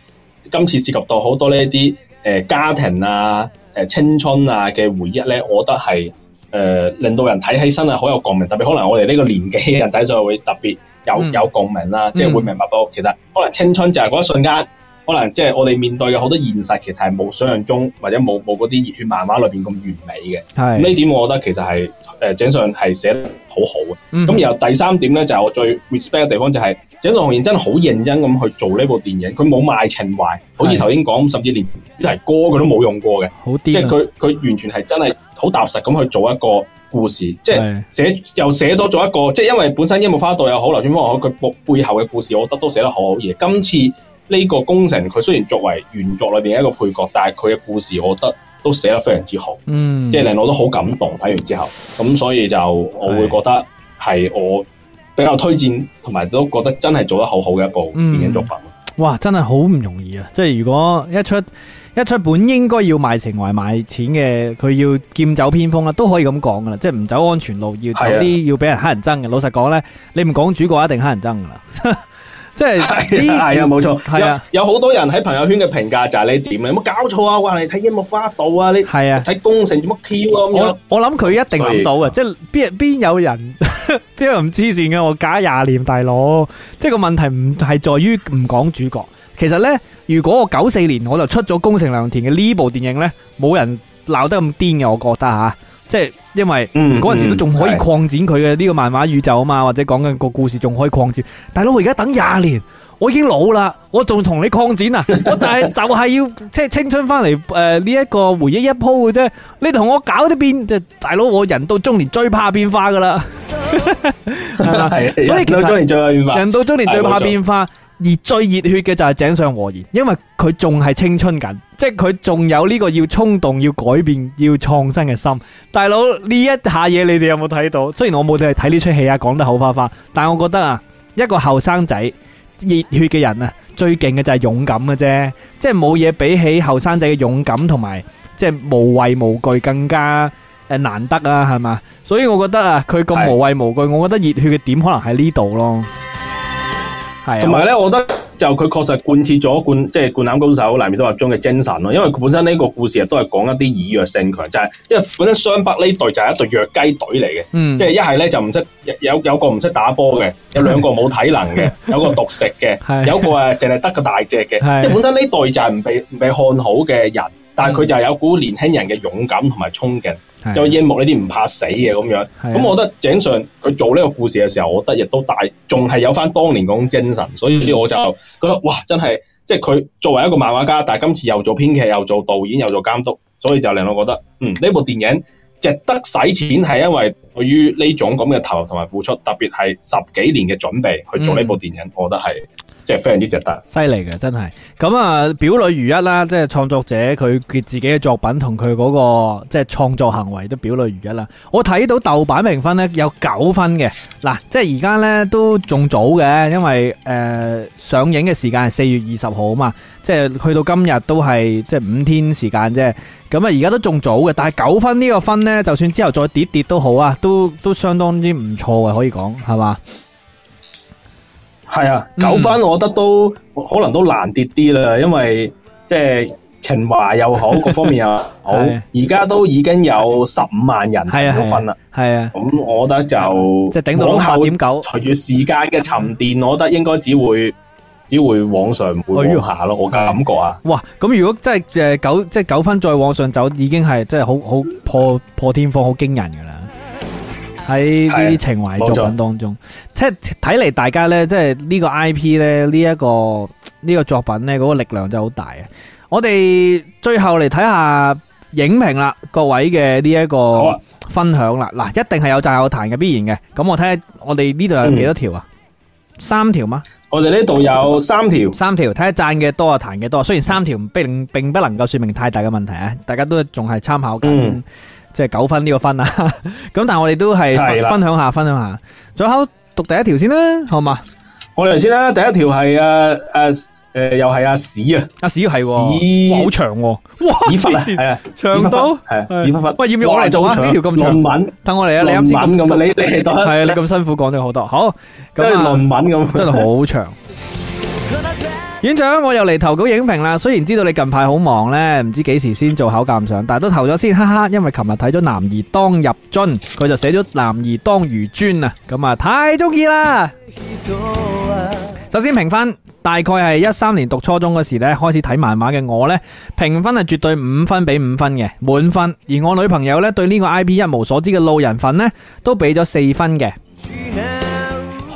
今次涉及到好多呢啲誒家庭啊、誒、呃、青春啊嘅回憶呢，我覺得係。誒、呃，令到人睇起身係好有共鳴，特別可能我哋呢個年紀嘅人睇上去會特別有、嗯、有共鳴啦，即係會明白到其實、嗯、可能青春就係嗰一瞬間，可能即係我哋面對嘅好多現實，其實係冇想象中或者冇冇嗰啲熱血漫畫裏邊咁完美嘅。咁呢是點，我覺得其實係誒，井、呃、上係寫得好好嘅。咁、嗯、然後第三點咧，就係、是、我最 respect 嘅地方就係、是，井上雄彥真係好認真咁去做呢部電影，佢冇賣情懷，好似頭先講，是甚至連主題歌佢都冇用過嘅，好即係佢佢完全係真係。好踏實咁去做一個故事，即係寫是又寫咗做一個，即係因為本身《櫻木花道》又好《流川楓》又好，佢背背後嘅故事，我覺得都寫得好好嘢。今次呢個宮城，佢雖然作為原作裏邊一個配角，但係佢嘅故事，我覺得都寫得非常之好，嗯，即係令我都好感動睇完之後。咁所以就我會覺得係我比較推薦，同埋都覺得真係做得好好嘅一部電影作品。嗯、哇，真係好唔容易啊！即係如果一出。一出本應該要賣情懷賣錢嘅，佢要劍走偏鋒啦，都可以咁講噶啦，即係唔走安全路，要走啲要俾人乞人憎嘅。是啊、老實講咧，你唔講主角，一定乞人憎噶啦。 <laughs> 即係呢點係啊，冇錯些，係啊，啊有好多人喺朋友圈嘅評價就係呢點啊，有冇搞錯啊？話你睇《櫻木花道》啊？呢係啊，睇《宮城做乜 Q 啊？我我諗佢一定諗到啊！所以 即係邊邊有人邊 <laughs> 有人黐線嘅，我假廿年大佬，即係個問題唔係在於唔講主角。其實呢，如果我九四年我就出咗《工城良田》嘅呢部電影呢，冇人鬧得咁癲嘅，我覺得吓、啊，即係因為嗰陣時都仲可以擴展佢嘅呢個漫畫宇宙啊嘛，嗯嗯、或者講緊個故事仲可以擴展。大佬，我而家等廿年，我已經老啦，我仲同你擴展啊？我就係、是、 <laughs> 就係要即係、就是、青春翻嚟誒呢一個回憶一鋪嘅啫。你同我搞啲變，就大佬，我人到中年最怕變化噶啦。 <laughs> 吧 <laughs> 所以其實人到中年最怕變化。而最熱血嘅就係井上和彥，因為佢仲係青春緊，即係佢仲有呢個要衝動、要改變、要創新嘅心。大佬呢一下嘢，你哋有冇睇到？雖然我冇去睇呢出戲啊，講得好花花，但係我覺得啊，一個後生仔熱血嘅人啊，最勁嘅就係勇敢嘅啫，即係冇嘢比起後生仔嘅勇敢同埋，即係無畏無懼更加誒難得啊，係嘛？所以我覺得啊，佢咁無畏無懼，是的 我覺得熱血嘅點可能喺呢度咯。同埋咧，呢 <music> 我覺得就佢確實貫徹咗灌即係灌籃高手南面都話中嘅精神咯，因為本身呢個故事都係講一啲以弱勝強，就係、即係、本身湘北呢隊就係一隊弱雞隊嚟嘅，即係一係咧就唔識有有個唔識打波嘅，有兩個冇體能嘅，嗯、有個獨食嘅， <laughs> 有個淨係得個大隻嘅，即係 <music> 本身呢隊就係唔被唔被看好嘅人。但佢就有股年輕人嘅勇敢同埋衝勁，就櫻木呢啲唔怕死嘅咁樣。咁、啊、我覺得井上佢做呢個故事嘅時候，我覺得亦都大，仲係有翻當年嗰種精神。所以呢我就覺得哇，真係即係佢作為一個漫畫家，但今次又做編劇，又做導演，又做監督，所以就令我覺得，嗯，呢部電影值得使錢係因為對於呢種咁嘅投入同埋付出，特別係十幾年嘅準備去做呢部電影，我覺得係。即係非常之值得，犀利嘅真係。咁啊，表裏如一啦，即係創作者佢佢自己嘅作品同佢嗰個即係創作行為都表裏如一啦。我睇到豆瓣評分呢，有九分嘅，嗱，即係而家呢，都仲早嘅，因為誒、呃、上映嘅時間係四月二十號啊嘛，即係去到今日都係即係五天時間啫。咁啊，而家都仲早嘅，但係九分呢個分呢，就算之後再跌跌都好啊，都都相當之唔錯嘅，可以講係嘛。係啊，九分我覺得都、嗯、可能都難跌啲啦，因為即係情懷又好，各方面又好，而家、 <laughs> 啊、都已經有十五萬人係九分啦，係啊，咁、啊、我覺得就即、啊就是、往後，隨住時間嘅沉澱，我覺得應該只會只會往上唔會往下咯，我嘅感覺、哎、啊。哇，咁如果真係誒九即係九分再往上走，已經係即係好好破破天荒好驚人噶啦。喺呢啲情懷作品當中錯，即係睇嚟大家呢，即係呢個 IP 呢，呢一個呢個作品呢，嗰個力量真係好大啊！我哋最後嚟睇下影評啦，各位嘅呢一個分享啦，嗱、啊，一定係有讚有彈嘅必然嘅。咁我睇下我哋呢度有幾多條啊？嗯、三條嗎？我哋呢度有三條，三條睇下讚嘅多啊，彈嘅多。雖然三條並並不能夠說明太大嘅問題啊，大家都仲係參考緊。嗯即係九分呢個分啊，咁但係我哋都係分享下，分享下，最後讀第一條先啦，好嘛？我嚟先啦，第一條係誒誒誒，又係阿屎啊，阿屎係屎好長，屎忽啊，係啊，長到係屎忽忽。喂，要唔要我嚟做啊？呢條咁論文，等我嚟啊！你啱先咁咁，你你係，係你咁辛苦講咗好多，好，即係論文咁，真係好長。院長，我又嚟投稿影評啦。雖然知道你近排好忙咧，唔知幾時先做考尷賞，但係都投咗先，哈哈。因為琴日睇咗《男兒當入樽》，佢就寫咗《男兒當如尊》啊，咁啊太中意啦。首先評分，大概係一三年讀初中嗰時咧開始睇漫畫嘅我咧，評分係絕對五分比五分嘅滿分。而我女朋友咧對呢個 I P 一無所知嘅路人粉咧，都俾咗四分嘅。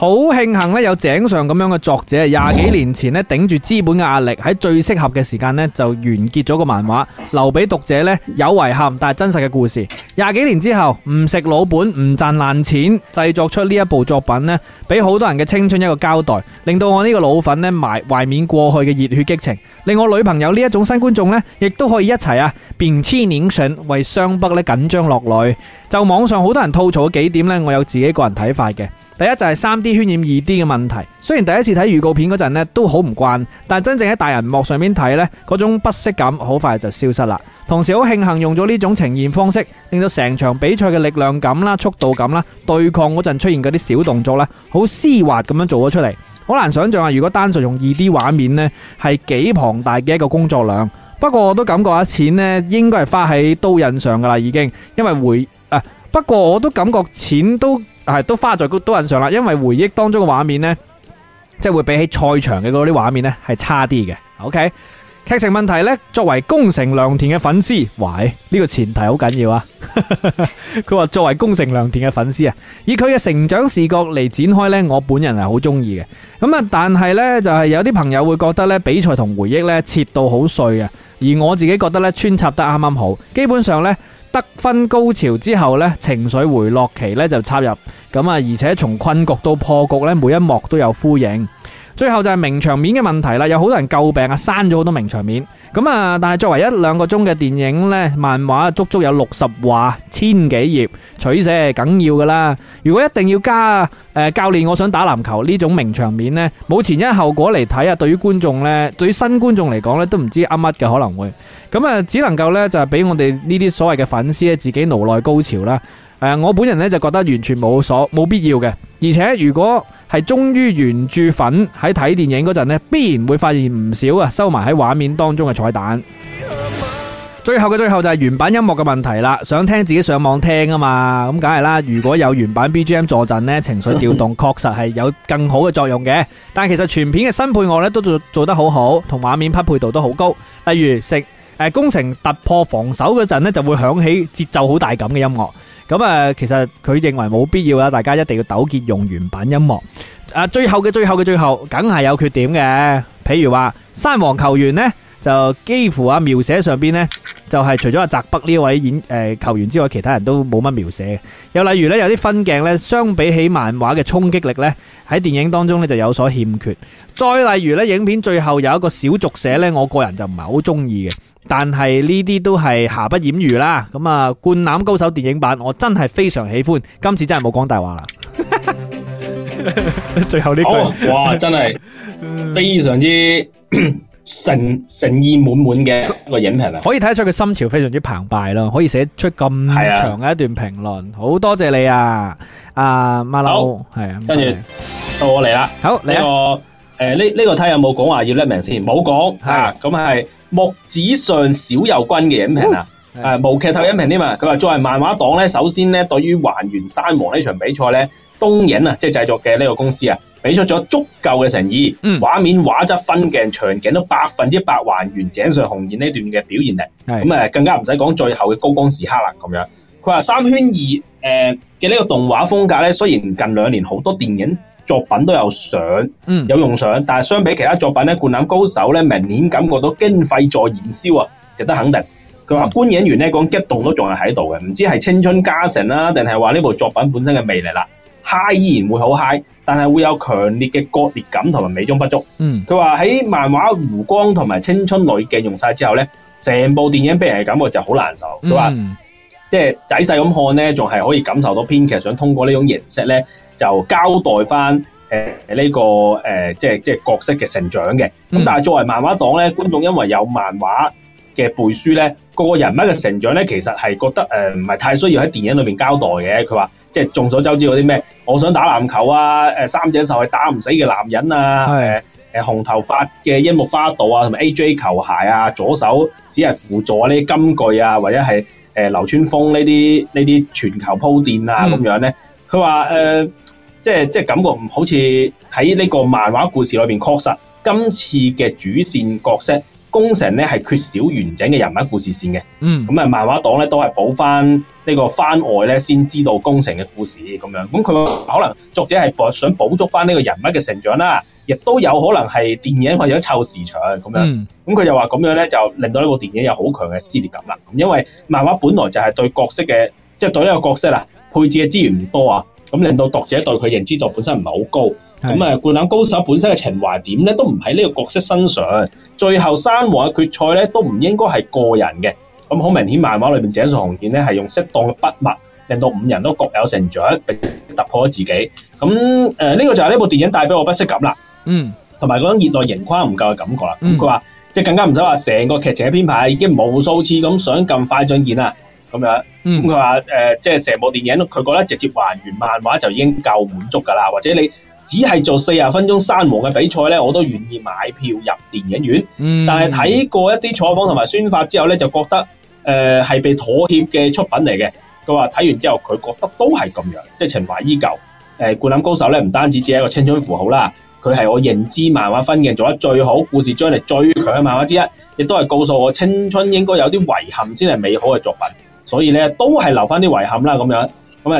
好慶幸咧，有井上咁樣嘅作者，廿幾年前呢，頂住資本嘅壓力，喺最適合嘅時間呢就完結咗個漫畫，留俾讀者呢有遺憾，但係真實嘅故事。廿幾年之後，唔食老本，唔賺爛錢，製作出呢一部作品呢，俾好多人嘅青春一個交代，令到我呢個老粉呢埋懷緬過去嘅熱血激情，令我女朋友呢一種新觀眾呢亦都可以一齊啊，變黐邊想，為湘北咧緊張落淚。就網上好多人吐槽嘅幾點呢，我有自己個人睇法嘅。第一就係三 D 渲染二 D 嘅問題，雖然第一次睇預告片嗰陣呢都好唔慣，但真正喺大銀幕上面睇呢嗰種不適感好快就消失啦。同時好慶幸用咗呢種呈現方式，令到成場比賽嘅力量感啦、速度感啦、對抗嗰陣出現嗰啲小動作呢好絲滑咁樣做咗出嚟。好難想象啊！如果單純用二 D 畫面呢係幾龐大嘅一個工作量。不過我都感覺啊，錢呢應該係花喺刀刃上噶啦，已經，因為會啊。不過我都感覺錢都。係都花在嗰多人上啦，因為回憶當中嘅畫面呢，即係會比起賽場嘅嗰啲畫面呢，係差啲嘅。OK，劇情問題呢，作為宮城良田嘅粉絲，喂，呢、這個前提好緊要啊。佢 <laughs> 話作為宮城良田嘅粉絲啊，以佢嘅成長視角嚟展開呢，我本人係好中意嘅。咁啊，但係呢，就係、是、有啲朋友會覺得呢，比賽同回憶呢，切到好碎啊。而我自己覺得呢，穿插得啱啱好，基本上呢。得分高潮之後呢，情緒回落期呢就插入咁啊，而且從困局到破局呢，每一幕都有呼應。最後就係名場面嘅問題啦，有好多人詬病啊刪咗好多名場面咁啊！但係作為一兩個鐘嘅電影咧，漫畫足足有六十話，千幾頁取捨梗要噶啦。如果一定要加誒教練，我想打籃球呢種名場面咧，冇前因後果嚟睇啊！對於觀眾咧，對於新觀眾嚟講咧，都唔知噏乜嘅可能會咁啊！只能夠咧就係俾我哋呢啲所謂嘅粉絲咧自己腦內高潮啦。誒，我本人咧就覺得完全冇所冇必要嘅，而且如果。係忠於原著粉喺睇電影嗰陣呢，必然會發現唔少啊收埋喺畫面當中嘅彩蛋。最後嘅最後就係原版音樂嘅問題啦，想聽自己上網聽啊嘛，咁梗係啦。如果有原版 BGM 助陣呢，情緒調動確實係有更好嘅作用嘅。但其實全片嘅新配樂呢，都做做得好好，同畫面匹配度都好高。例如食誒、呃、攻城突破防守嗰陣呢，就會響起節奏好大感嘅音樂。咁啊，其實佢認為冇必要啦，大家一定要糾結用原版音樂。最後嘅最後嘅最後，梗係有缺點嘅，譬如話山王球員呢。就幾乎啊描寫上邊呢，就係、是、除咗阿澤北呢位演、呃、球員之外，其他人都冇乜描寫。又例如呢，有啲分鏡呢，相比起漫畫嘅衝擊力呢，喺電影當中呢就有所欠缺。再例如呢，影片最後有一個小續寫呢，我個人就唔係好中意嘅。但係呢啲都係瑕不掩瑜啦。咁啊，灌籃高手電影版，我真係非常喜歡。今次真係冇講大話啦。 <laughs> 最後呢個哇，真係非常之～ <coughs> 誠誠意滿滿嘅個影評啊，可以睇得出佢心潮非常之澎湃咯，可以寫出咁長嘅一段評論，好多謝你啊，啊馬騮係啊，跟住到我嚟啦，好呢個誒呢呢個睇下有冇講話要匿名先，冇講啊，咁係木子上小有君嘅影評啊，誒無劇透影評添嘛，佢話作為漫畫黨咧，首先咧對於還原山王呢場比賽咧，東映啊即係製作嘅呢個公司啊。俾出咗足夠嘅誠意，嗯、畫面畫質分鏡長鏡都百分之百還原井上雄彥呢段嘅表現力，咁啊的更加唔使講最後嘅高光時刻啦。咁樣佢話三渲二誒嘅呢個動畫風格咧，雖然近兩年好多電影作品都有上，嗯、有用上，但係相比其他作品咧，灌籃高手咧明顯感覺到經費在燃燒啊，值得肯定。佢話、嗯、觀影員咧講、那個、激動都仲係喺度嘅，唔知係青春加成啦、啊，定係話呢部作品本身嘅魅力啦、啊、嗨，依然會好嗨。但係會有強烈嘅割裂感同埋美中不足。佢話喺漫畫《湖光》同埋《青春旅記》用晒之後咧，成部電影俾人嘅感覺就好難受。佢話即係仔細咁看咧，仲係可以感受到編劇想通過呢種形式咧，就交代翻誒呢個誒、呃、即係即係角色嘅成長嘅。咁、嗯、但係作為漫畫黨咧，觀眾因為有漫畫嘅背書咧，個個人物嘅成長咧，其實係覺得誒唔係太需要喺電影裏邊交代嘅。佢話。即係眾所周知嗰啲咩，我想打籃球啊！三井壽係打唔死嘅男人啊！誒誒是、呃，紅頭髮嘅櫻木花道啊，同埋 AJ 球鞋啊，左手只係輔助呢啲金句啊，或者係誒流川楓呢啲呢啲傳球鋪墊啊咁、嗯、樣咧。佢話、呃、即係即係感覺唔好似喺呢個漫畫故事裏面確實今次嘅主線角色。宮城咧係缺少完整嘅人物故事線嘅，咁啊漫畫黨咧都係補翻呢個番外咧先知道宮城嘅故事咁樣，咁佢可能作者係想補足翻呢個人物嘅成長啦，亦都有可能係電影或者湊時長咁樣，咁佢、嗯、就話咁樣咧就令到呢部電影有好強嘅撕裂感啦，因為漫畫本來就係對角色嘅，即係對呢個角色啊配置嘅資源唔多啊，咁令到讀者對佢認知度本身唔係好高。咁啊，灌籃是、嗯、高手本身嘅情懷點咧，都唔喺呢個角色身上。最後山王嘅決賽咧，都唔應該係個人嘅。咁好明顯，漫畫裏邊井上雄彥咧係用適當嘅筆墨，令到五人都各有成長，突破咗自己。咁誒，呢、呃這個就係呢部電影帶俾我不適感啦。嗯，同埋嗰種熱淚盈眶唔夠嘅感覺啦。咁佢話，即係更加唔使話，成個劇情嘅編排已經無數次咁想咁快進鍵啦。咁樣，咁佢話誒，即係成部電影，佢覺得直接還原漫畫就已經夠滿足噶啦，或者你。只係做四十分鐘山王嘅比賽咧，我都願意買票入電影院。嗯、但係睇過一啲採訪同埋宣發之後咧，就覺得誒係、呃、被妥協嘅出品嚟嘅。佢話睇完之後，佢覺得都係咁樣，即係情懷依舊。誒、呃，《灌籃高手》呢咧唔單止只係一個青春符號啦，佢係我認知漫畫分鏡做得最好、故事將嚟最強嘅漫畫之一，亦都係告訴我青春應該有啲遺憾先係美好嘅作品。所以咧，都係留翻啲遺憾啦，咁樣。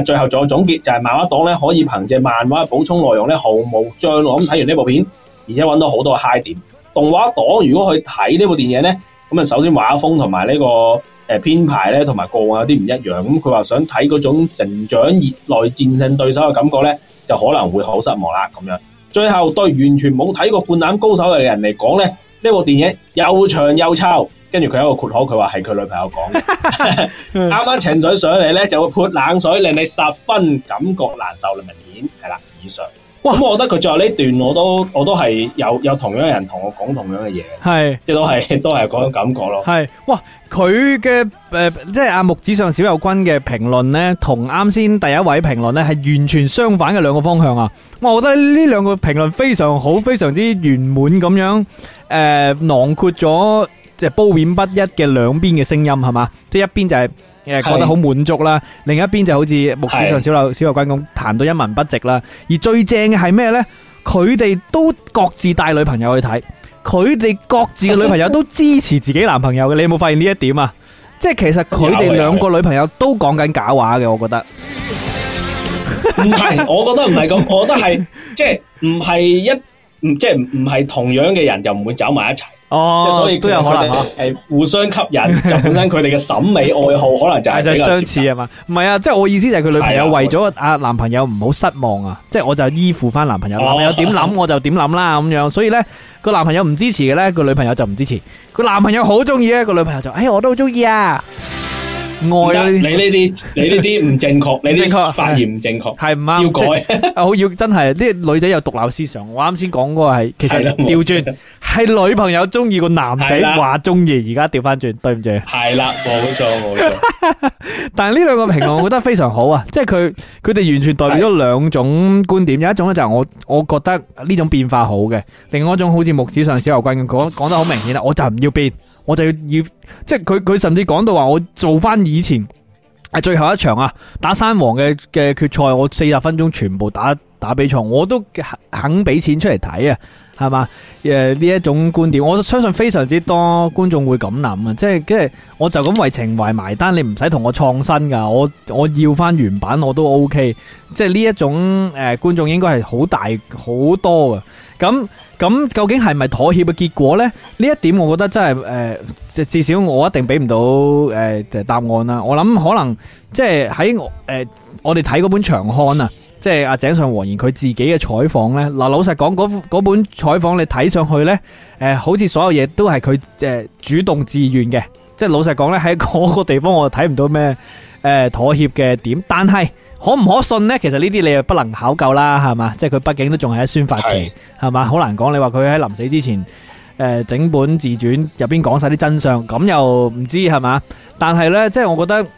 最後再總結就係，是，漫畫黨可以憑借漫畫補充內容毫無障礙咁睇完呢部片，而且搵到好多 high 點。動畫黨如果去睇呢部電影呢，咁首先畫風同埋呢個誒編排呢，同埋過往有啲唔一樣。咁佢話想睇嗰種成長熱、內戰勝對手嘅感覺呢，就可能會好失望啦。咁樣，最後對完全冇睇過《灌籃高手》嘅人嚟講呢，呢部電影又長又臭。跟住佢有一個括號，佢話係佢女朋友講嘅，啱啱情緒上嚟咧就會潑冷水，令你十分感覺難受。明顯係啦，以上。哇，咁我覺得佢最後呢段我都我都係有有同樣嘅人同我講同樣嘅嘢，係即係都係都係嗰種感覺咯。係哇，佢嘅誒即係阿木子上小友君嘅評論咧，同啱先第一位評論咧係完全相反嘅兩個方向啊！我我覺得呢兩個評論非常好，非常之圓滿咁樣誒囊括咗。即係褒貶不一嘅兩邊嘅聲音係嘛？即係一邊就係誒覺得好滿足啦，是的 另一邊就好似木子上小劉小劉君咁彈到一文不值啦。而最正嘅係咩呢？佢哋都各自帶女朋友去睇，佢哋各自嘅女朋友都支持自己男朋友嘅。 <laughs> 你有冇發現呢一點啊？ <laughs> 即係其實佢哋兩個女朋友都講緊假話嘅，我覺得唔係， <laughs> 我覺得唔係咁， <laughs> 我都係即係唔係一唔即係唔係同樣嘅人就唔會走埋一齊。哦，所以都有可能，誒互相吸引。咁本身佢哋嘅審美愛好可能就係 <laughs> 相似啊嘛。唔係啊，即係我意思就係佢女朋友為咗啊男朋友唔好失望啊。即係我就依附翻男朋友，男朋友點諗我就點諗啦咁樣。所以呢個男朋友唔支持嘅呢，個女朋友就唔支持。個男朋友好中意咧，個女朋友就誒，我都好中意啊。愛你呢啲，你呢啲唔正確，你呢啲發言唔正確，係唔啱，要改。好即 <laughs> 要真係，呢女仔有獨立思想。我啱先講嗰個係，其實調轉係女朋友中意個男仔話中意，而家調翻轉，對唔住。係啦，冇錯冇錯。 <laughs> 但係呢兩個評論，我覺得非常好啊， <laughs> 即係佢佢哋完全代表咗兩種觀點， <laughs> 有一種咧就係我我覺得呢種變化好嘅，另外一種好似木子上小牛棍講講得好明顯啦，我就唔要變。我就要，即係佢，佢甚至講到話，我做翻以前係最後一場啊，打山王嘅嘅決賽，我四十分鐘全部打打比賽，我都肯肯俾錢出嚟睇啊，係嘛？誒、呃、呢一種觀點，我相信非常之多觀眾會咁諗啊，即係即係我就咁為情懷埋單，你唔使同我創新噶，我我要翻原版我都 OK，即係呢一種誒、呃、觀眾應該係好大好多啊，咁。咁究竟係咪妥協嘅結果呢？呢一點我覺得真係誒、呃，至少我一定俾唔到誒答案啦。我諗可能即係喺我誒，我哋睇嗰本長刊啊，即係阿井上雄彥佢自己嘅採訪呢。嗱、呃，老實講，嗰嗰本採訪你睇上去呢，誒、呃，好似所有嘢都係佢誒主動自願嘅。即係老實講呢，喺嗰個地方我睇唔到咩誒、呃、妥協嘅點，但係。可唔可信呢？其實呢啲你又不能考究啦，係嘛？即係佢畢竟都仲係一宣發期，係嘛是？好難講。你話佢喺臨死之前，誒、呃，整本自傳入邊講晒啲真相，咁又唔知係嘛？但係呢，即係我覺得，誒、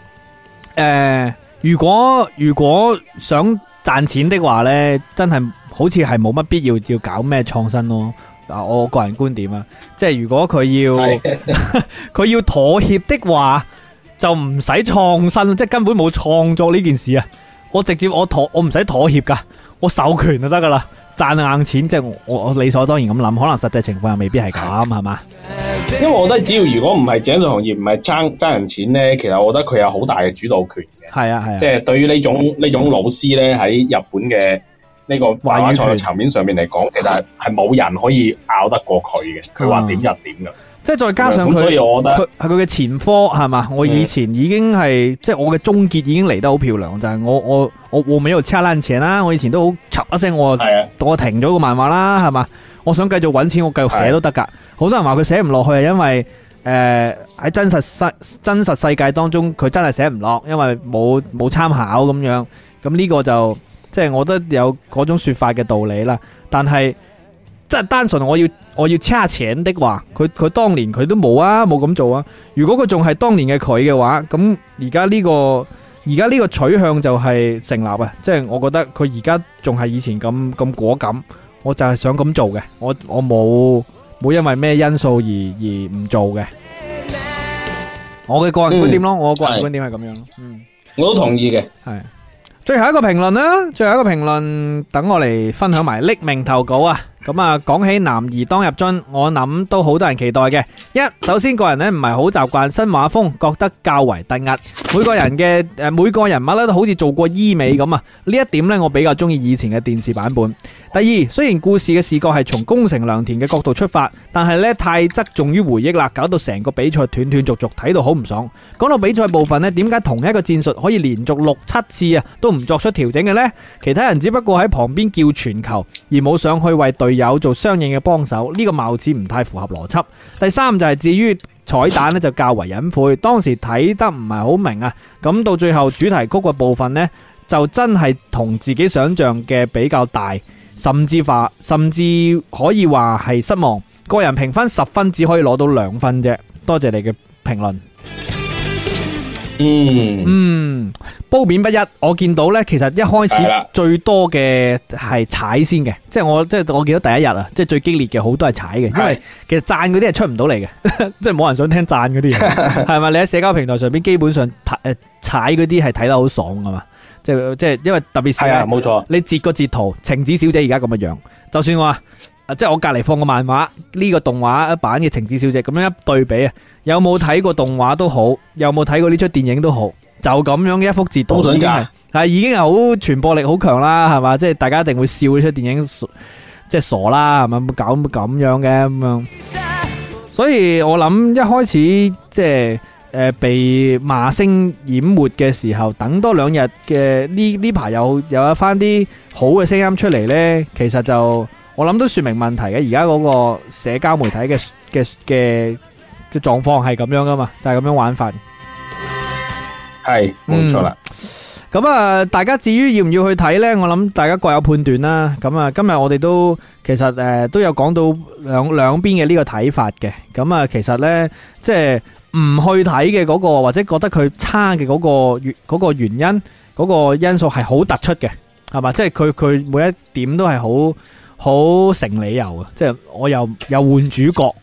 呃，如果如果想賺錢的話呢，真係好似係冇乜必要要搞咩創新咯。我個人觀點啊，即係如果佢要佢是 <laughs> 要妥協的話，就唔使創新，即係根本冇創作呢件事啊。我直接我妥我唔使妥協噶，我授權就得噶啦，賺硬錢，即係我我理所當然咁諗，可能實際情況又未必係咁係嘛？的吧因為我覺得只要如果唔係井上行業唔係爭爭人錢咧，其實我覺得佢有好大嘅主導權嘅。係啊係啊，即係對於呢種呢種老師咧喺日本嘅呢個話語層面上面嚟講，其實係冇人可以拗得過佢嘅，佢話點就點噶。即係再加上佢，佢嘅、嗯、佢前科係嘛？我以前已經係，嗯、即係我嘅終結已經嚟得好漂亮，就係、是、我我我我喺度扯爛錢啦！我以前都好插一聲，我我停咗個漫畫啦，係嘛？我想繼續搵錢，我繼續寫都得噶。好、嗯、多人話佢寫唔落去，因為誒喺、呃、真實世真實世界當中，佢真係寫唔落，因為冇冇參考咁樣。咁呢個就即係我都有嗰種說法嘅道理啦。但係。即係單純我要我要差錢的話，佢佢當年佢都冇啊，冇咁做啊。如果佢仲係當年嘅佢嘅話，咁而家呢個而家呢個取向就係成立啊。即係我覺得佢而家仲係以前咁咁果敢，我就係想咁做嘅。我我冇冇因為咩因素而而唔做嘅。我嘅個人觀點咯，嗯，我個人觀點係咁樣。係，嗯，我都同意嘅。係最後一個評論啦，最後一個評論等我嚟分享埋匿名投稿啊。咁啊，講起男兒當入樽，我諗都好多人期待嘅。一首先個人咧唔係好習慣新畫風，覺得較為突兀。每個人嘅誒，每個人物咧都好似做過醫美咁啊。呢一點咧，我比較中意以前嘅電視版本。第二，雖然故事嘅視角係從宮城良田嘅角度出發，但係咧太側重於回憶啦，搞到成個比賽斷斷續續，睇到好唔爽。講到比賽部分咧，點解同一個戰術可以連續六七次啊都唔作出調整嘅咧？其他人只不過喺旁邊叫傳球，而冇上去為隊有做相應嘅幫手，呢個貌似唔太符合邏輯。第三就係至於彩蛋呢，就較為隱晦，當時睇得唔係好明啊。咁到最後主題曲嘅部分呢，就真係同自己想象嘅比較大，甚至話，甚至可以話係失望。個人評分十分，只可以攞到兩分啫。多謝你嘅評論。嗯、mm. 嗯，褒貶不一。我見到咧，其實一開始最多嘅係踩先嘅，的即係我即係我記得第一日啊，即係最激烈嘅好多係踩嘅，的因為其實讚嗰啲係出唔到嚟嘅， <laughs> 即係冇人想聽讚嗰啲嘢，係咪？你喺社交平台上邊，基本上誒踩嗰啲係睇得好爽㗎嘛，即係即係因為特別係啊，冇錯。你截個截圖，晴子小姐而家咁嘅樣，就算話。啊！即係我隔籬放個漫畫，呢個動畫版嘅晴子小姐咁樣一對比啊，有冇睇過動畫都好，有冇睇過呢出電影都好，就咁樣一幅字圖已經係係已經係好傳播力好強啦，係嘛？即係大家一定會笑呢出電影，即係傻啦，係咪？冇搞咁樣嘅咁樣，所以我諗一開始即係誒被罵聲掩沒嘅時候，等多兩日嘅呢呢排有有一番啲好嘅聲音出嚟呢，其實就。我諗都說明問題嘅。而家嗰個社交媒體嘅嘅嘅嘅狀況係咁樣噶嘛，就係、係、咁樣玩法係冇錯啦。咁啊、嗯，大家至於要唔要去睇呢？我諗大家各有判斷啦。咁啊，今日我哋都其實誒、呃、都有講到兩兩邊嘅呢個睇法嘅。咁啊，其實呢，即係唔去睇嘅嗰個，或者覺得佢差嘅嗰、嗰個原、嗰個原因嗰、嗰個因素係好突出嘅，係嘛？即係佢佢每一點都係好。好成理由嘅，即係我又又換主角，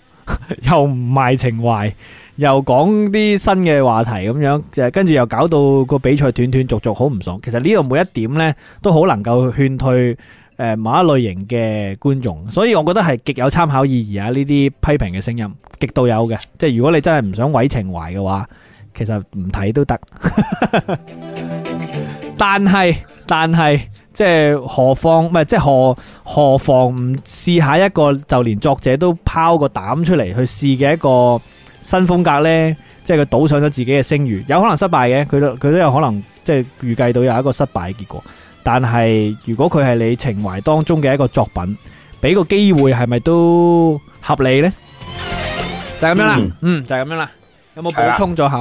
又唔賣情懷，又講啲新嘅話題咁樣，就跟住又搞到個比賽斷斷續續，好唔爽。其實呢度每一點咧，都好能夠勸退誒某一類型嘅觀眾，所以我覺得係極有參考意義啊！呢啲批評嘅聲音，極度有嘅，即係如果你真係唔想毀情懷嘅話，其實唔睇都得。但係，但係。即係何況唔係，即係何何妨唔試下一個，就連作者都拋個膽出嚟去試嘅一個新風格呢？即係佢賭上咗自己嘅聲譽，有可能失敗嘅，佢都佢都有可能即係預計到有一個失敗嘅結果。但係如果佢係你情懷當中嘅一個作品，俾個機會係咪都合理呢？就係咁樣啦，嗯，嗯，就係咁樣啦，有冇補充咗下？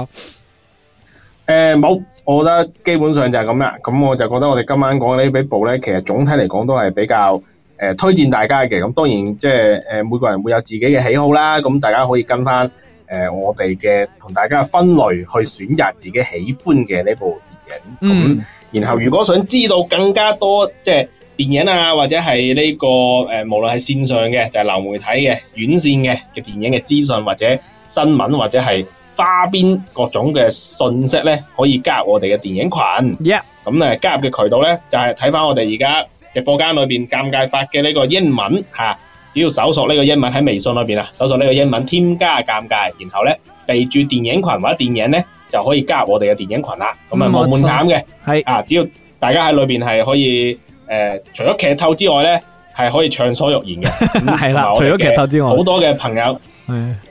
誒，冇、呃。我覺得基本上就係咁啦，咁我就覺得我哋今晚講呢幾部呢，其實總體嚟講都係比較、呃、推薦大家嘅。咁當然即係、呃、每個人會有自己嘅喜好啦，咁大家可以跟翻、呃、我哋嘅同大家嘅分類去選擇自己喜歡嘅呢部電影。咁、嗯、然後如果想知道更加多即係電影啊或者係呢個、呃、無論係綫上嘅定係流媒體嘅院綫嘅嘅電影嘅資訊或者新聞或者係。花邊各種嘅信息呢，可以加入我哋嘅電影群。Yeah. 嗯、加入嘅渠道呢，就係睇返我哋而家直播間裏邊尷尬發嘅呢個英文吓、啊，只要搜索呢個英文喺微信裏邊啊，搜索呢個英文添加尷尬，然後呢，備注電影群或者電影呢，就可以加入我哋嘅電影群啦。咁啊冇門檻嘅啊，只要大家喺裏面係可以、呃、除咗劇透之外呢，係可以暢所欲言嘅。 <laughs> 嗯、 <laughs> 除咗劇透之外，好多嘅朋友。 <laughs>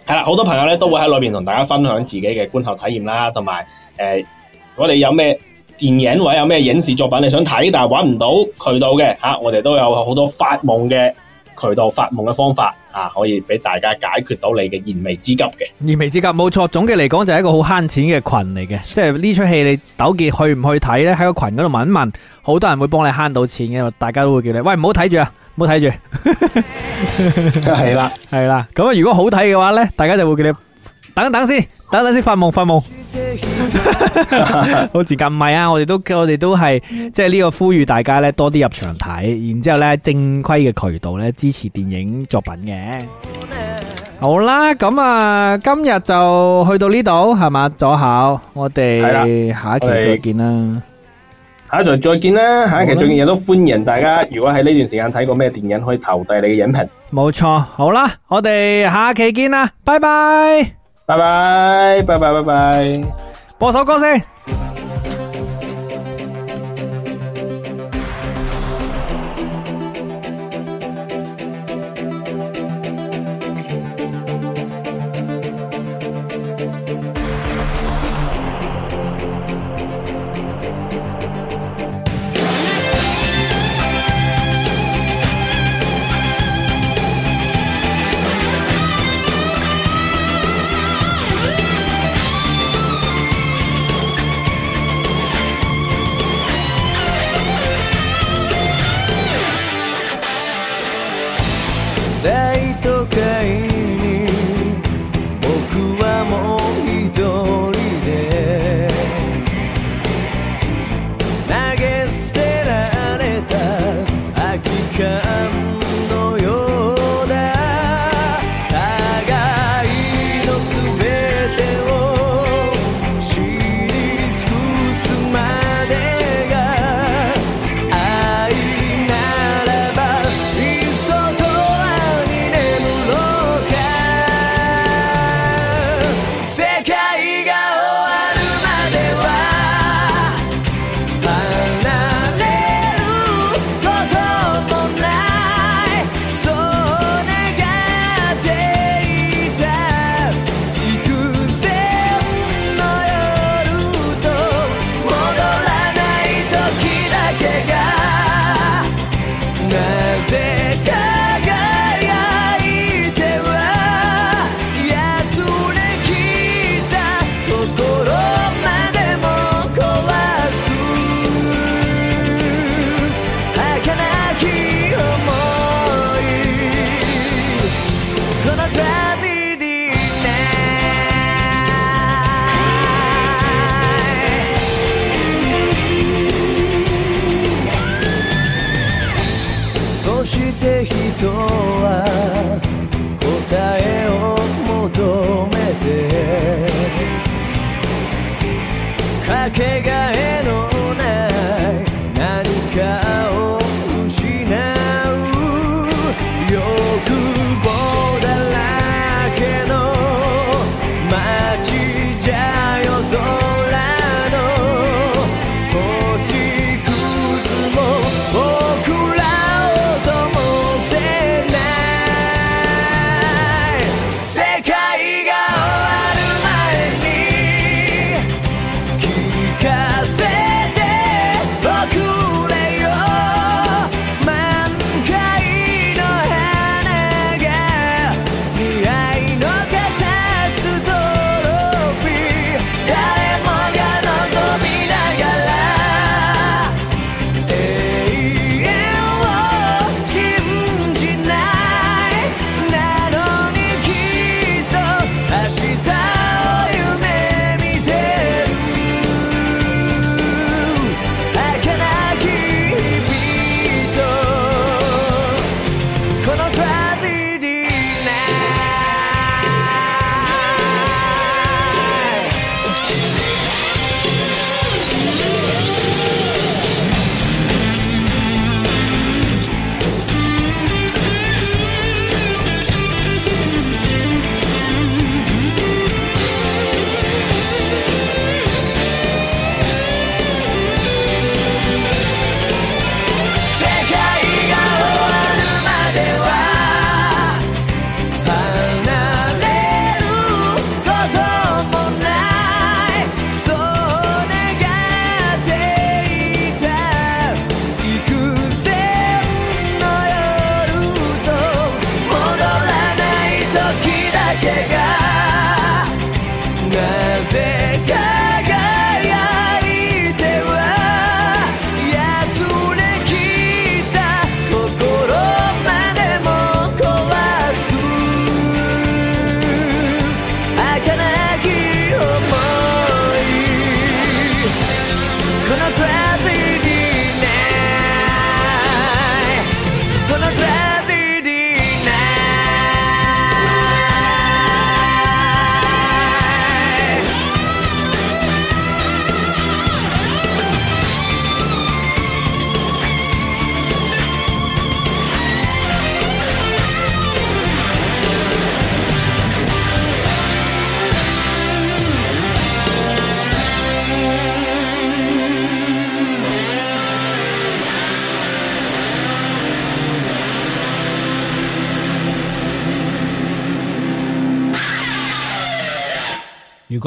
係啦，好多朋友咧都會喺裏邊同大家分享自己嘅觀後體驗啦，同埋誒，我哋有咩電影或者有咩影視作品你想睇但係揾唔到渠道嘅吓、啊，我哋都有好多發夢嘅渠道、發夢嘅方法啊，可以俾大家解決到你嘅燃眉之急嘅。燃眉之急冇錯，總嘅嚟講就係一個好慳錢嘅群嚟嘅，即係呢齣戲你糾結去唔去睇呢？喺個群嗰度問一問，好多人會幫你慳到錢嘅，大家都會叫你喂，唔好睇住啊。冇睇住，係啦，係啦，咁啊，如果好睇嘅話咧，大家就會叫你等等先，等等先發夢發夢，好似咁唔係啊，我哋都我哋都係即係呢個呼籲大家咧多啲入場睇，然之後咧正規嘅渠道咧支持電影作品嘅。好啦，咁啊，今日就去到呢度係嘛，左考，我哋係啦，下一期再見啦。下集再見啦，下期再見嘢呢都歡迎大家，如果喺呢段時間睇過咩電影，可以投遞你嘅影評。冇錯，好啦，我哋下期見啦，拜拜，拜拜，拜拜，拜拜，播首歌先。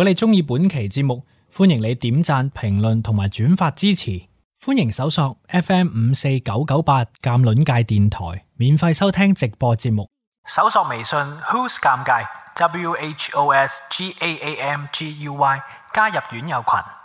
如果你鍾意本期節目，歡迎你點讚、評論同埋轉發支持。歡迎搜索 FM 五四九九八《鑒論界電台》，免費收聽直播節目。搜索微信 Who's 尷尬 W H O S G A A M G U Y 加入院友群。